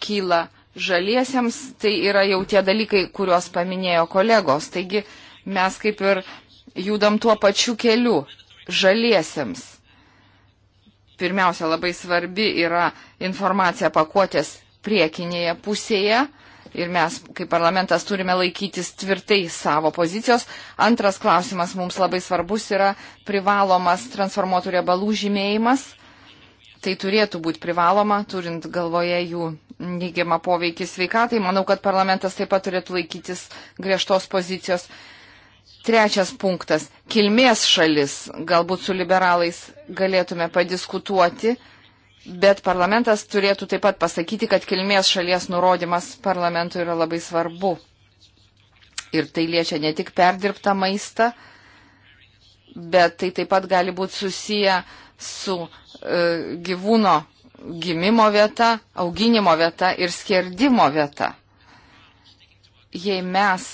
C: kyla žaliesiems, tai yra jau tie dalykai, kuriuos paminėjo kolegos. Taigi mes kaip ir judam tuo pačiu keliu žaliesiems. Pirmiausia, labai svarbi yra informacija pakuotės priekinėje pusėje ir mes kaip parlamentas turime laikytis tvirtai savo pozicijos. Antras klausimas mums labai svarbus yra privalomas transformuotų riebalų žymėjimas. Tai turėtų būti privaloma, turint galvoje jų neigiamą poveikį sveikatai. Manau, kad parlamentas taip pat turėtų laikytis griežtos pozicijos. Trečias punktas - kilmės šalis. Galbūt su liberalais galėtume padiskutuoti, bet parlamentas turėtų taip pat pasakyti, kad kilmės šalies nurodymas parlamentui yra labai svarbu. Ir tai liečia ne tik perdirbtą maistą, bet tai taip pat gali būti susiję su e, gyvūno gimimo vieta, auginimo vieta ir skerdimo vieta. Jei mes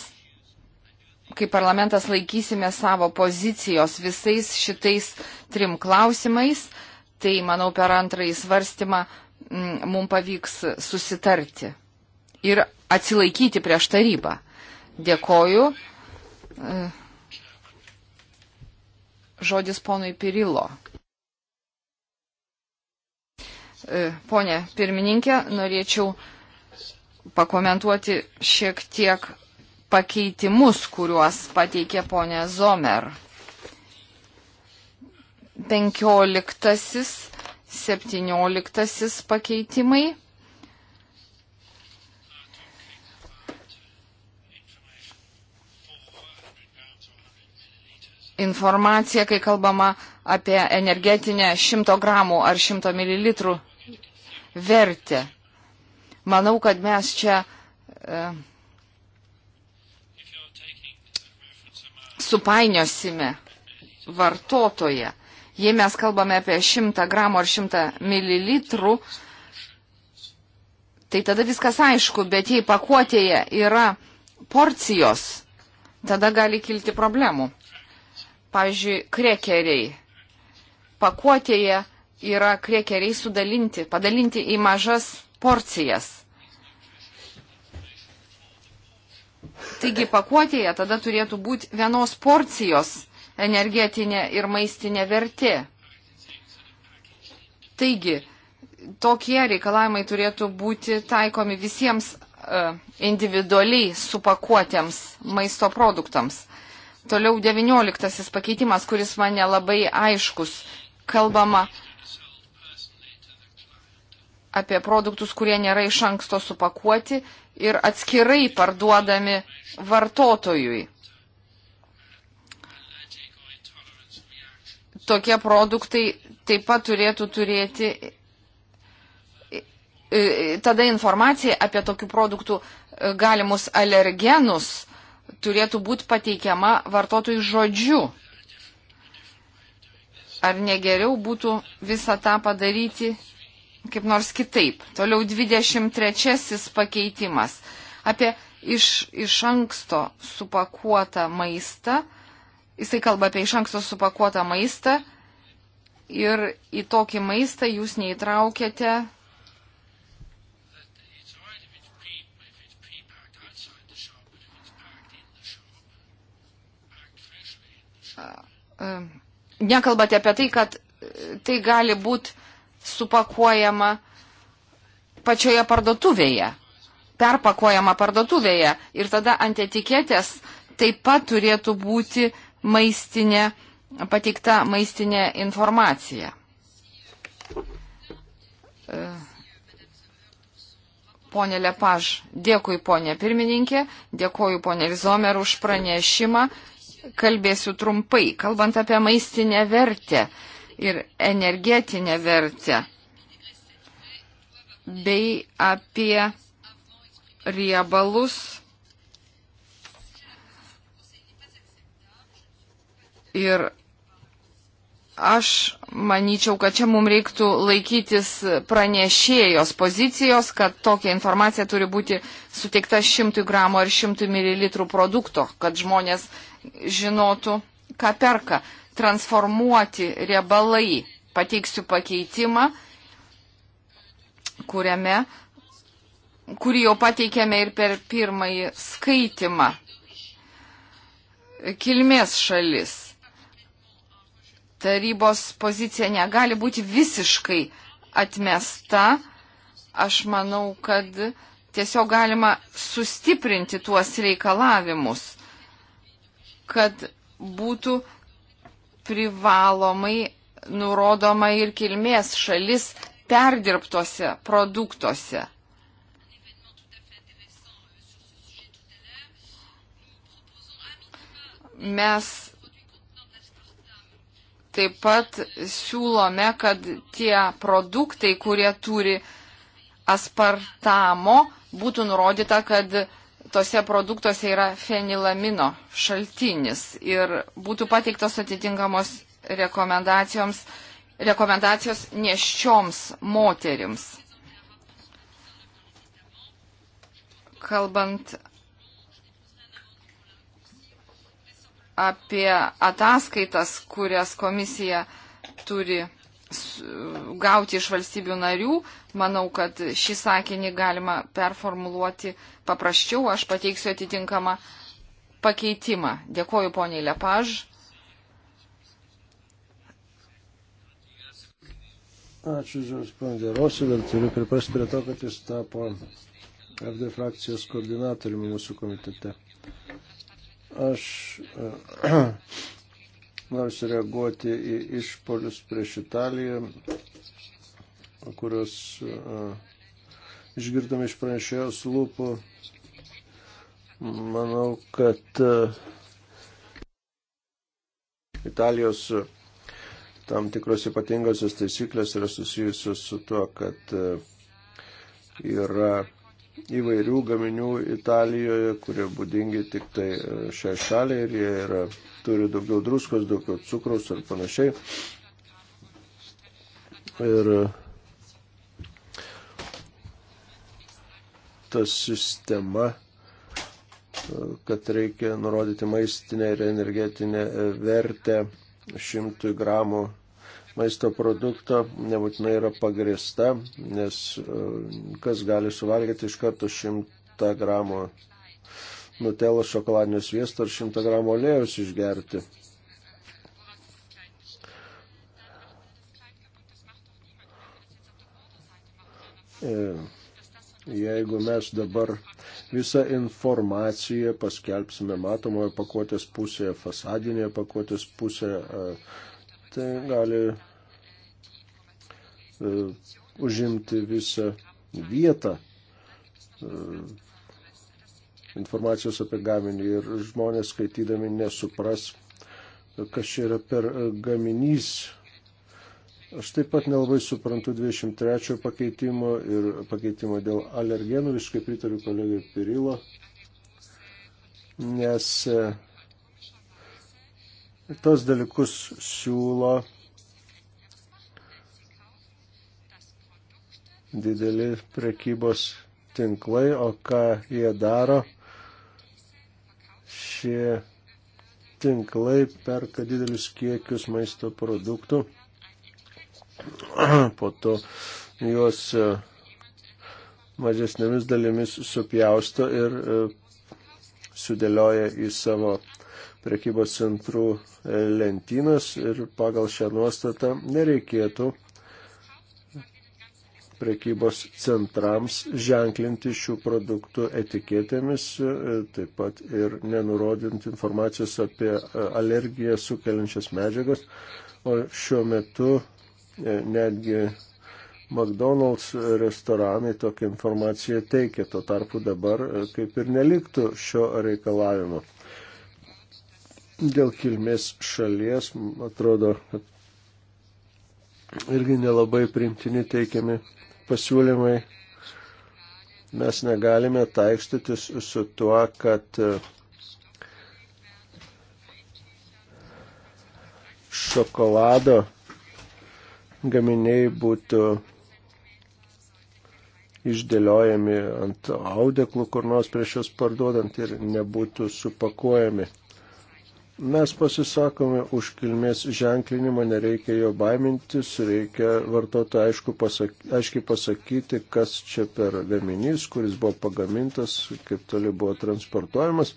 C: kaip parlamentas laikysime savo pozicijos visais šitais trim klausimais, tai manau per antrąjį svarstymą mm, mums pavyks susitarti ir atsilaikyti prieš tarybą. Dėkoju. E, žodis ponui Pirilo. E, Pone pirmininkė, norėčiau pakomentuoti šiek tiek pakeitimus, kuriuos pateikė ponė Zomer. Penkioliktasis, septynioliktasis pakeitimai. informacija, kai kalbama apie energetinę 100 gramų ar 100 ml vertę. Manau, kad mes čia e, supainiosime vartotoje. Jei mes kalbame apie 100 gramų ar 100 mililitrų, tai tada viskas aišku, bet jei pakuotėje yra porcijos, tada gali kilti problemų. Pavyzdžiui, krekeriai. Pakuotėje yra krekeriai sudalinti, padalinti į mažas porcijas. Taigi pakuotėje tada turėtų būti vienos porcijos energetinė ir maistinė vertė. Taigi, tokie reikalavimai turėtų būti taikomi visiems uh, individualiai supakuotėms maisto produktams. Toliau 19 pakeitimas, kuris man nelabai aiškus. Kalbama apie produktus, kurie nėra iš anksto supakuoti ir atskirai parduodami vartotojui. Tokie produktai taip pat turėtų turėti tada informacija apie tokių produktų e, galimus alergenus turėtų būti pateikiama vartotojų žodžiu. Ar negeriau būtų visą tą padaryti kaip nors kitaip. Toliau 23 pakeitimas. Apie iš, iš anksto supakuotą maistą. Jisai kalba apie iš anksto supakuotą maistą. Ir į tokį maistą jūs neįtraukėte. Nekalbate apie tai, kad tai gali būti supakuojama pačioje parduotuvėje, perpakuojama parduotuvėje ir tada ant etiketės taip pat turėtų būti maistinė, pateikta maistinė informacija. E, Pone Lepaž, dėkui ponė pirmininkė, dėkoju ponė Vizomer už pranešimą. Kalbėsiu trumpai, kalbant apie maistinę vertę ir energetinę vertę bei apie riebalus ir aš manyčiau, kad čia mums reiktų laikytis pranešėjos pozicijos, kad tokia informacija turi būti suteikta 100 gramų ar 100 ml produkto, kad žmonės žinotų, ką perka transformuoti riebalai. Pateiksiu pakeitimą, kuriame, kurį jau pateikėme ir per pirmąjį skaitimą. Kilmės šalis. Tarybos pozicija negali būti visiškai atmesta. Aš manau, kad tiesiog galima sustiprinti tuos reikalavimus, kad būtų privalomai nurodoma ir kilmės šalis perdirbtose produktuose. Mes taip pat siūlome, kad tie produktai, kurie turi aspartamo, būtų nurodyta, kad tose produktuose yra fenilamino šaltinis ir būtų pateiktos atitinkamos rekomendacijoms, rekomendacijos neščioms moterims. Kalbant apie ataskaitas, kurias komisija turi gauti iš valstybių narių. Manau, kad šį sakinį galima performuluoti paprasčiau. Aš pateiksiu atitinkamą pakeitimą. Dėkoju poniai Lepaž.
A: Ačiū, Žiūrės Panderosi, ir turiu priprasti prie to, kad jis tapo FD frakcijos koordinatoriumi mūsų komitete. Aš noriu sureaguoti į išpolius prieš Italiją, kurios išgirdome iš pranešėjos lūpų. Manau, kad Italijos tam tikros ypatingosios taisyklės yra susijusios su tuo, kad yra įvairių gaminių Italijoje, kurie būdingi tik tai e, šiai šaliai ir jie yra, turi daugiau druskos, daugiau cukraus ir panašiai. Ir e, ta sistema, e, kad reikia nurodyti maistinę ir energetinę vertę šimtui gramų maisto produkto nebūtinai yra pagrista, nes e, kas gali suvalgyti iš karto 100 gramų nutelos šokoladinio sviesto ar 100 gramų aliejus išgerti. E, jeigu mes dabar visą informaciją paskelbsime matomoje pakuotės pusėje, fasadinėje pakuotės pusėje, e, tai gali E, užimti visą vietą e, informacijos apie gaminį ir žmonės skaitydami nesupras, kas čia yra per e, gaminys. Aš taip pat nelabai suprantu 23 pakeitimo ir pakeitimo dėl alergenų, visiškai pritariu kolegai Pirilo, nes tos dalykus siūlo dideli prekybos tinklai, o ką jie daro, šie tinklai perka didelius kiekius maisto produktų, <clears throat> po to juos e, mažesnėmis dalimis supjausto ir e, sudėlioja į savo prekybos centrų e, lentynas ir pagal šią nuostatą nereikėtų prekybos centrams ženklinti šių produktų etiketėmis, e, taip pat ir nenurodint informacijos apie e, alergiją sukeliančias medžiagas. O šiuo metu e, netgi McDonald's restoranai tokią informaciją teikia, tuo tarpu dabar kaip ir neliktų šio reikalavimo. Dėl kilmės šalies, atrodo, kad irgi nelabai primtini teikiami pasiūlymai. Mes negalime taikstytis su tuo, kad šokolado gaminiai būtų išdėliojami ant audeklų kur nors prieš juos parduodant ir nebūtų supakuojami. Mes pasisakome už kilmės ženklinimą, nereikia jo baimintis, reikia vartotojai pasak, aiškiai pasakyti, kas čia per gaminys, kuris buvo pagamintas, kaip toli buvo transportuojamas.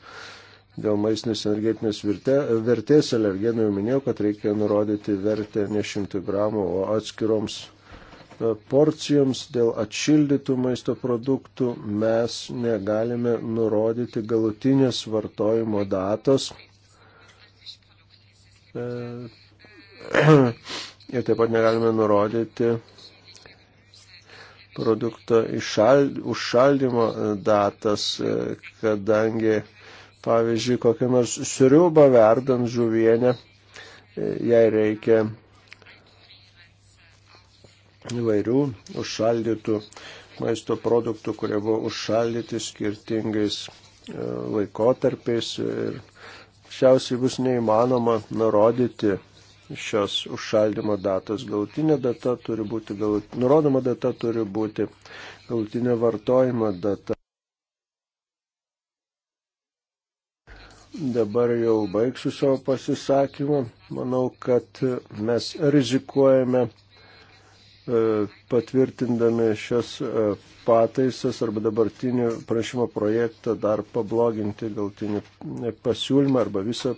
A: Dėl maistinės energetinės virte, vertės alergenų jau minėjau, kad reikia nurodyti vertę ne šimtų gramų, o atskiroms e, porcijoms dėl atšildytų maisto produktų mes negalime nurodyti galutinės vartojimo datos E, <clears throat> ir taip pat negalime nurodyti produkto iššald, užšaldimo datas, e, kadangi, pavyzdžiui, kokią nors sriubą verdant žuvienę, e, jai reikia įvairių užšaldytų maisto produktų, kurie buvo užšaldyti skirtingais laikotarpiais ir Šiausiai bus neįmanoma nurodyti šios užšaldimo datos. Galutinė data turi būti, galut... nurodoma data turi būti galutinė vartojimo data. dabar jau baigsiu savo pasisakymą. Manau, kad mes rizikuojame E, patvirtindami šias e, pataisas arba dabartinį pranešimo projektą dar pabloginti galtinį e, pasiūlymą arba visą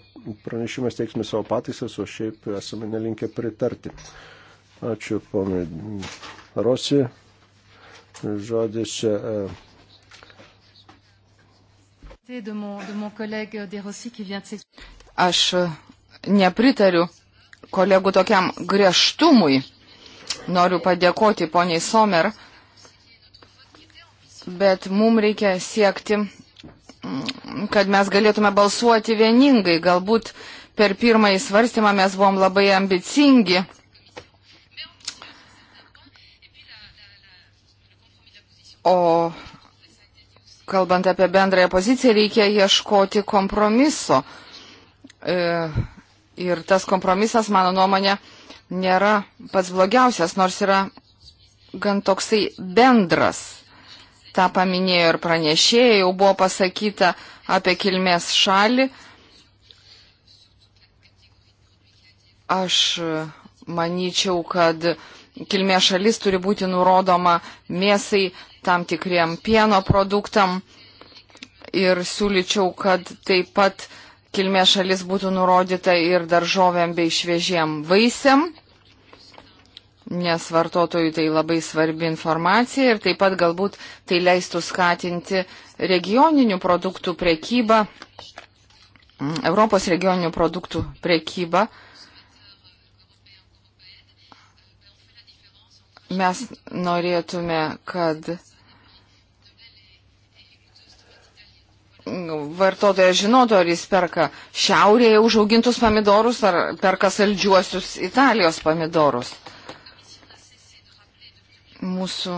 A: pranešimą steiksime savo pataisas, o šiaip esame nelinkę pritarti. Ačiū ponai Rosi. Žodis
C: Aš nepritariu kolegų tokiam griežtumui Noriu padėkoti poniai Somer, bet mums reikia siekti, mm, kad mes galėtume balsuoti vieningai. Galbūt per pirmąjį svarstymą mes buvom labai ambicingi. O kalbant apie bendrąją poziciją, reikia ieškoti kompromiso. E, ir tas kompromisas, mano nuomonė, nėra pats blogiausias, nors yra gan toksai bendras. Ta paminėjo ir pranešėjai, jau buvo pasakyta apie kilmės šalį. Aš manyčiau, kad kilmės šalis turi būti nurodoma mėsai tam tikriem pieno produktam ir siūlyčiau, kad taip pat uh, kilmės šalis būtų nurodyta ir daržovėm bei šviežiem vaisiam, nes vartotojui tai labai svarbi informacija ir taip pat galbūt tai leistų skatinti regioninių produktų prekybą, mm, Europos regioninių produktų prekybą. Mes norėtume, kad vartotojas žinotų, ar jis perka šiaurėje užaugintus pomidorus, ar perka saldžiuosius Italijos pomidorus. Mūsų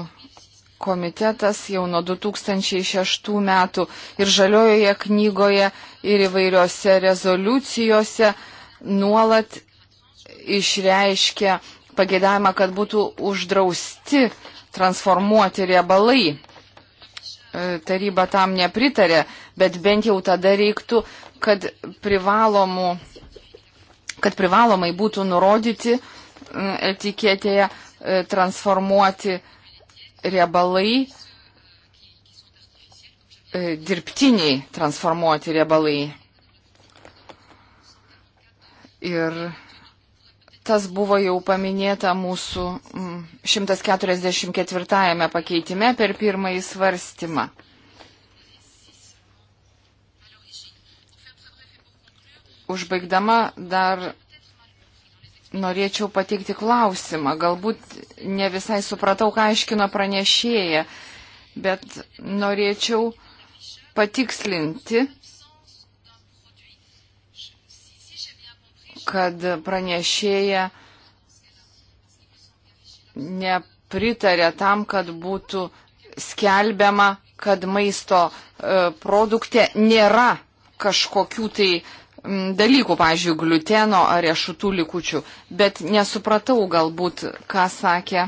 C: komitetas jau nuo 2006 metų ir žaliojoje knygoje, ir įvairiose rezoliucijose nuolat išreiškia pagėdavimą, kad būtų uždrausti transformuoti riebalai. E, taryba tam nepritarė, bet bent jau tada reiktų, kad, privalomų, kad privalomai būtų nurodyti etiketėje e, transformuoti riebalai, e, dirbtiniai transformuoti riebalai. Ir Tas buvo jau paminėta mūsų 144 mm, pakeitime per pirmąjį svarstymą. Užbaigdama dar norėčiau pateikti klausimą. Galbūt ne visai supratau, ką aiškino pranešėja, bet norėčiau patikslinti, kad pranešėja nepritarė tam, kad būtų skelbiama, kad maisto e, produkte nėra kažkokių tai dalykų, pavyzdžiui, gluteno ar riešutų likučių, bet nesupratau galbūt, ką sakė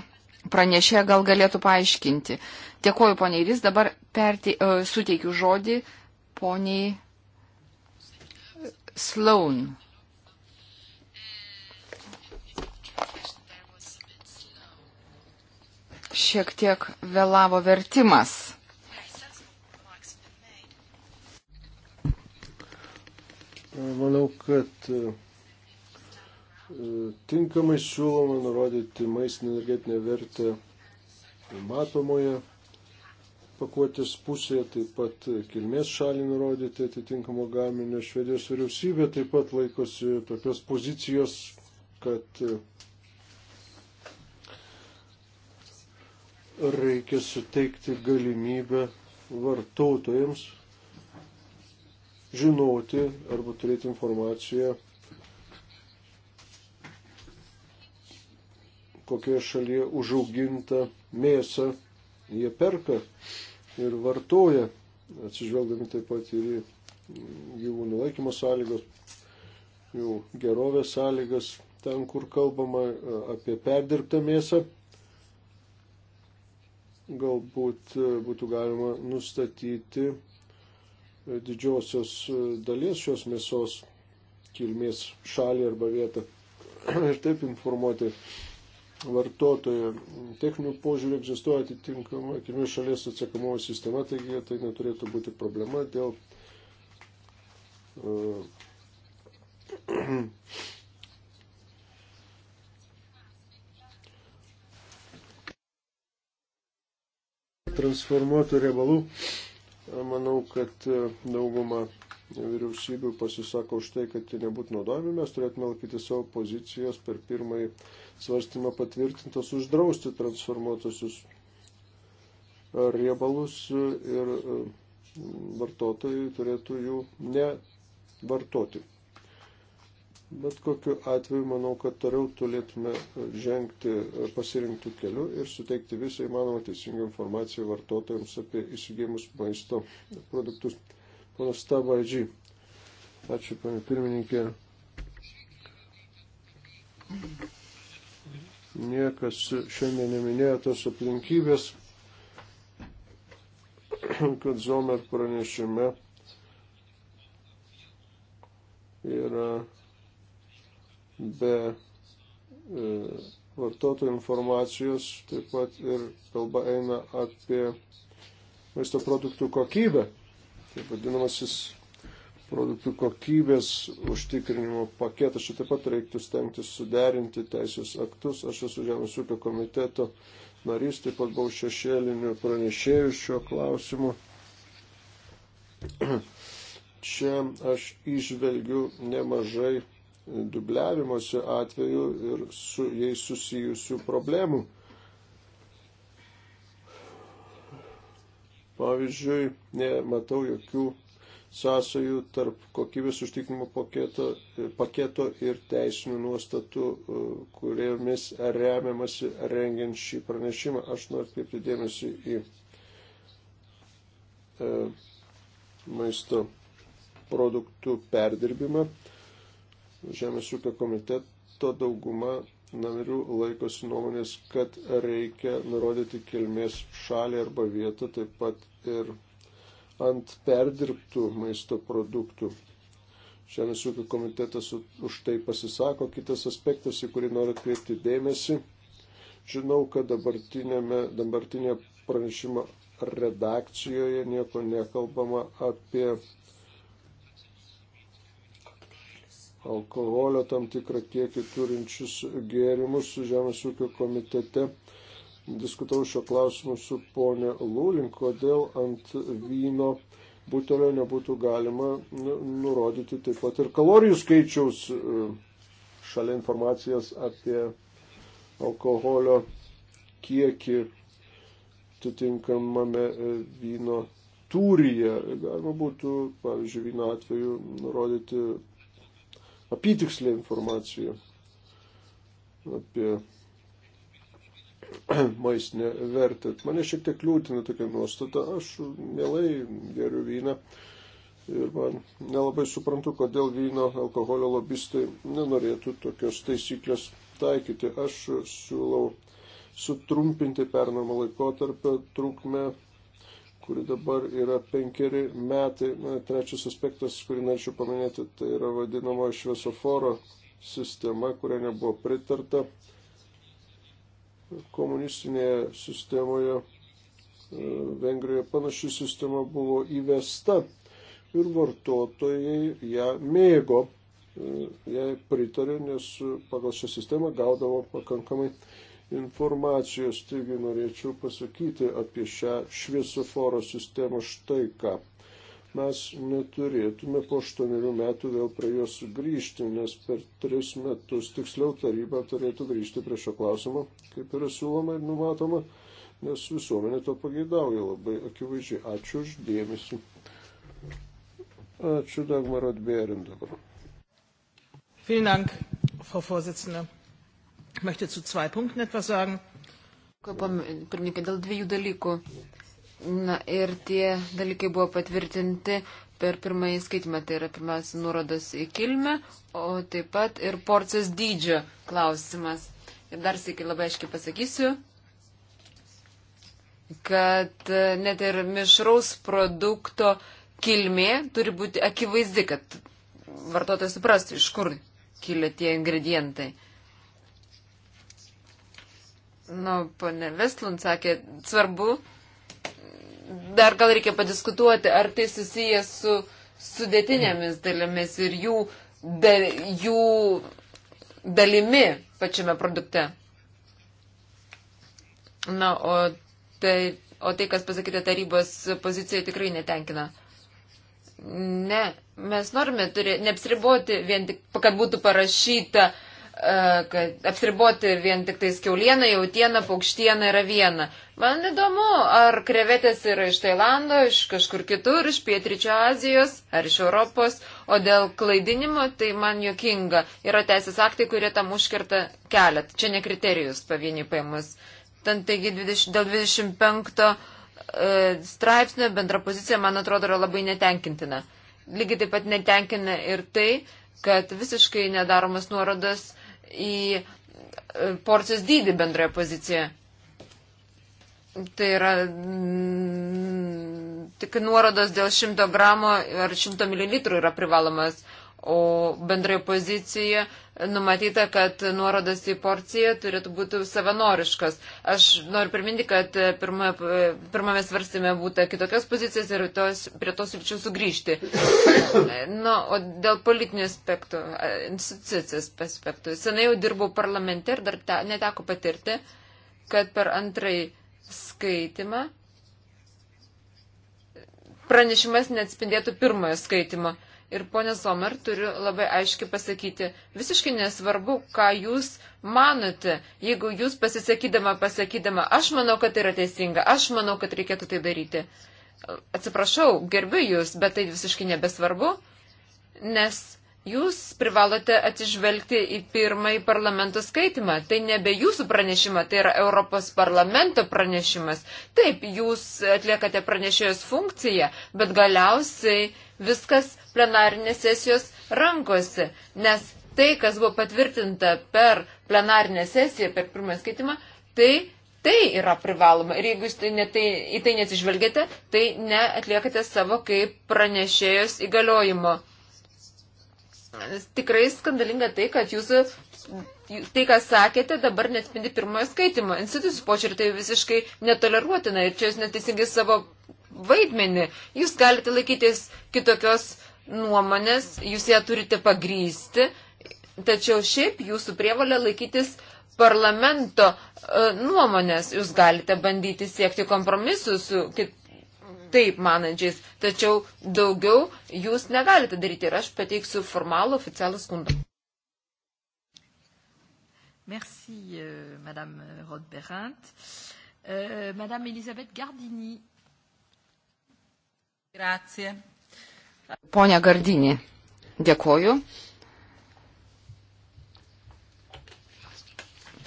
C: pranešė, gal galėtų paaiškinti. Dėkoju, poniai Rys, dabar perti, uh, suteikiu žodį poniai Sloan. šiek tiek vėlavo vertimas. Manau,
A: kad e, tinkamai siūloma nurodyti maistinę energetinę vertę matomoje pakuotės pusėje, taip pat kilmės šalį nurodyti atitinkamo gaminio. Švedijos vyriausybė taip pat laikosi tokios pozicijos, kad e, reikia suteikti galimybę vartotojams žinoti arba turėti informaciją, kokioje šalyje užauginta mėsa jie perka ir vartoja, atsižvelgdami taip pat ir į gyvūnų laikymo sąlygos, jų gerovės sąlygas, ten, kur kalbama e, apie perdirbtą mėsą galbūt e, būtų galima nustatyti e, didžiosios e, dalies šios mėsos kilmės šalį arba vietą <clears throat> ir taip informuoti vartotoją. Techninių požiūrį egzistuoja atitinkama kilmės šalies atsiekamoji sistema, taigi tai neturėtų būti problema dėl uh, <clears throat> transformuotų riebalų. Manau, kad e, dauguma vyriausybių pasisako už tai, kad jie nebūtų naudojami, mes turėtume laikyti savo pozicijos per pirmąjį svarstymą patvirtintos uždrausti transformuotusius e, riebalus e, ir vartotojai turėtų jų nevartoti. Bet kokiu atveju manau, kad toliau turėtume žengti pasirinktų kelių ir suteikti visą įmanomą teisingą informaciją vartotojams apie įsigijimus maisto produktus. Ponas Tabadži. Ačiū, panė pirmininkė. Niekas šiandien neminėjo tos aplinkybės, kad Zomer pranešime yra. Ir be e, vartotojų informacijos, taip pat ir kalba eina apie maisto produktų kokybę, taip vadinamasis produktų kokybės užtikrinimo paketas. Šitą pat reiktų stengtis suderinti teisės aktus. Aš esu Žemės ūkio komiteto narys, taip pat buvau šešėlinių pranešėjų šiuo klausimu. <clears throat> Čia aš išvelgiu nemažai dubliavimuose atveju ir su jais susijusių problemų. Pavyzdžiui, nematau jokių sąsajų tarp kokybės užtikrinimo paketo, paketo ir teisinių nuostatų, kuriomis remiamasi rengiant šį pranešimą. Aš noriu atkreipti dėmesį į e, maisto produktų perdirbimą. Žemės ūkio komiteto dauguma narių laikosi nuomonės, kad reikia nurodyti kilmės šalį arba vietą, taip pat ir ant perdirbtų maisto produktų. Žemės ūkio komitetas už tai pasisako. Kitas aspektas, į kurį noriu atkreipti dėmesį, žinau, kad dabartinė pranešimo redakcijoje nieko nekalbama apie alkoholio tam tikrą kiekį turinčius gėrimus Žemės ūkio komitete. Diskutavau šio klausimu su ponė Lūlin, kodėl ant vyno butelio nebūtų galima nu, nurodyti taip pat ir kalorijų skaičiaus e, šalia informacijos apie alkoholio kiekį atitinkamame e, vyno tūryje. Galima būtų, pavyzdžiui, vyno atveju nurodyti apytikslę informaciją apie <clears throat> maistinę vertę. Mane šiek tiek liūtina tokia nuostata. Aš mielai geriu vyną ir man nelabai suprantu, kodėl vyno alkoholio lobistai nenorėtų tokios taisyklės taikyti. Aš siūlau sutrumpinti pernamą laikotarpio trukmę kuri dabar yra penkeri metai. Na, trečias aspektas, kurį norėčiau paminėti, tai yra vadinamo šviesoforo sistema, kuria nebuvo pritarta komunistinėje sistemoje. E, Vengrijoje panaši sistema buvo įvesta ir vartotojai ją mėgo, e, jai pritarė, nes pagal šią sistemą gaudavo pakankamai informacijos, taigi norėčiau pasakyti apie šią šviesoforo sistemą štai ką. Mes neturėtume po 8 metų vėl prie jos grįžti, nes per 3 metus tiksliau taryba turėtų grįžti prie šio klausimo, kaip yra siūloma ir numatoma, nes visuomenė to pageidauja labai akivaizdžiai. Ačiū už dėmesį. Ačiū Dagmarot Bėrin dabar.
C: Vielen Dank, Frau Vorsitzende. Ich möchte zu zwei Punkten etwas sagen.
B: Kalbam, pirmininkai, dėl dviejų dalykų. Na ir tie dalykai buvo patvirtinti per pirmąjį skaitimą, tai yra pirmiausia nurodas į kilmę, o taip pat ir porcijos dydžio klausimas. Ir dar sėki labai aiškiai pasakysiu, kad e, net ir mišraus produkto kilmė turi būti akivaizdi, kad vartotojas suprastų, iš kur kilia tie ingredientai nu, ponė Vestlund sakė, svarbu, dar gal reikia padiskutuoti, ar tai susijęs su sudėtinėmis dalimis ir jų, da, jų dalimi pačiame produkte. Na, o tai, o tai, kas pasakyta tarybos pozicijai, tikrai netenkina. Ne, mes norime turėti, neapsiriboti vien tik, kad būtų parašyta uh, E, kad apsiriboti vien tik tais keulieną, jautieną, paukštieną yra viena. Man įdomu, ar krevetės yra iš Tailando, iš kažkur kitur, iš Pietričio Azijos ar iš Europos, o dėl klaidinimo tai man jokinga. Yra teisės aktai, kurie tam užkerta kelią. Čia ne kriterijus pavieni paimus. Ten taigi 20, dėl 25 e, straipsnio bendra pozicija, man atrodo, yra labai netenkintina. Lygiai taip pat netenkina ir tai, kad visiškai nedaromas nuorodas į e, porcijos dydį bendroje pozicijoje. Tai yra m, tik nuorodos dėl 100 gramų ar 100 ml yra privalomas. O bendrai pozicija numatyta, kad nuorodas į porciją turėtų būti savanoriškas. Aš noriu priminti, kad pirma, pirmame svarstymė būtų kitokias pozicijas ir tos, prie tos ryčių sugrįžti. Na, o dėl politinių aspektų, institucijos aspektų. Senai jau dirbau parlamente ir dar te, neteko patirti, kad per antrąjį skaitimą pranešimas neatspindėtų pirmojo skaitimo. Ir ponė Somer turiu labai aiškiai pasakyti, visiškai nesvarbu, ką jūs manote. Jeigu jūs pasisakydama, pasakydama, aš manau, kad tai yra teisinga, aš manau, kad reikėtų tai daryti. Atsiprašau, gerbiu jūs, bet tai visiškai nebesvarbu, nes Jūs privalote atsižvelgti į pirmąjį parlamento skaitimą. Tai nebe jūsų pranešimą, tai yra Europos parlamento pranešimas. Taip, jūs atliekate pranešėjos funkciją, bet galiausiai viskas plenarinės sesijos rankose, nes tai, kas buvo patvirtinta per plenarinę sesiją, per pirmą skaitimą, tai, tai yra privaloma. Ir jeigu jūs tai ne, tai, į tai nesižvelgiate, tai neatliekate savo kaip pranešėjos įgaliojimo. Tikrai skandalinga tai, kad jūsų tai, ką sakėte, dabar netspindi pirmojo skaitimo. Institucijų požiūrį tai visiškai netoleruotina ir čia jūs neteisingai savo vaidmenį. Jūs galite laikytis kitokios nuomonės, jūs ją turite pagrysti, tačiau šiaip jūsų prievalė laikytis parlamento e, nuomonės. Jūs galite bandyti siekti kompromisų su kitaip manančiais, tačiau daugiau jūs negalite daryti ir aš pateiksiu formalų oficialų skundą.
C: Merci, euh, Madame Rodberint. Euh, Madame Elisabeth Gardini. Grazie. Pone Gardinį, dėkoju.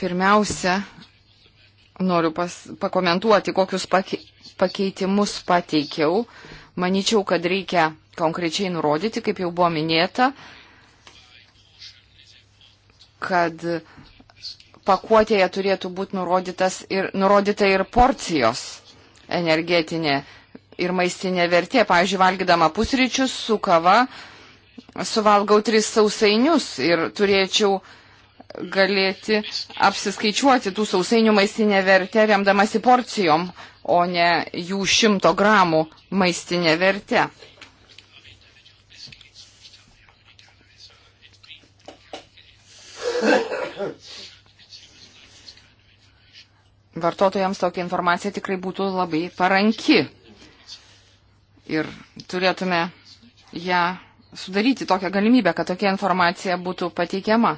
C: Pirmiausia, noriu pas, pakomentuoti, kokius pake, pakeitimus pateikiau. Maničiau, kad reikia konkrečiai nurodyti, kaip jau buvo minėta, kad pakuotėje turėtų būti nurodytas ir, nurodyta ir porcijos energetinė ir maistinė vertė. Pavyzdžiui, valgydama pusryčius su kava suvalgau tris sausainius ir turėčiau galėti apsiskaičiuoti tų sausainių maistinę vertę remdamasi porcijom, o ne jų šimto gramų maistinė vertė. Vartotojams tokia informacija tikrai būtų labai paranki ir turėtume ją sudaryti tokią galimybę, kad tokia informacija būtų pateikiama.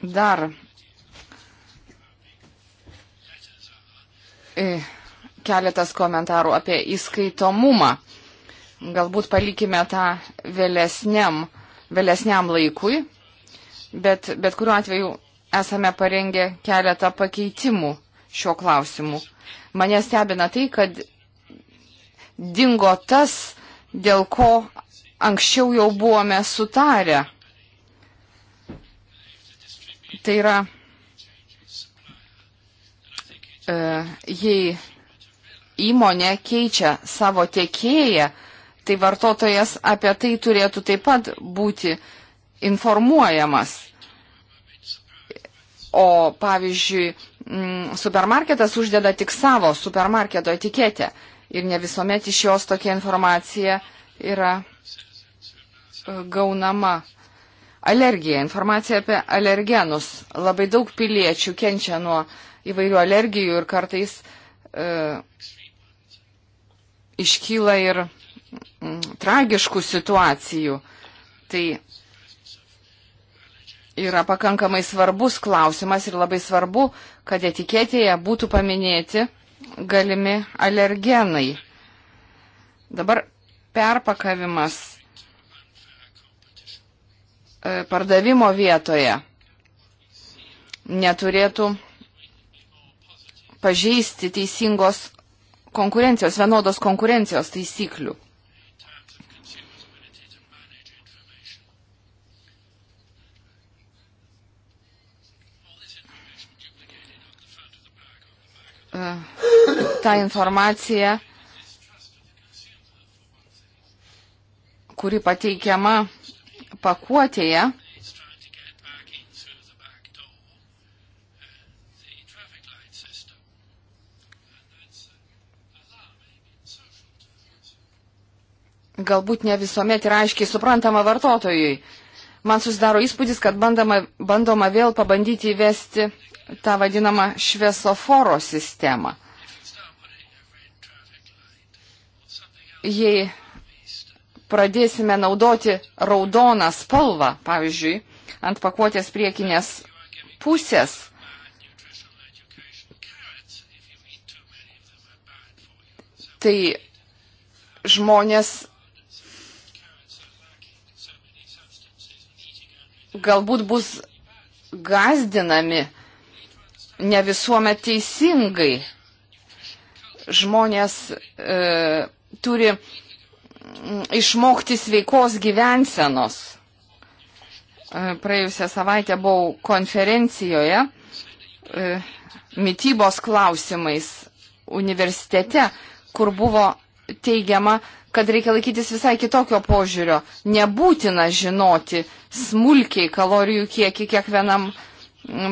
C: Dar e, keletas komentarų apie įskaitomumą Galbūt palikime tą vėlesniam, vėlesniam laikui, bet, bet kuriuo atveju esame parengę keletą pakeitimų šiuo klausimu. Mane stebina tai, kad dingo tas, dėl ko anksčiau jau buvome sutarę. Tai yra, e, jei įmonė keičia savo tiekėją, tai vartotojas apie tai turėtų taip pat būti informuojamas. O pavyzdžiui, mm, supermarketas uždeda tik savo supermarketo etiketę ir ne visuomet iš jos tokia informacija yra e, gaunama. Alergija, informacija apie alergenus. Labai daug piliečių kenčia nuo įvairių alergijų ir kartais e, iškyla ir Mm, tragiškų situacijų. Tai yra pakankamai svarbus klausimas ir labai svarbu, kad etiketėje būtų paminėti galimi alergenai. Dabar perpakavimas e, pardavimo vietoje neturėtų pažeisti teisingos konkurencijos, vienodos konkurencijos taisyklių. tą informaciją, kuri pateikiama pakuotėje, galbūt ne visuomet yra aiškiai suprantama vartotojui. Man susidaro įspūdis, kad bandama, bandoma vėl pabandyti įvesti tą vadinamą šviesoforo sistemą. Jei pradėsime naudoti raudoną spalvą, pavyzdžiui, ant pakuotės priekinės pusės, tai žmonės galbūt bus gazdinami ne visuomet teisingai. Žmonės e, turi išmokti sveikos gyvensenos. E, praėjusią savaitę buvau konferencijoje e, mytybos klausimais universitete, kur buvo teigiama, kad reikia laikytis visai kitokio požiūrio. Nebūtina žinoti smulkiai kalorijų kiekį kiekvienam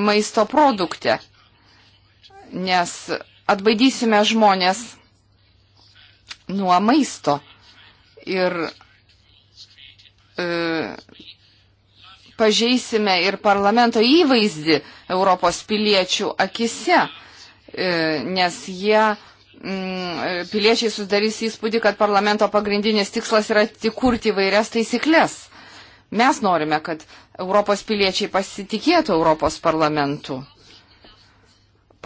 C: maisto produkte nes atbaidysime žmonės nuo maisto ir e, pažeisime ir parlamento įvaizdį Europos piliečių akise, e, nes jie mm, e, piliečiai sudarys įspūdį, kad parlamento pagrindinis tikslas yra tik kurti vairias taisyklės. Mes norime, kad Europos piliečiai pasitikėtų Europos parlamentu.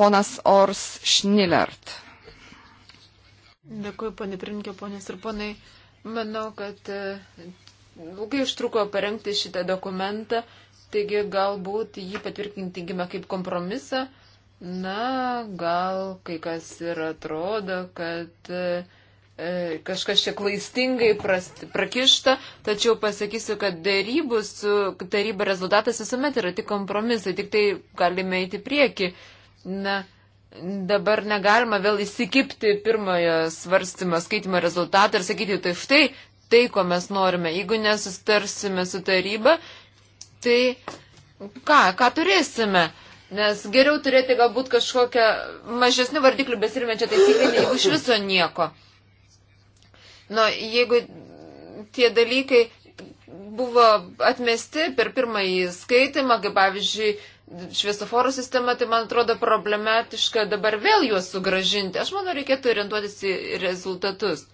C: Ponas Ors Šnilert.
B: Dėkuoju, ponė Prinkė, ponės ir ponai. Manau, kad e, ilgai užtruko parengti šitą dokumentą, taigi galbūt jį patvirtintinkime kaip kompromisą. Na, gal kai kas ir atrodo, kad e, e kažkas čia klaistingai prast, prakišta, tačiau pasakysiu, kad dėrybų su taryba rezultatas visuomet yra tik kompromisai, tik tai galime eiti prieki. E, Na, dabar negalima vėl įsikipti pirmojo svarstymo skaitimo rezultatą ir sakyti, tai štai tai, ko mes norime. Jeigu nesustarsime su taryba, tai ką, ką turėsime? Nes geriau turėti galbūt kažkokią mažesnių vardiklių besirimenčią taisyklę, negu iš viso nieko. Na, nu, jeigu tie dalykai buvo atmesti per pirmąjį skaitimą, kaip pavyzdžiui, šviesoforų sistemą, tai man atrodo problematiška dabar vėl juos sugražinti. Aš manau, reikėtų orientuotis į rezultatus.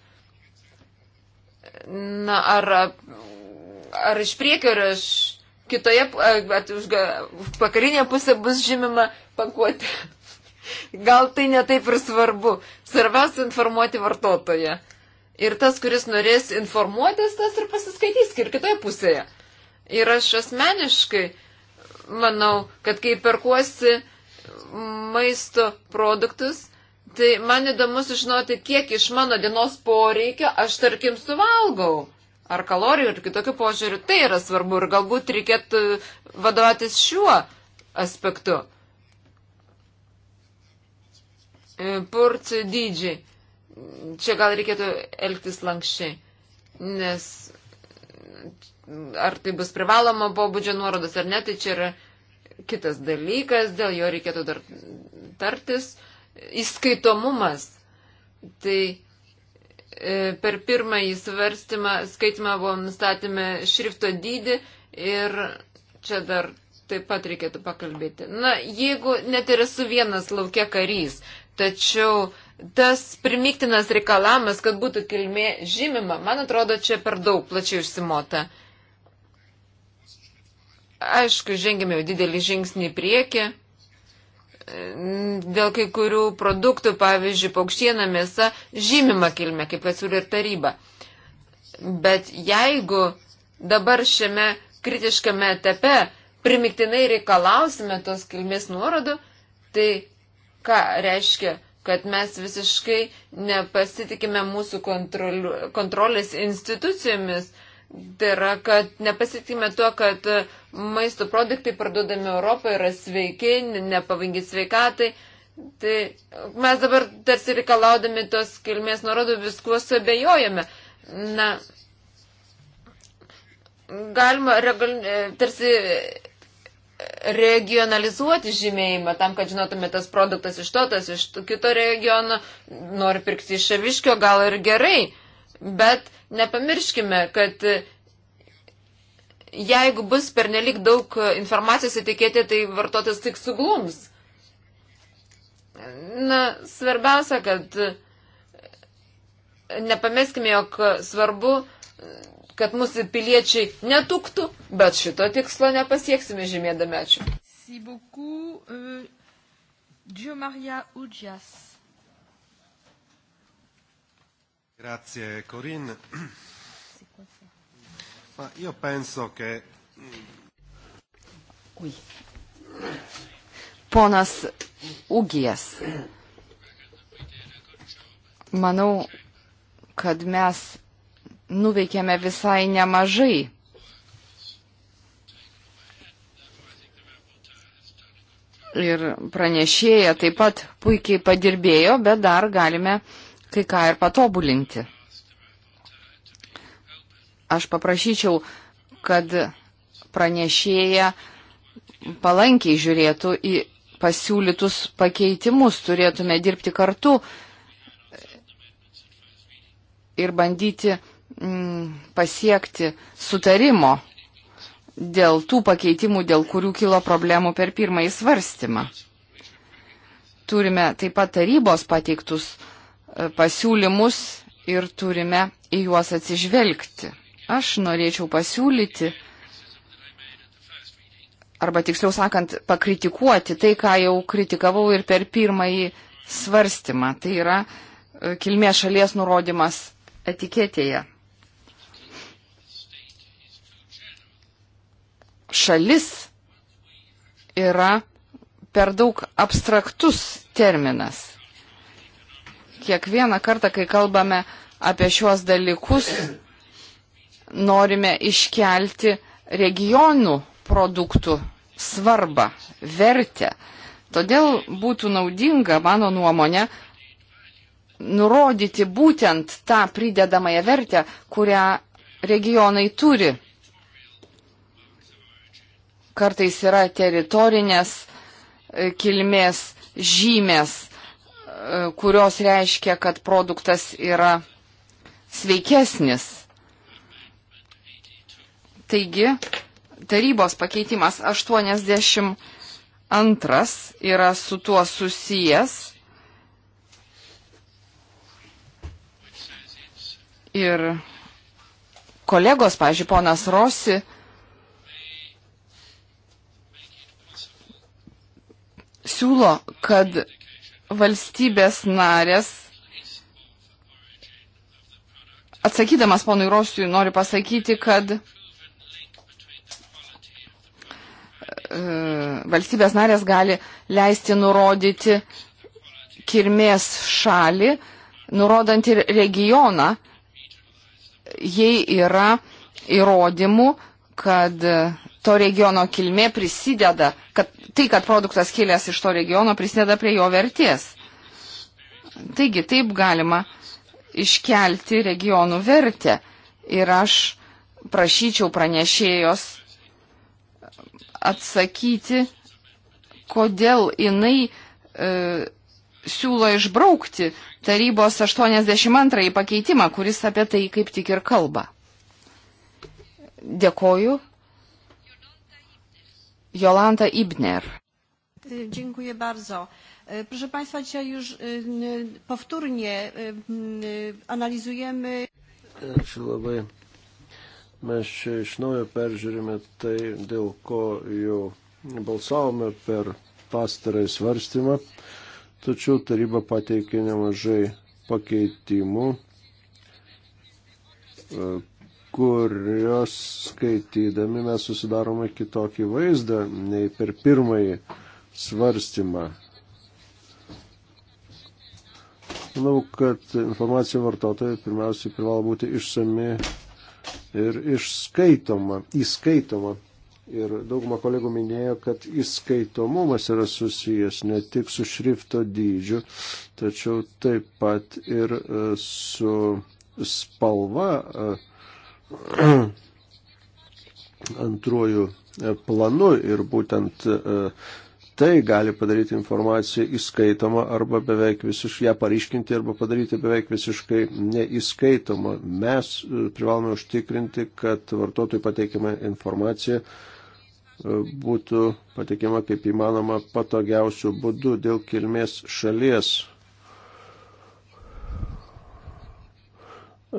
B: Na, ar, ar iš priekio, ar iš kitoje, bet už pakarinėje pusėje bus žymima pakuotė. <laughs> Gal tai netaip ir svarbu. Svarbiausia informuoti vartotoje. Ir tas, kuris norės informuotis, tas ir pasiskaitys ir kitoje pusėje. Ir aš asmeniškai manau, kad kai perkuosi maisto produktus, tai man įdomu sužinoti, kiek iš mano dienos poreikio aš, tarkim, suvalgau. Ar kalorijų, ar kitokių požiūrių. Tai yra svarbu ir galbūt reikėtų vadovautis šiuo aspektu. E, porcijų dydžiai. Čia gal reikėtų elgtis lankščiai, nes ar tai bus privaloma pobūdžio nuorodas ar ne, tai čia yra kitas dalykas, dėl jo reikėtų dar tartis. Įskaitomumas. Tai e, per pirmąjį svarstymą, skaitimą buvom nustatymę šrifto dydį ir čia dar taip pat reikėtų pakalbėti. Na, jeigu net ir esu vienas laukia karys, tačiau tas primiktinas reikalavimas, kad būtų kilmė žymima, man atrodo, čia per daug plačiai užsimota. Uh, Aišku, žengėme jau didelį žingsnį į priekį. Dėl kai kurių produktų, pavyzdžiui, paukštiena mėsa, žymima kilme, kaip atsiūlė ir taryba. Bet jeigu dabar šiame kritiškame etape primiktinai reikalausime tos kilmės nuorodų, tai ką reiškia, kad mes visiškai nepasitikime mūsų kontrol, kontrolės institucijomis. Tai yra, kad nepasitikime tuo, kad maisto produktai parduodami Europoje yra sveiki, nepavingi sveikatai. Tai mes dabar tarsi reikalaudami tos kilmės nuorodų viskuo suabejojame. Na, galima regal, e, tarsi regionalizuoti žymėjimą tam, kad žinotume tas produktas iš to, tas iš kito regiono, nori pirkti iš šaviškio, gal ir gerai, bet nepamirškime, kad jeigu bus pernelik daug informacijos įtikėti, tai vartotojas tik suglums. Na, svarbiausia, kad nepameskime, jog svarbu, kad mūsų piliečiai netuktų, bet šito tikslo nepasieksime žymėdami.
C: Ačiū. Euh,
A: Grazie, Corinne. Ma io penso che.
C: Ui. Ponas Ugijas. Manau, kad mes nuveikėme visai nemažai. Ir pranešėja taip pat puikiai padirbėjo, bet dar galime kai ką ir patobulinti. Aš paprašyčiau, kad pranešėja palankiai žiūrėtų į pasiūlytus pakeitimus, turėtume dirbti kartu ir bandyti mm, pasiekti sutarimo dėl tų pakeitimų, dėl kurių kilo problemų per pirmąjį svarstymą. Turime taip pat tarybos pateiktus e, pasiūlymus ir turime į juos atsižvelgti. Aš norėčiau pasiūlyti, arba tiksliau sakant, pakritikuoti tai, ką jau kritikavau ir per pirmąjį svarstymą. Tai yra e, kilmės šalies nurodymas etiketėje. Šalis yra per daug abstraktus terminas. Kiekvieną kartą, kai kalbame apie šiuos dalykus, norime iškelti regionų produktų svarbą, vertę. Todėl būtų naudinga, mano nuomonė, nurodyti būtent tą pridedamąją vertę, kurią regionai turi. Kartais yra teritorinės e, kilmės žymės, e, kurios reiškia, kad produktas yra sveikesnis. Taigi, tarybos pakeitimas 82 yra su tuo susijęs. Ir kolegos, pažiūrėjau, ponas Rosi, siūlo, kad valstybės narės, atsakydamas ponui Rosiui, nori pasakyti, kad E, valstybės narės gali leisti nurodyti kirmės šalį, nurodant ir regioną, jei yra įrodymų, kad to regiono kilmė prisideda, kad tai, kad produktas kilęs iš to regiono, prisideda prie jo vertės. Taigi taip galima iškelti regionų vertę. Ir aš prašyčiau pranešėjos atsakyti, kodėl jinai e, siūlo išbraukti tarybos 82 pakeitimą, kuris apie tai kaip tik ir kalba. Dėkoju. Jolanta Ibner. Dziękuję bardzo. E, proszę Państwa, dzisiaj już e, powtórnie e, analizujemy. Ačiū labai.
A: Mes čia iš naujo peržiūrime tai, dėl ko jau balsavome per pastarąjį svarstymą, tačiau taryba pateikė nemažai pakeitimų, e, kurios skaitydami mes susidarome kitokį vaizdą nei per pirmąjį svarstymą. Manau, kad informacija vartotojai pirmiausiai privalo būti išsami ir išskaitoma, įskaitoma. Ir dauguma kolegų minėjo, kad įskaitomumas yra susijęs ne tik su šrifto dydžiu, tačiau taip pat ir e, su spalva e, <clears throat> antruoju e, planu ir būtent tai gali padaryti informaciją įskaitomą arba beveik visiškai, ją pariškinti arba padaryti beveik visiškai neįskaitomą. Mes e, privalome užtikrinti, kad vartotojų pateikiama informacija e, būtų pateikiama kaip įmanoma patogiausių būdų dėl kilmės šalies.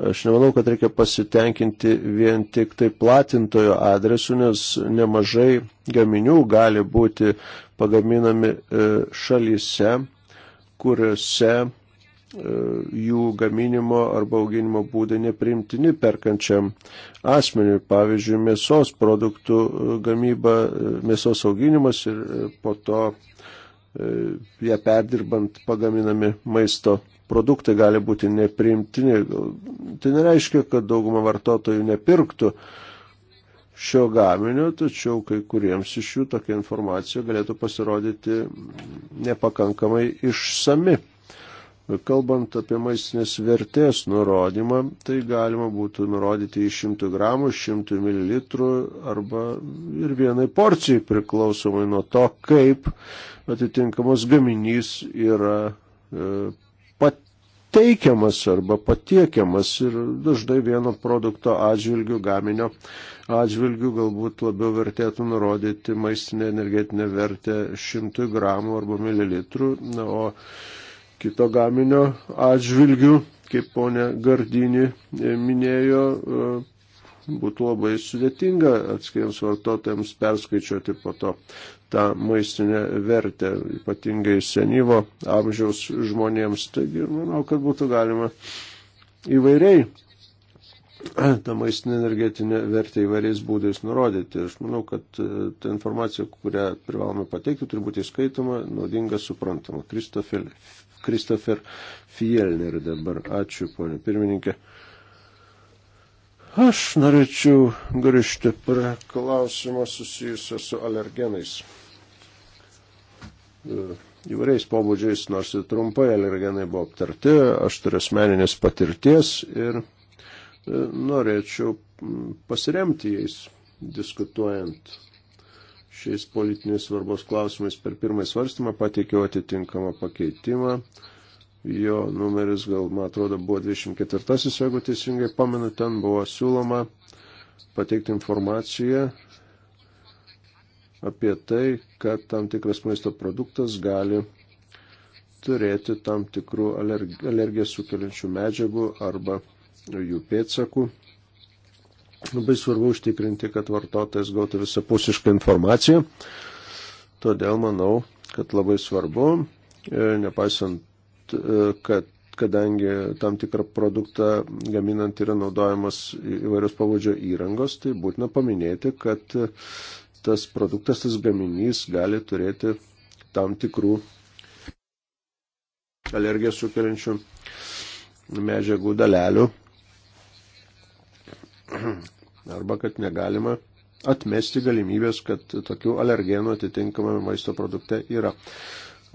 A: Aš nemanau, kad reikia pasitenkinti vien tik tai platintojo adresu, nes nemažai gaminių gali būti pagaminami e, šalyse, kuriuose e, jų gaminimo arba auginimo būdai neprimtini perkančiam asmeniui. Pavyzdžiui, mėsos produktų e, gamyba, mėsos auginimas ir po to ją perdirbant pagaminami maisto produktai gali būti neprimtini. Tai nereiškia, kad dauguma vartotojų nepirktų uh, šio gaminio, tačiau kai kuriems iš jų tokia informacija galėtų pasirodyti nepakankamai išsami. Kalbant apie maistinės vertės nurodymą, tai galima būtų nurodyti į 100 gramų, 100 ml arba ir vienai porcijai priklausomai nuo to, kaip atitinkamas gaminys yra e, teikiamas arba patiekiamas ir dažnai vieno produkto atžvilgių, gaminio atžvilgių galbūt labiau vertėtų nurodyti maistinę energetinę vertę 100 gramų arba mililitrų, na, o kito gaminio atžvilgių, kaip ponė Gardinį minėjo, būtų labai sudėtinga atskiriams vartotojams perskaičiuoti po to tą maistinę vertę, ypatingai senyvo amžiaus žmonėms. Taigi, manau, kad būtų galima įvairiai tą maistinę energetinę vertę įvairiais būdais nurodyti. Aš manau, kad e, ta informacija, kurią privalome pateikti, turi būti skaitoma, naudinga, suprantama. Kristofer Fielner dabar. Ačiū, ponė pirmininkė. Aš norėčiau grįžti prie klausimo susijusio su alergenais. E, įvairiais pobūdžiais, nors ir trumpai alergenai buvo aptarti, aš turiu asmeninės patirties ir e, norėčiau pasiremti jais, diskutuojant šiais politinės svarbos klausimais per pirmąjį svarstymą, pateikiau atitinkamą pakeitimą jo numeris gal, man atrodo, buvo 24, jeigu teisingai pamenu, ten buvo siūloma pateikti informaciją apie tai, kad tam tikras maisto produktas gali turėti tam tikrų alergiją sukeliančių medžiagų arba jų pėdsakų. Labai svarbu užtikrinti, kad vartotojas gautų visapusišką informaciją. Todėl manau, kad labai svarbu, e, nepaisant kad kadangi tam tikrą produktą gaminant yra naudojamas įvairios pavadžio įrangos, tai būtina paminėti, kad tas produktas, tas gaminys gali turėti tam tikrų alergiją sukeliančių medžiagų dalelių arba kad negalima atmesti galimybės, kad tokių alergenų atitinkamame maisto produkte yra.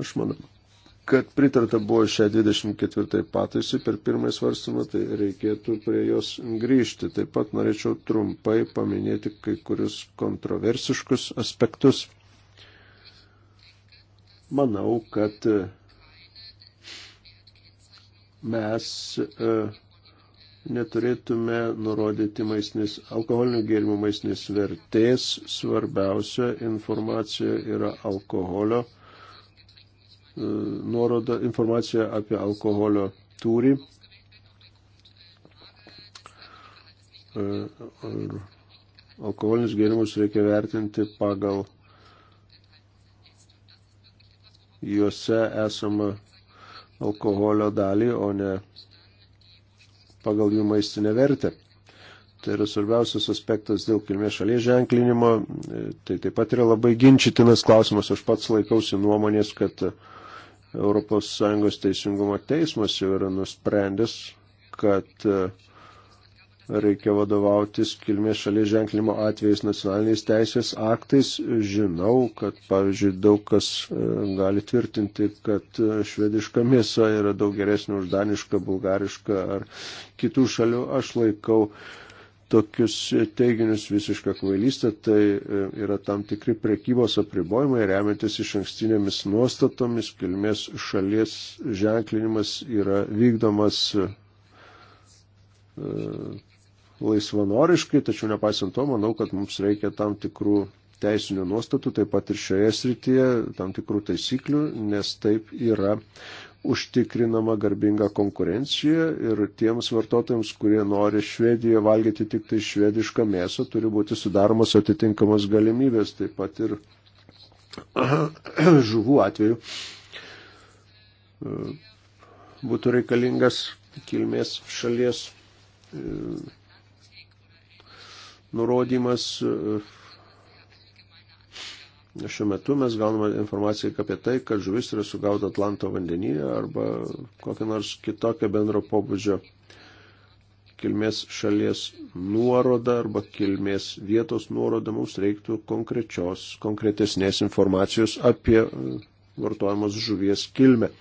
A: Aš manau, kad pritarta buvo šią 24 pataisai per pirmąjį svarstymą, tai reikėtų prie jos grįžti. Taip pat norėčiau trumpai paminėti kai kurius kontroversiškus aspektus. Manau, kad e, mes e, neturėtume nurodyti maisnės, alkoholinių gėrimų maisnės vertės. Svarbiausia informacija yra alkoholio nuoroda informacija apie alkoholio tūrį. Ir alkoholinius gėrimus reikia vertinti pagal juose esamą alkoholio dalį, o ne pagal jų maistinę vertę. Tai yra svarbiausias aspektas dėl kilmės šalies ženklinimo. Tai taip pat yra labai ginčytinas klausimas. Aš pats laikausi nuomonės, kad uh, ES teisingumo teismas jau yra nusprendęs, kad e, reikia vadovautis kilmės šalies ženklimo atvejais nacionaliniais teisės aktais. Žinau, kad, pavyzdžiui, daug kas e, gali tvirtinti, kad e, švediška mėsa yra daug geresnė už danišką, bulgarišką ar kitų šalių. Aš laikau uh, tokius teiginius visišką kvailystę, tai e, yra tam tikri prekybos apribojimai, remiantis iš ankstinėmis nuostatomis, kilmės šalies ženklinimas yra vykdomas e, laisvanoriškai, tačiau nepaisant to, manau, kad mums reikia tam tikrų teisinių nuostatų, taip pat ir šioje srityje tam tikrų taisyklių, nes taip yra užtikrinama garbinga konkurencija ir tiems vartotojams, kurie nori Švedijoje valgyti tik tai švedišką mėsą, turi būti sudaromos atitinkamos galimybės, taip pat ir <clears throat> žuvų atveju e, būtų reikalingas kilmės šalies e, nurodymas e, Šiuo metu mes gauname informaciją apie tai, kad žuvis yra sugauta Atlanto vandenyje arba kokią nors kitokią bendro pobūdžio kilmės šalies nuorodą arba kilmės vietos nuorodą, mums reiktų konkrečios, konkretesnės informacijos apie e, vartojamos žuvies kilmę.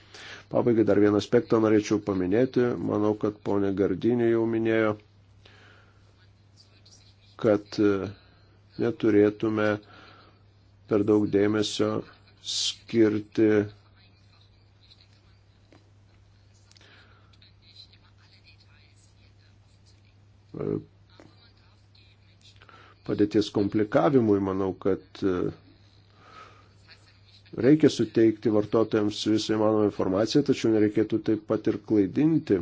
A: Pabaigai dar vieną aspektą norėčiau paminėti. Manau, kad ponė Gardinė jau minėjo, kad e, neturėtume per daug dėmesio skirti padėties komplikavimui, manau, kad e, reikia suteikti vartotojams visą įmanomą informaciją, tačiau nereikėtų taip pat ir klaidinti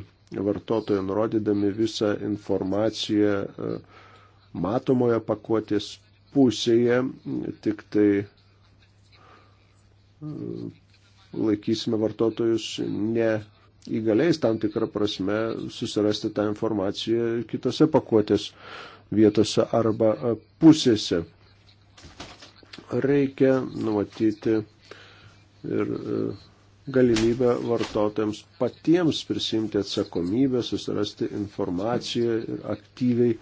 A: vartotojo, nurodydami visą informaciją e, matomoje pakuotės pusėje, tik tai e, laikysime vartotojus neįgaliais tam tikrą prasme susirasti tą informaciją kitose pakuotės vietose arba e, pusėse. Reikia numatyti ir e, galimybę vartotojams patiems prisimti atsakomybę, susirasti informaciją ir aktyviai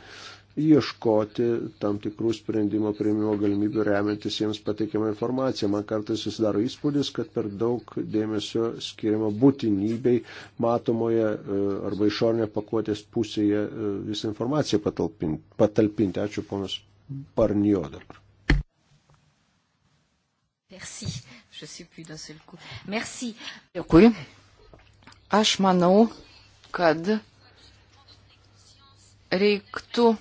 A: ieškoti tam tikrų sprendimo prieimimo galimybių remiantis jiems pateikiamą informaciją. Man kartais susidaro įspūdis, kad per daug dėmesio skiriama būtinybei matomoje e, arba išorinė pakuotės pusėje e, visą informaciją patalpinti. patalpinti. Ačiū ponas Parnio dabar.
C: Merci. Je suis plus d'un seul coup. Merci. Dėkui. Aš manau, kad reiktų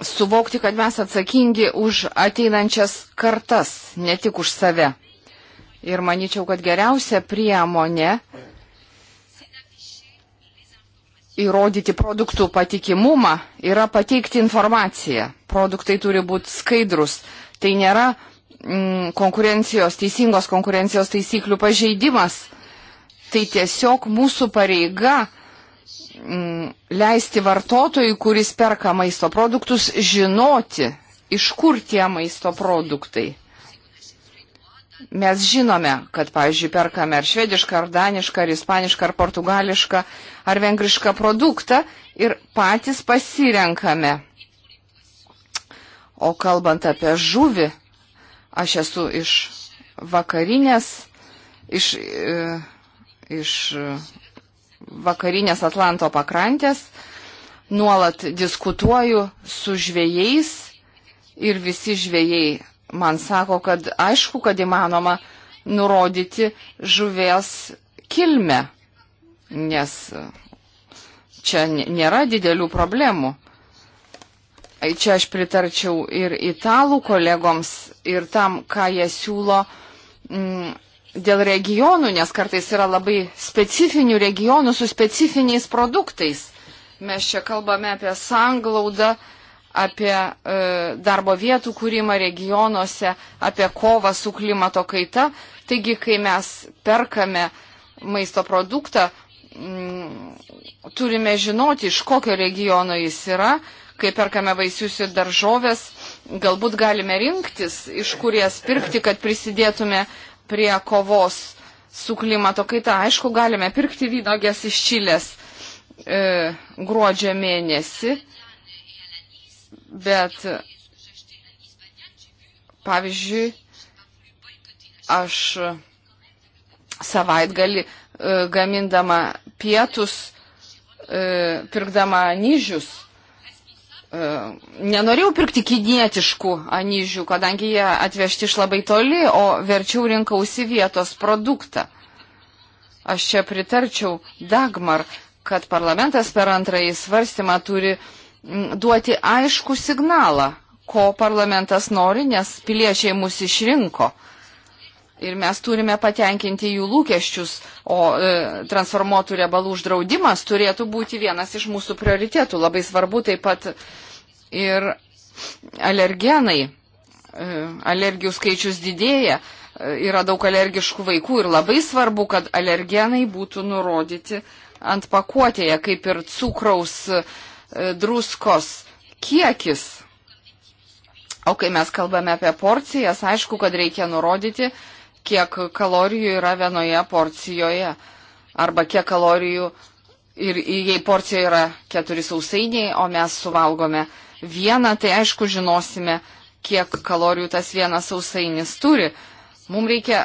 C: suvokti, kad mes atsakingi už ateinančias kartas, ne tik už save. Ir manyčiau, kad geriausia priemonė įrodyti produktų patikimumą yra pateikti informaciją. Produktai turi būti skaidrus. Tai nėra mm, konkurencijos, teisingos konkurencijos taisyklių pažeidimas. Tai tiesiog mūsų pareiga Mm, leisti vartotojui, kuris perka maisto produktus, žinoti, iš kur tie maisto produktai. Mes žinome, kad, pavyzdžiui, perkame ar švedišką, ar danišką, ar ispanišką, ar portugališką, ar vengrišką produktą ir patys pasirenkame. O kalbant apie žuvį, aš esu iš vakarinės, iš, e, iš vakarinės Atlanto pakrantės, nuolat diskutuoju su žvėjais ir visi žvėjai man sako, kad aišku, kad įmanoma nurodyti žuvies kilmę, nes čia nėra didelių problemų. Čia aš pritarčiau ir italų kolegoms, ir tam, ką jie siūlo. Mm, dėl regionų, nes kartais yra labai specifinių regionų su specifiniais produktais. Mes čia kalbame apie sanglaudą, apie e, darbo vietų kūrimą regionuose, apie kovą su klimato kaita. Taigi, kai mes perkame maisto produktą, m, mm, turime žinoti, iš kokio regiono jis yra, kai perkame vaisius ir daržovės, galbūt galime rinktis, iš kur jas pirkti, kad prisidėtume prie kovos su klimato kaita. Aišku, galime pirkti vynogės iš Čilės e, gruodžio mėnesį, bet pavyzdžiui, aš savaitgali e, gamindama pietus, e, pirkdama nyžius E, nenorėjau pirkti kinietiškų anyžių, kadangi jie atvežti iš labai toli, o verčiau rinkausi vietos produktą. Aš čia pritarčiau Dagmar, kad parlamentas per antrąjį svarstymą turi duoti aišku signalą, ko parlamentas nori, nes piliečiai mus išrinko. Ir mes turime patenkinti jų lūkesčius, o e, transformuotų riebalų uždraudimas turėtų būti vienas iš mūsų prioritėtų. Labai svarbu taip pat ir alergenai. E, alergijų skaičius didėja, e, yra daug alergiškų vaikų ir labai svarbu, kad alergenai būtų nurodyti ant pakuotėje, kaip ir cukraus, e, druskos kiekis. O kai mes kalbame apie porcijas, aišku, kad reikia nurodyti, kiek kalorijų yra vienoje porcijoje arba kiek kalorijų ir jei porcija yra keturi sausainiai, o mes suvalgome vieną, tai aišku žinosime, kiek kalorijų tas vienas sausainis turi. Mums reikia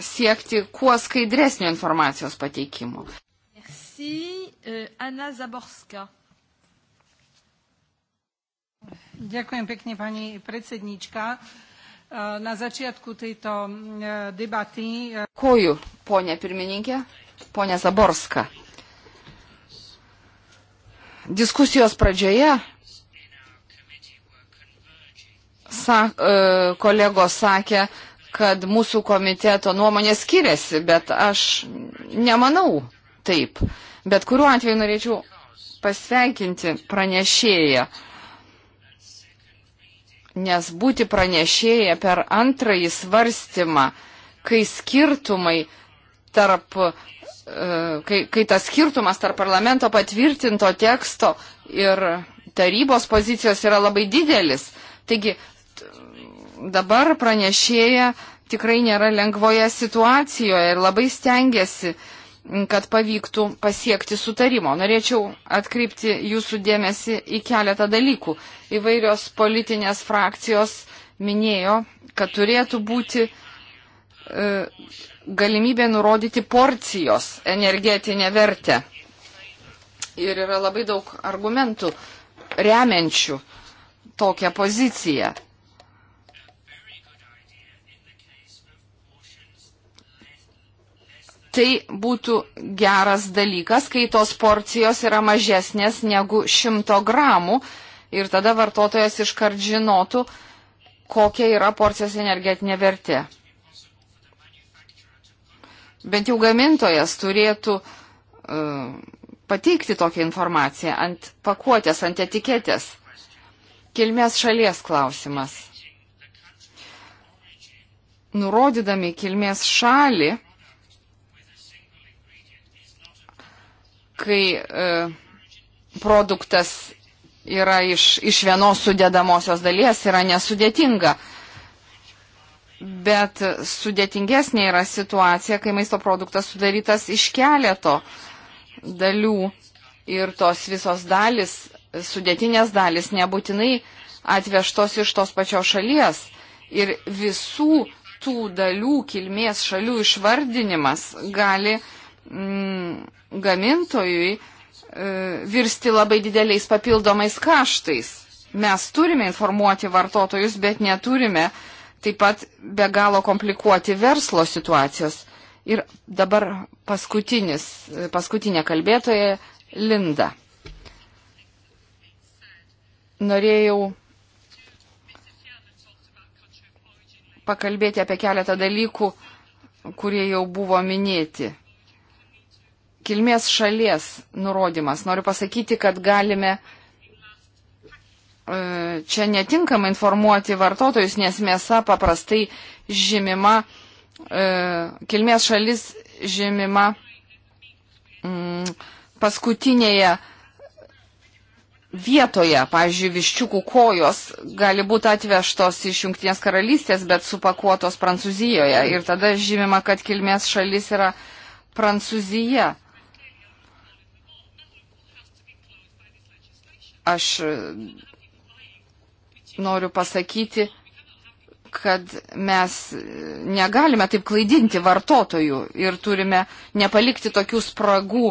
C: siekti kuo skaidresnio informacijos pateikimo. Merci, euh, Ana Zaborska. Ďakujem pekne, pani predsedníčka na začiatku tejto e, debaty. E, Koju, ponė pirmininkė, ponė Zaborska. Diskusijos pradžioje sa, e, kolegos sakė, kad mūsų komiteto nuomonė skiriasi, bet aš nemanau taip. Bet kuriuo atveju norėčiau pasveikinti pranešėją. Nes būti pranešėję per antrąjį svarstymą, kai skirtumai tarp, e, kai, kai tas skirtumas tarp parlamento patvirtinto teksto ir tarybos pozicijos yra labai didelis. Taigi dabar pranešėja tikrai nėra lengvoje situacijoje ir labai stengiasi uh, kad pavyktų pasiekti sutarimo. Norėčiau atkreipti jūsų dėmesį į keletą dalykų. Įvairios politinės frakcijos minėjo, kad turėtų būti e, galimybė nurodyti porcijos energetinę vertę. Ir yra labai daug argumentų remiančių tokią poziciją. Tai būtų geras dalykas, kai tos porcijos yra mažesnės negu 100 gramų ir tada vartotojas iškart žinotų, kokia yra porcijos energetinė vertė. Bent jau gamintojas turėtų uh, pateikti tokią informaciją ant pakuotės, ant etiketės. Kilmės šalies klausimas. Nurodydami kilmės šalį, kai e, produktas yra iš, iš vienos sudėdamosios dalies, yra nesudėtinga. Bet sudėtingesnė yra situacija, kai maisto produktas sudarytas iš keleto dalių ir tos visos dalis, sudėtinės dalis nebūtinai atvežtos iš tos pačios šalies. Ir visų tų dalių kilmės šalių išvardinimas gali uh, Mm, gamintojui e, virsti labai dideliais papildomais kaštais. Mes turime informuoti vartotojus, bet neturime taip pat be galo komplikuoti verslo situacijos. Ir dabar paskutinis, e, paskutinė kalbėtoja Linda. Norėjau pakalbėti apie keletą dalykų, kurie jau buvo minėti kilmės šalies nurodymas. Noriu pasakyti, kad galime e, čia netinkamai informuoti vartotojus, nes mėsa paprastai žymima, e, kilmės šalis žymima mm, paskutinėje vietoje, pavyzdžiui, viščiukų kojos gali būti atvežtos iš Junktinės karalystės, bet supakuotos Prancūzijoje. Ir tada žymima, kad kilmės šalis yra Prancūzija. Aš e, noriu pasakyti, kad mes e, negalime taip klaidinti vartotojų ir turime nepalikti tokių spragų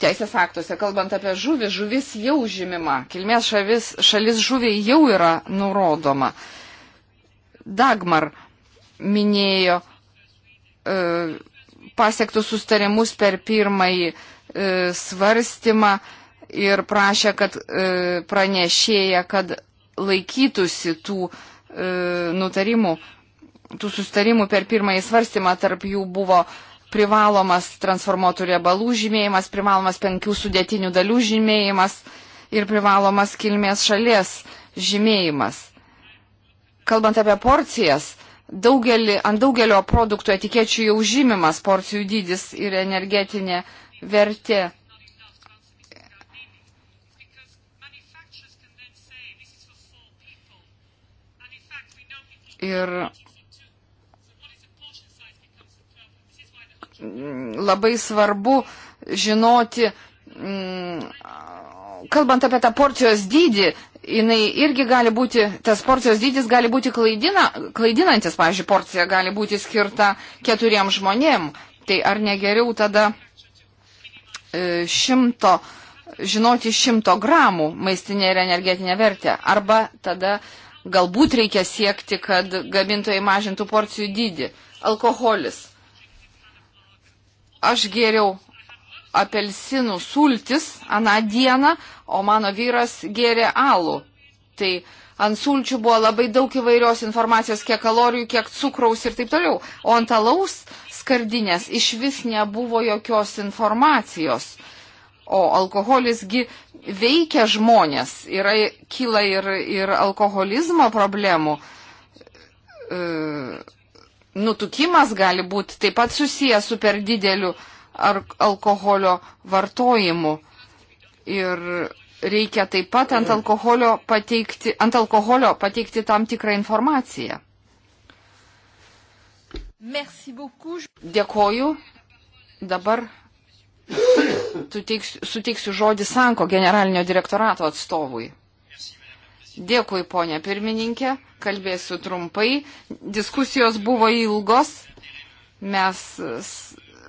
C: teisės aktuose. Kalbant apie žuvį, žuvis jau žymima, kilmės šalis, šalis žuviai jau yra nurodoma. Dagmar minėjo e, pasiektus sustarimus per pirmąjį e, svarstymą. E, ir prašė, kad e, pranešėja, kad laikytųsi tų e, nutarimų, tų sustarimų per pirmąjį svarstymą, tarp jų buvo privalomas transformuotų riebalų žymėjimas, privalomas penkių sudėtinių dalių žymėjimas ir privalomas kilmės šalies žymėjimas. Kalbant apie porcijas, daugelį, ant daugelio produktų etikečių jau žymimas porcijų dydis ir energetinė vertė. Ir labai svarbu žinoti, mm, kalbant apie tą porcijos dydį, jinai irgi gali būti, tas porcijos dydis gali būti klaidina, klaidinantis, pavyzdžiui, porcija gali būti skirta keturiem žmonėm. Tai ar negeriau tada e, šimto, žinoti šimto gramų maistinė ir energetinė vertė, arba tada Galbūt reikia siekti, kad gamintojai mažintų porcijų dydį. Alkoholis. Aš geriau apelsinų sultis aną dieną, o mano vyras gėrė alų. Tai ant sulčių buvo labai daug įvairios informacijos, kiek kalorijų, kiek cukraus ir taip toliau. O ant alaus skardinės iš vis nebuvo jokios informacijos. O alkoholisgi veikia žmonės, yra, kyla ir, ir alkoholizmo problemų. E, nutukimas gali būti taip pat susijęs su per dideliu ar alkoholio vartojimu. Ir reikia taip pat ant alkoholio pateikti, ant alkoholio pateikti tam tikrą informaciją. Dėkoju. Dabar suteiksiu, suteiksiu žodį Sanko generalinio direktorato atstovui. Dėkui, ponė pirmininkė, kalbėsiu trumpai. Diskusijos buvo ilgos. Mes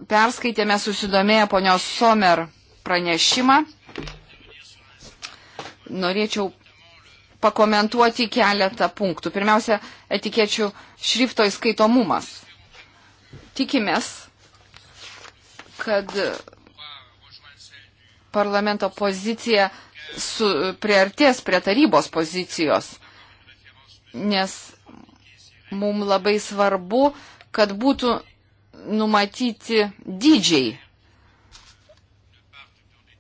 C: perskaitėme susidomėję ponios Somer pranešimą. Norėčiau pakomentuoti keletą punktų. Pirmiausia, etikečių šrifto įskaitomumas. Tikimės, kad parlamento pozicija su, priartės prie tarybos pozicijos, nes mums labai svarbu, kad būtų numatyti dydžiai,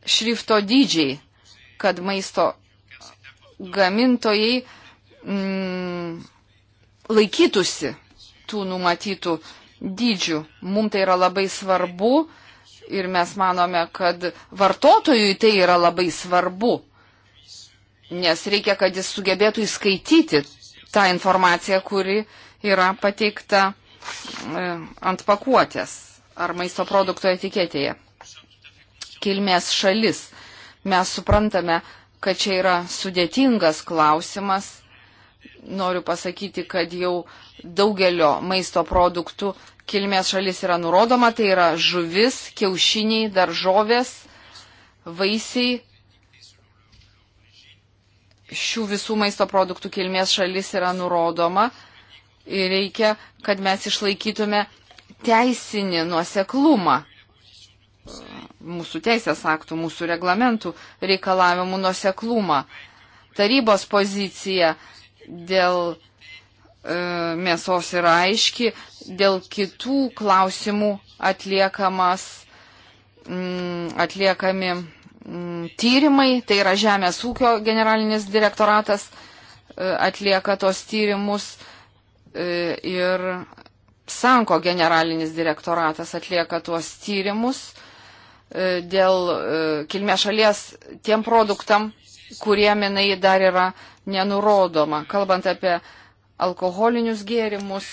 C: šrifto dydžiai, kad maisto gamintojai mm, laikytųsi tų numatytų dydžių. Mums tai yra labai svarbu, ir mes manome, kad vartotojui tai yra labai svarbu, nes reikia, kad jis sugebėtų įskaityti tą informaciją, kuri yra pateikta e, ant pakuotės ar maisto produkto etiketėje. Kilmės šalis. Mes suprantame, kad čia yra sudėtingas klausimas. Noriu pasakyti, kad jau daugelio maisto produktų kilmės šalis yra nurodoma, tai yra žuvis, kiaušiniai, daržovės, vaisiai. Šių visų maisto produktų kilmės šalis yra nurodoma ir reikia, kad mes išlaikytume teisinį nuoseklumą mūsų teisės aktų, mūsų reglamentų reikalavimų nuoseklumą. Tarybos pozicija dėl E, mėsos yra aiški, dėl kitų klausimų atliekamas, mm, atliekami mm, tyrimai, tai yra Žemės ūkio generalinis direktoratas e, atlieka tos tyrimus e, ir Sanko generalinis direktoratas atlieka tuos tyrimus dėl kilmės šalies tiem produktam, kuriem jinai dar yra nenurodoma. Kalbant apie uh, alkoholinius gėrimus,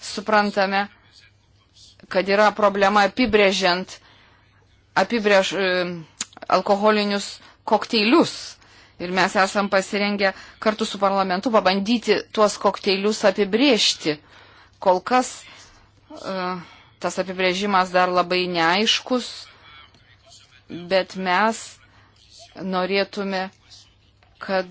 C: suprantame, kad yra problema apibrėžiant apibrėž, e, alkoholinius kokteilius. Ir mes esam pasirengę kartu su parlamentu pabandyti tuos kokteilius apibrėžti. Kol kas e, tas apibrėžimas dar labai neaiškus, bet mes norėtume, kad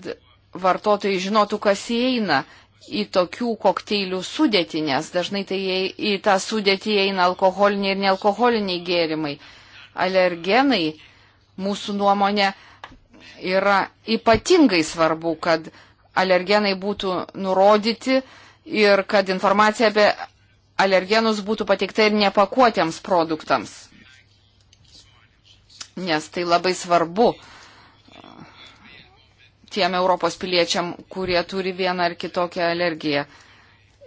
C: vartotojai žinotų, kas įeina į tokių kokteilių sudėtį, nes dažnai tai į tą sudėtį įeina alkoholiniai ir nealkoholiniai gėrimai. Alergenai, mūsų nuomonė, yra ypatingai svarbu, kad alergenai būtų nurodyti ir kad informacija apie alergenus būtų pateikta ir nepakuotiems produktams. Nes tai labai svarbu tiem Europos piliečiam, kurie turi vieną ar kitokią alergiją.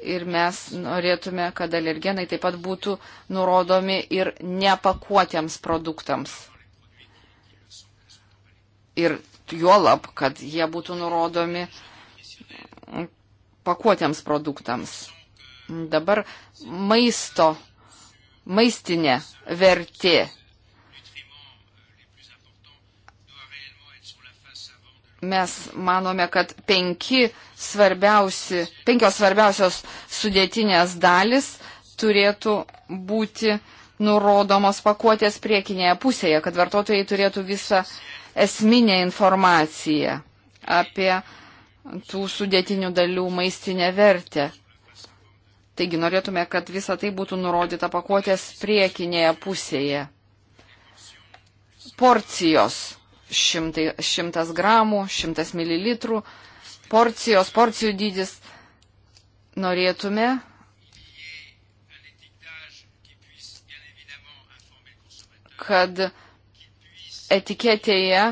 C: Ir mes norėtume, kad alergenai taip pat būtų nurodomi ir nepakuotiems produktams. Ir juolab, kad jie būtų nurodomi pakuotiems produktams. Dabar maisto, maistinė vertė mes manome, kad penki svarbiausi, penkios svarbiausios sudėtinės dalis turėtų būti nurodomos pakuotės priekinėje pusėje, kad vartotojai turėtų visą esminę informaciją apie tų sudėtinių dalių maistinę vertę. Taigi norėtume, kad visa tai būtų nurodyta pakuotės priekinėje pusėje. Porcijos šimtai, šimtas gramų, šimtas mililitrų, porcijos, porcijų dydis. Norėtume, kad etiketėje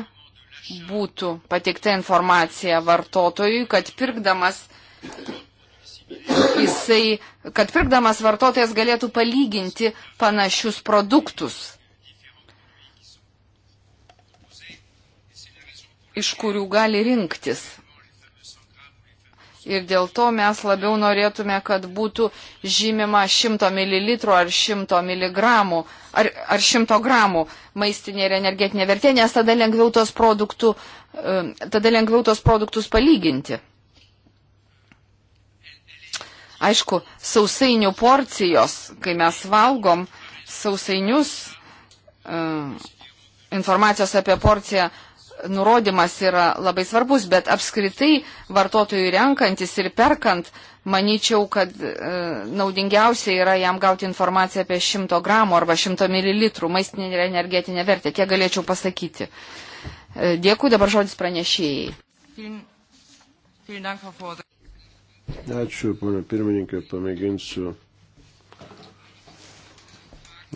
C: būtų pateikta informacija vartotojui, kad pirkdamas jisai, kad pirkdamas vartotojas galėtų palyginti panašius produktus iš kurių gali rinktis. Ir dėl to mes labiau norėtume, kad būtų žymima 100 ml ar 100 mg ar, ar 100 gramų maistinė ir energetinė vertė, nes tada lengviau tos, produktų, um, tada lengviau tos produktus palyginti. Aišku, sausainių porcijos, kai mes valgom sausainius, um, informacijos apie porciją nurodymas yra labai svarbus, bet apskritai vartotojui renkantis ir perkant, manyčiau, kad e, naudingiausia yra jam gauti informaciją apie 100 gramų arba 100 ml maistinį ir energetinę vertę, kiek galėčiau pasakyti. E, dėkui, dabar žodis pranešėjai.
A: Ačiū, pana pirmininkė, pamėginsiu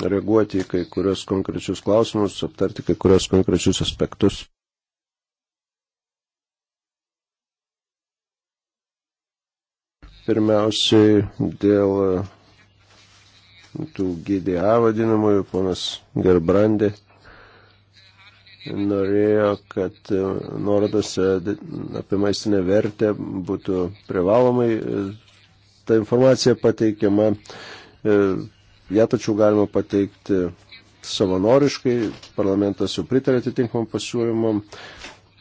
A: reaguoti į kai kurios konkrečius klausimus, aptarti kai kurios konkrečius aspektus. Pirmiausiai dėl tų GDA vadinamųjų, ponas Gerbrandė norėjo, kad nuorodos apie maistinę vertę būtų privalomai e, ta informacija pateikiama. E, ja tačiau galima pateikti savanoriškai, parlamentas jau pritarė atitinkamam pasiūlymam,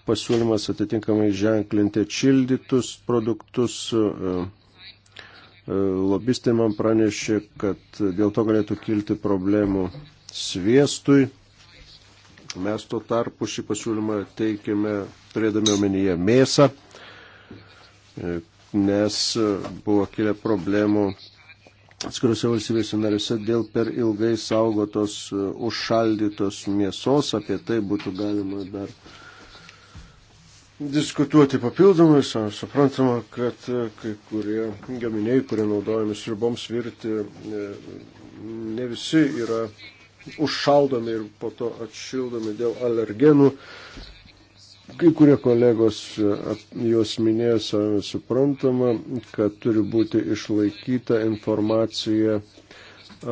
A: pasiūlymas atitinkamai ženklinti atšildytus produktus, e, Lobistai man pranešė, kad dėl to galėtų kilti problemų sviestui. Mes tuo tarpu šį pasiūlymą teikėme turėdami omenyje mėsą, nes buvo kilę problemų atskiruose valstybėse narėse dėl per ilgai saugotos užšaldytos mėsos, apie tai būtų galima dar diskutuoti papildomai, suprantama, kad e, kai kurie gaminiai, kurie naudojami sriuboms virti, e, ne visi yra užšaldomi ir po to atšildomi dėl alergenų. Kai kurie kolegos e, juos minėjo, savame suprantama, kad turi būti išlaikyta informacija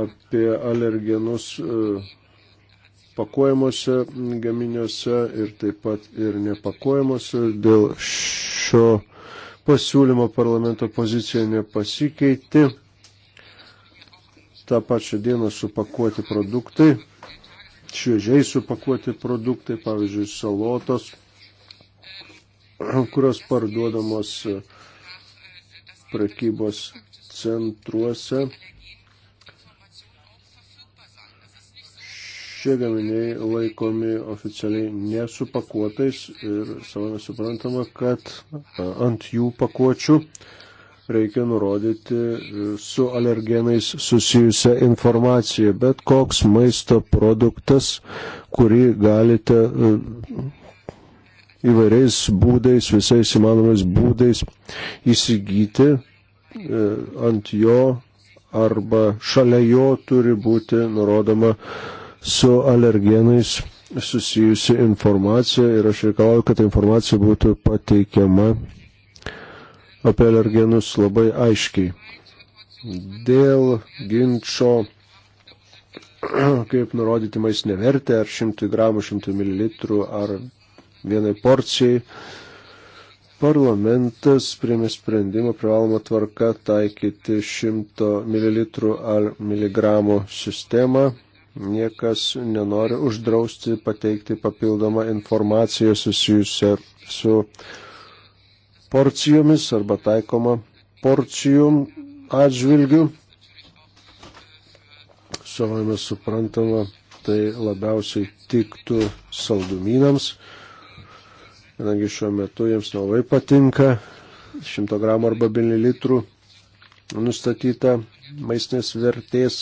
A: apie alergenus pakuojamuose gaminiuose ir taip pat ir nepakuojamuose. Dėl šio pasiūlymo parlamento pozicija nepasikeiti. Ta pačia diena supakuoti produktai, šviežiai supakuoti produktai, pavyzdžiui, salotos, kurios parduodamos prekybos centruose šie gaminiai laikomi oficialiai nesupakuotais ir savame suprantama, kad ant jų pakuočių reikia nurodyti e, su alergenais susijusią informaciją, bet koks maisto produktas, kurį galite e, įvairiais būdais, visais įmanomais būdais įsigyti, e, ant jo arba šalia jo turi būti nurodoma su alergenais susijusi informacija ir aš reikalauju, kad informacija būtų pateikiama apie alergenus labai aiškiai. Dėl ginčio, <clears throat> kaip nurodyti maistinę vertę, ar 100 gramų, 100 ml, ar vienai porcijai, parlamentas priėmė sprendimą privalomą tvarką taikyti 100 ml ar mg sistemą Niekas nenori uždrausti pateikti papildomą informaciją susijusią su porcijomis arba taikoma porcijų atžvilgių. Savame suprantama, tai labiausiai tiktų saldumynams, kadangi šiuo metu jiems labai patinka 100 gramų arba mililitrų nustatyta maistinės vertės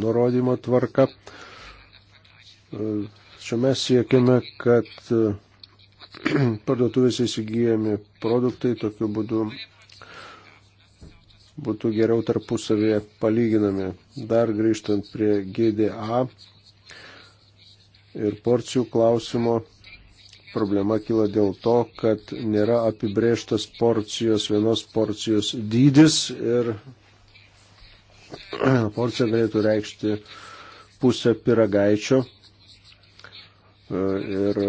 A: nurodymo tvarka. Čia mes siekiame, kad <clears throat> parduotuvėse įsigijami produktai tokiu būdu būtų geriau tarpusavėje palyginami. Dar grįžtant prie GDA ir porcijų klausimo, problema kyla dėl to, kad nėra apibrėžtas porcijos, vienos porcijos dydis ir <clears throat> Porcija galėtų reikšti pusę piragaičio e, ir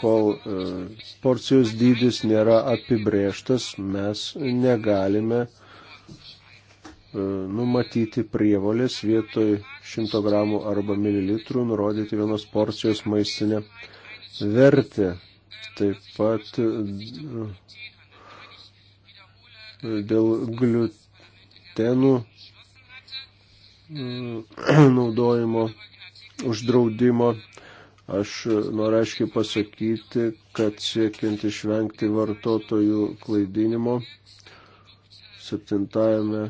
A: kol e, porcijos dydis nėra apibrėžtas, mes negalime e, numatyti prievolės vietoj 100 gramų arba mililitrų nurodyti vienos porcijos maistinę vertę. Taip pat dėl gliutenų Mm. <clears throat> naudojimo uždraudimo. Aš e, noriu aiškiai pasakyti, kad siekiant išvengti vartotojų klaidinimo, septintajame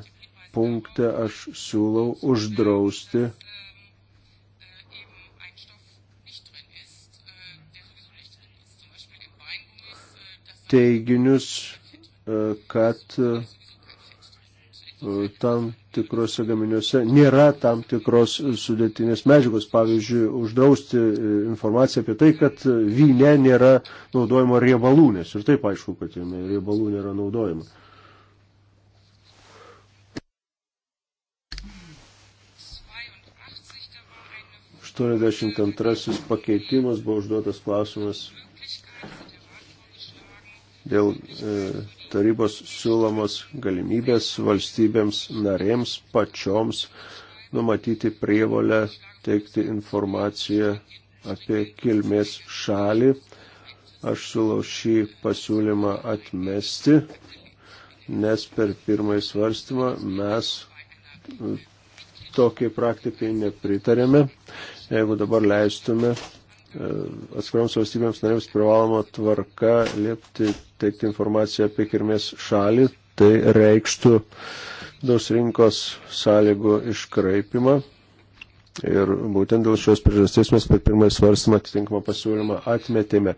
A: punkte aš siūlau uždrausti teiginius, e, kad tam tikrose gaminiuose nėra tam tikros sudėtinės medžiagos. Pavyzdžiui, uždrausti e, informaciją apie tai, kad vyne nėra naudojama riebalų, nes ir taip aišku, kad jame riebalų nėra naudojama. Aštuoniasdešimt antrasis pakeitimas buvo užduotas klausimas dėl e, tarybos siūlomos galimybės valstybėms narėms pačioms numatyti prievolę teikti informaciją apie kilmės šalį. Aš siūlau šį pasiūlymą atmesti, nes per pirmąjį svarstymą mes e, tokiai praktikai nepritarėme. Jeigu dabar leistume e, atskiroms valstybėms narėms privaloma tvarka liepti teikti informaciją apie kirmės šalį, tai reikštų daus rinkos sąlygų iškraipimą. Ir būtent dėl šios priežasties mes per pirmąjį svarstymą atitinkamą pasiūlymą atmetėme.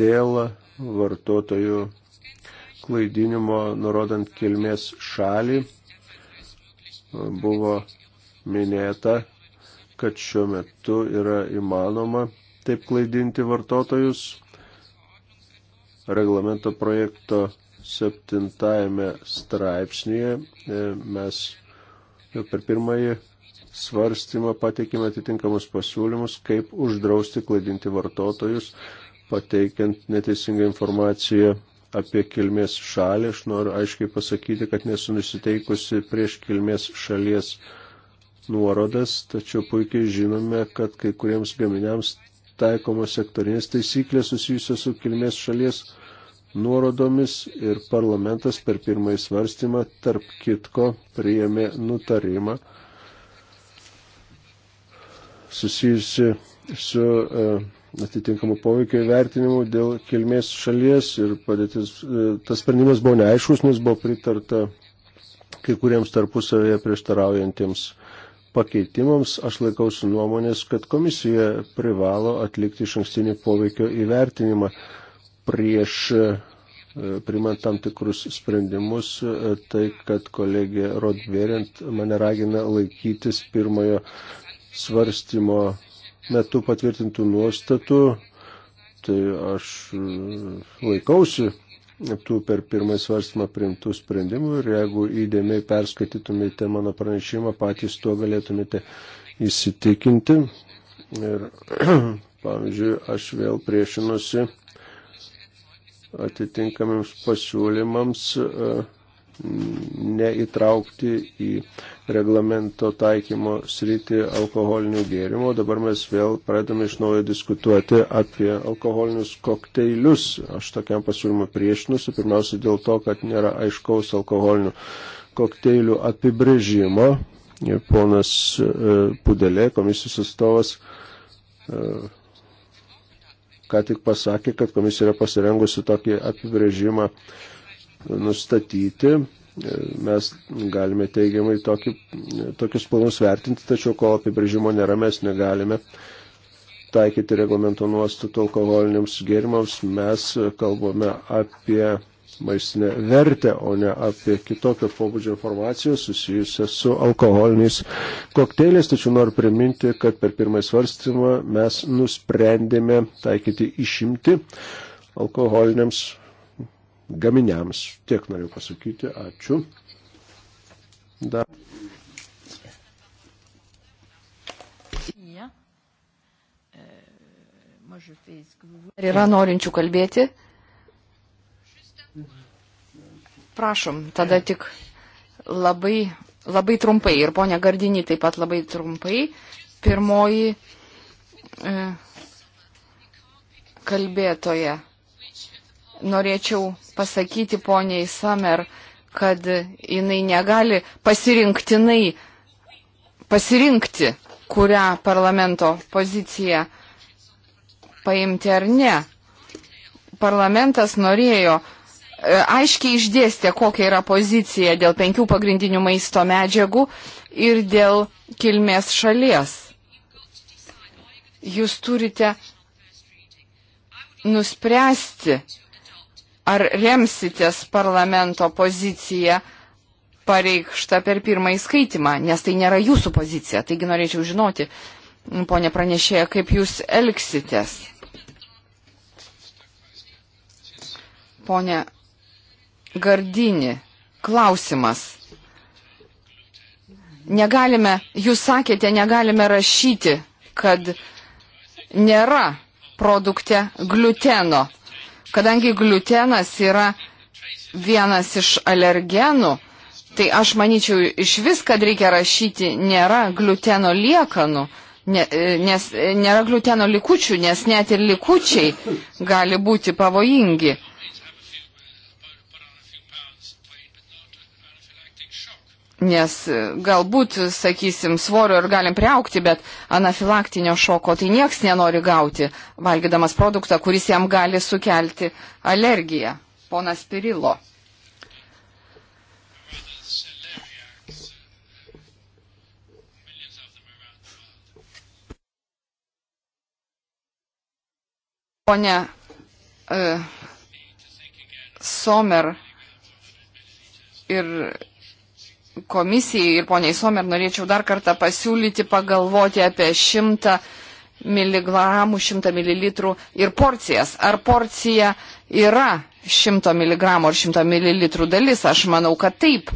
A: Dėl vartotojų klaidinimo nurodant kilmės šalį buvo minėta, kad šiuo metu yra įmanoma taip klaidinti vartotojus. Reglamento projekto septintajame straipsnėje e, mes jau per pirmąjį svarstymą pateikime atitinkamus pasiūlymus, kaip uždrausti klaidinti vartotojus, pateikiant neteisingą informaciją apie kilmės šalį. Aš noriu aiškiai pasakyti, kad nesu nusiteikusi prieš kilmės šalies nuorodas, tačiau puikiai žinome, kad kai kuriems gaminiams taikomos sektorinės taisyklės susijusios su kilmės šalies nuorodomis ir parlamentas per pirmąjį svarstymą tarp kitko priėmė nutarimą susijusi su e, atitinkamu poveikio įvertinimu dėl kilmės šalies ir padėtis. E, tas sprendimas buvo neaiškus, nes buvo pritarta kai kuriems tarpusavėje prieštaraujantiems pakeitimams aš laikausi nuomonės, kad komisija privalo atlikti iš ankstinį poveikio įvertinimą prieš e, primant tam tikrus sprendimus. E, tai, kad kolegė Rodvėrint mane ragina laikytis pirmojo svarstymo metu patvirtintų nuostatų, tai aš e, laikausi tų per pirmąjį svarstymą priimtų sprendimų ir jeigu įdėmiai perskaitytumėte mano pranešimą, patys tuo galėtumėte įsitikinti. Ir, <clears throat> pavyzdžiui, aš vėl priešinusi atitinkamiems pasiūlymams. Uh, neįtraukti į reglamento taikymo sritį alkoholinių gėrimų. Dabar mes vėl pradame iš naujo diskutuoti apie alkoholinius kokteilius. Aš tokiam pasiūlymui priešinusi, pirmiausia dėl to, kad nėra aiškaus alkoholinių kokteilių apibrėžimo. Ir ponas e, Pudelė, komisijos atstovas, e, ką tik pasakė, kad komisija yra pasirengusi tokį apibrėžimą nustatyti. Mes galime teigiamai tokį, tokius planus vertinti, tačiau kol apibrėžimo nėra, mes negalime taikyti reglamento nuostatų alkoholiniams gėrimams. Mes kalbame apie maistinę vertę, o ne apie kitokio pobūdžio informaciją susijusią su alkoholiniais kokteiliais. Tačiau noriu priminti, kad per pirmąjį svarstymą mes nusprendėme taikyti išimti alkoholiniams gaminiams. Tiek noriu pasakyti. Ačiū. Dar.
C: E, Ar yra norinčių kalbėti? Prašom, tada tik labai, labai trumpai ir ponia Gardinį taip pat labai trumpai. Pirmoji e, kalbėtoja norėčiau pasakyti poniai Samer, kad jinai negali pasirinktinai pasirinkti, kurią parlamento poziciją paimti ar ne. Parlamentas norėjo e, aiškiai išdėstė, kokia yra pozicija dėl penkių pagrindinių maisto medžiagų ir dėl kilmės šalies. Jūs turite nuspręsti, ar remsitės parlamento poziciją pareikštą per pirmąjį skaitimą, nes tai nėra jūsų pozicija. Taigi norėčiau žinoti, ponė pranešėja, kaip jūs elgsitės. Pone Gardini, klausimas. Negalime, jūs sakėte, negalime rašyti, kad nėra produkte gluteno kadangi gliutenas yra vienas iš alergenų, tai aš manyčiau iš vis, kad reikia rašyti, nėra gliuteno liekanų, ne, e, nes e, nėra gliuteno likučių, nes net ir likučiai gali būti pavojingi. Nes e, galbūt, sakysim, svorio ir galim priaukti, bet anafilaktinio šoko tai nieks nenori gauti, valgydamas produktą, kuris jam gali sukelti alergiją. Ponas Pirilo. Pone uh, Somer ir komisijai ir poniai Somer norėčiau dar kartą pasiūlyti pagalvoti apie 100 mg, 100 ml ir porcijas. Ar porcija yra 100 mg ar 100 ml dalis? Aš manau, kad taip.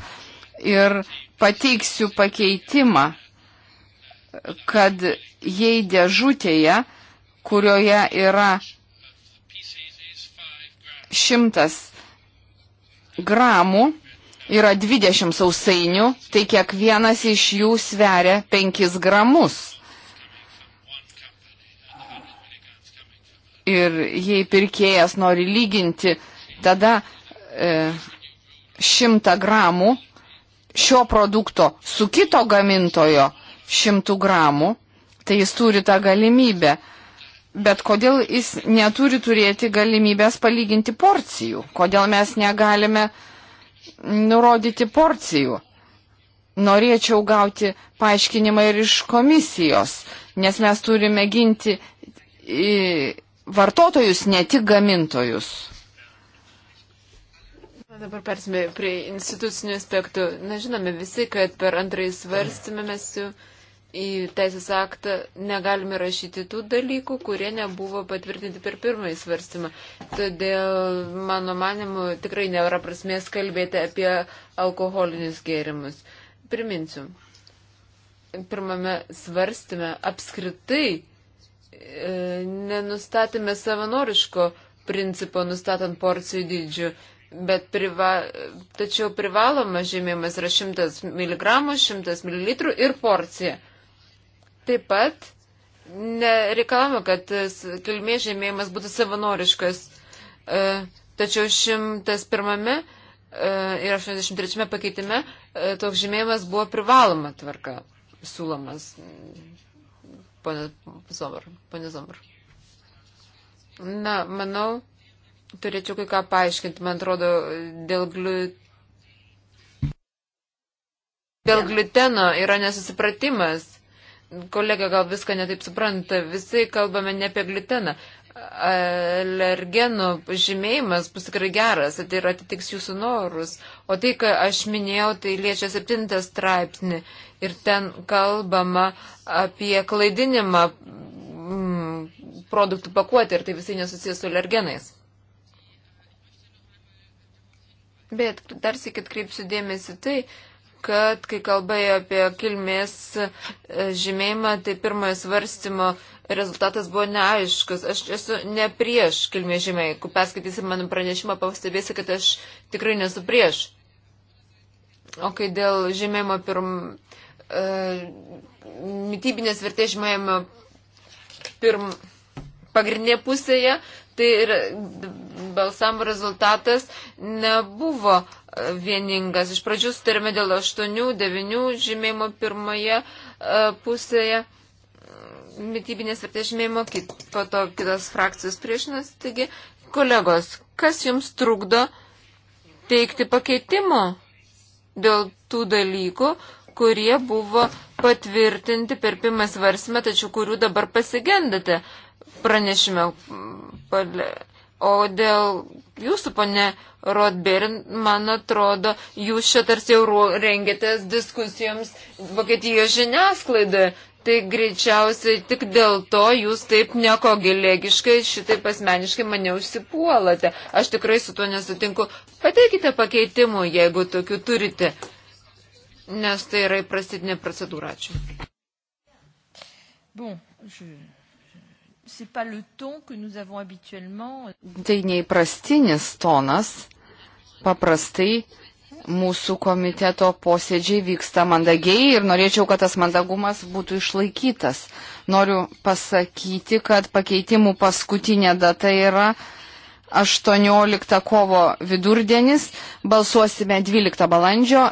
C: Ir pateiksiu pakeitimą, kad jei dėžutėje, kurioje yra 100 gramų, yra 20 sausainių, tai kiekvienas iš jų sveria 5 gramus. Ir jei pirkėjas nori lyginti, tada e, 100 gramų šio produkto su kito gamintojo 100 gramų, tai jis turi tą galimybę. Bet kodėl jis neturi turėti galimybės palyginti porcijų? Kodėl mes negalime uh, nurodyti porcijų. Norėčiau gauti paaiškinimą ir iš komisijos, nes mes turime ginti e, vartotojus, ne tik gamintojus.
B: Na, dabar persime prie institucinių aspektų. Na, žinome visi, kad per antrąjį svarstymą mes jau. Jų į teisės aktą negalime rašyti tų dalykų, kurie nebuvo patvirtinti per pirmąjį svarstymą. Todėl, mano manimu, tikrai nėra prasmės kalbėti apie alkoholinius gėrimus. Priminsiu, pirmame svarstymė apskritai e, nenustatėme savanoriško principo nustatant porcijų dydžių. Bet priva, tačiau privalomas žymėjimas yra 100 mg, 100 ml ir porcija. Taip pat nereikalavome, kad kilmės žymėjimas būtų savanoriškas. E, tačiau 101 e, ir 83 pakeitime e, toks žymėjimas buvo privaloma tvarka siūlomas. Pone Zomar. Pone Zomar. Na, manau, turėčiau kai ką paaiškinti, man atrodo, dėl gliutenų. Dėl gluteno yra nesusipratimas kolega gal viską netaip supranta, visi kalbame ne apie gliteną. Alergenų žymėjimas bus tikrai geras, tai yra atitiks jūsų norus. O tai, ką aš minėjau, tai liečia septintą straipsnį ir ten kalbama apie klaidinimą mm, produktų pakuoti ir tai visai nesusijęs su alergenais. Bet dar sėkit kreipsiu dėmesį tai, kad kai kalbai apie kilmės e, žymėjimą, tai pirmojo svarstymo rezultatas buvo neaiškus. Aš esu ne prieš kilmės žymėjimą. Jeigu perskaitysi mano pranešimą, pastebėsi, kad aš tikrai nesu prieš. O kai dėl žymėjimo pirm... E, mytybinės vertės žymėjimo pirm... pagrindinė pusėje, Tai ir balsam rezultatas nebuvo e, vieningas. Iš pradžių sutarėme dėl 8-9 žymėjimo pirmoje e, pusėje mytybinės vertės žymėjimo, kit, po to kitos frakcijos priešinas. Taigi, kolegos, kas jums trukdo teikti pakeitimo dėl tų dalykų, kurie buvo patvirtinti per pirmą svarsmę, tačiau kurių dabar pasigendate? pranešime. O dėl jūsų, ponė Rodberin, man atrodo, jūs čia tarsi jau rengėtės diskusijoms Vokietijos žiniasklaidoje. Tai greičiausiai tik dėl to jūs taip nieko gilėgiškai, šitaip asmeniškai mane užsipuolate. Aš tikrai su tuo nesutinku. Pateikite pakeitimų, jeigu tokių turite, nes tai yra įprastinė procedūra. Ačiū. Bon,
C: je... Tai neįprastinis tonas. Paprastai mūsų komiteto posėdžiai vyksta mandagiai ir norėčiau, kad tas mandagumas būtų išlaikytas. Noriu pasakyti, kad pakeitimų paskutinė data yra 18 kovo vidurdienis, balsuosime 12 balandžio.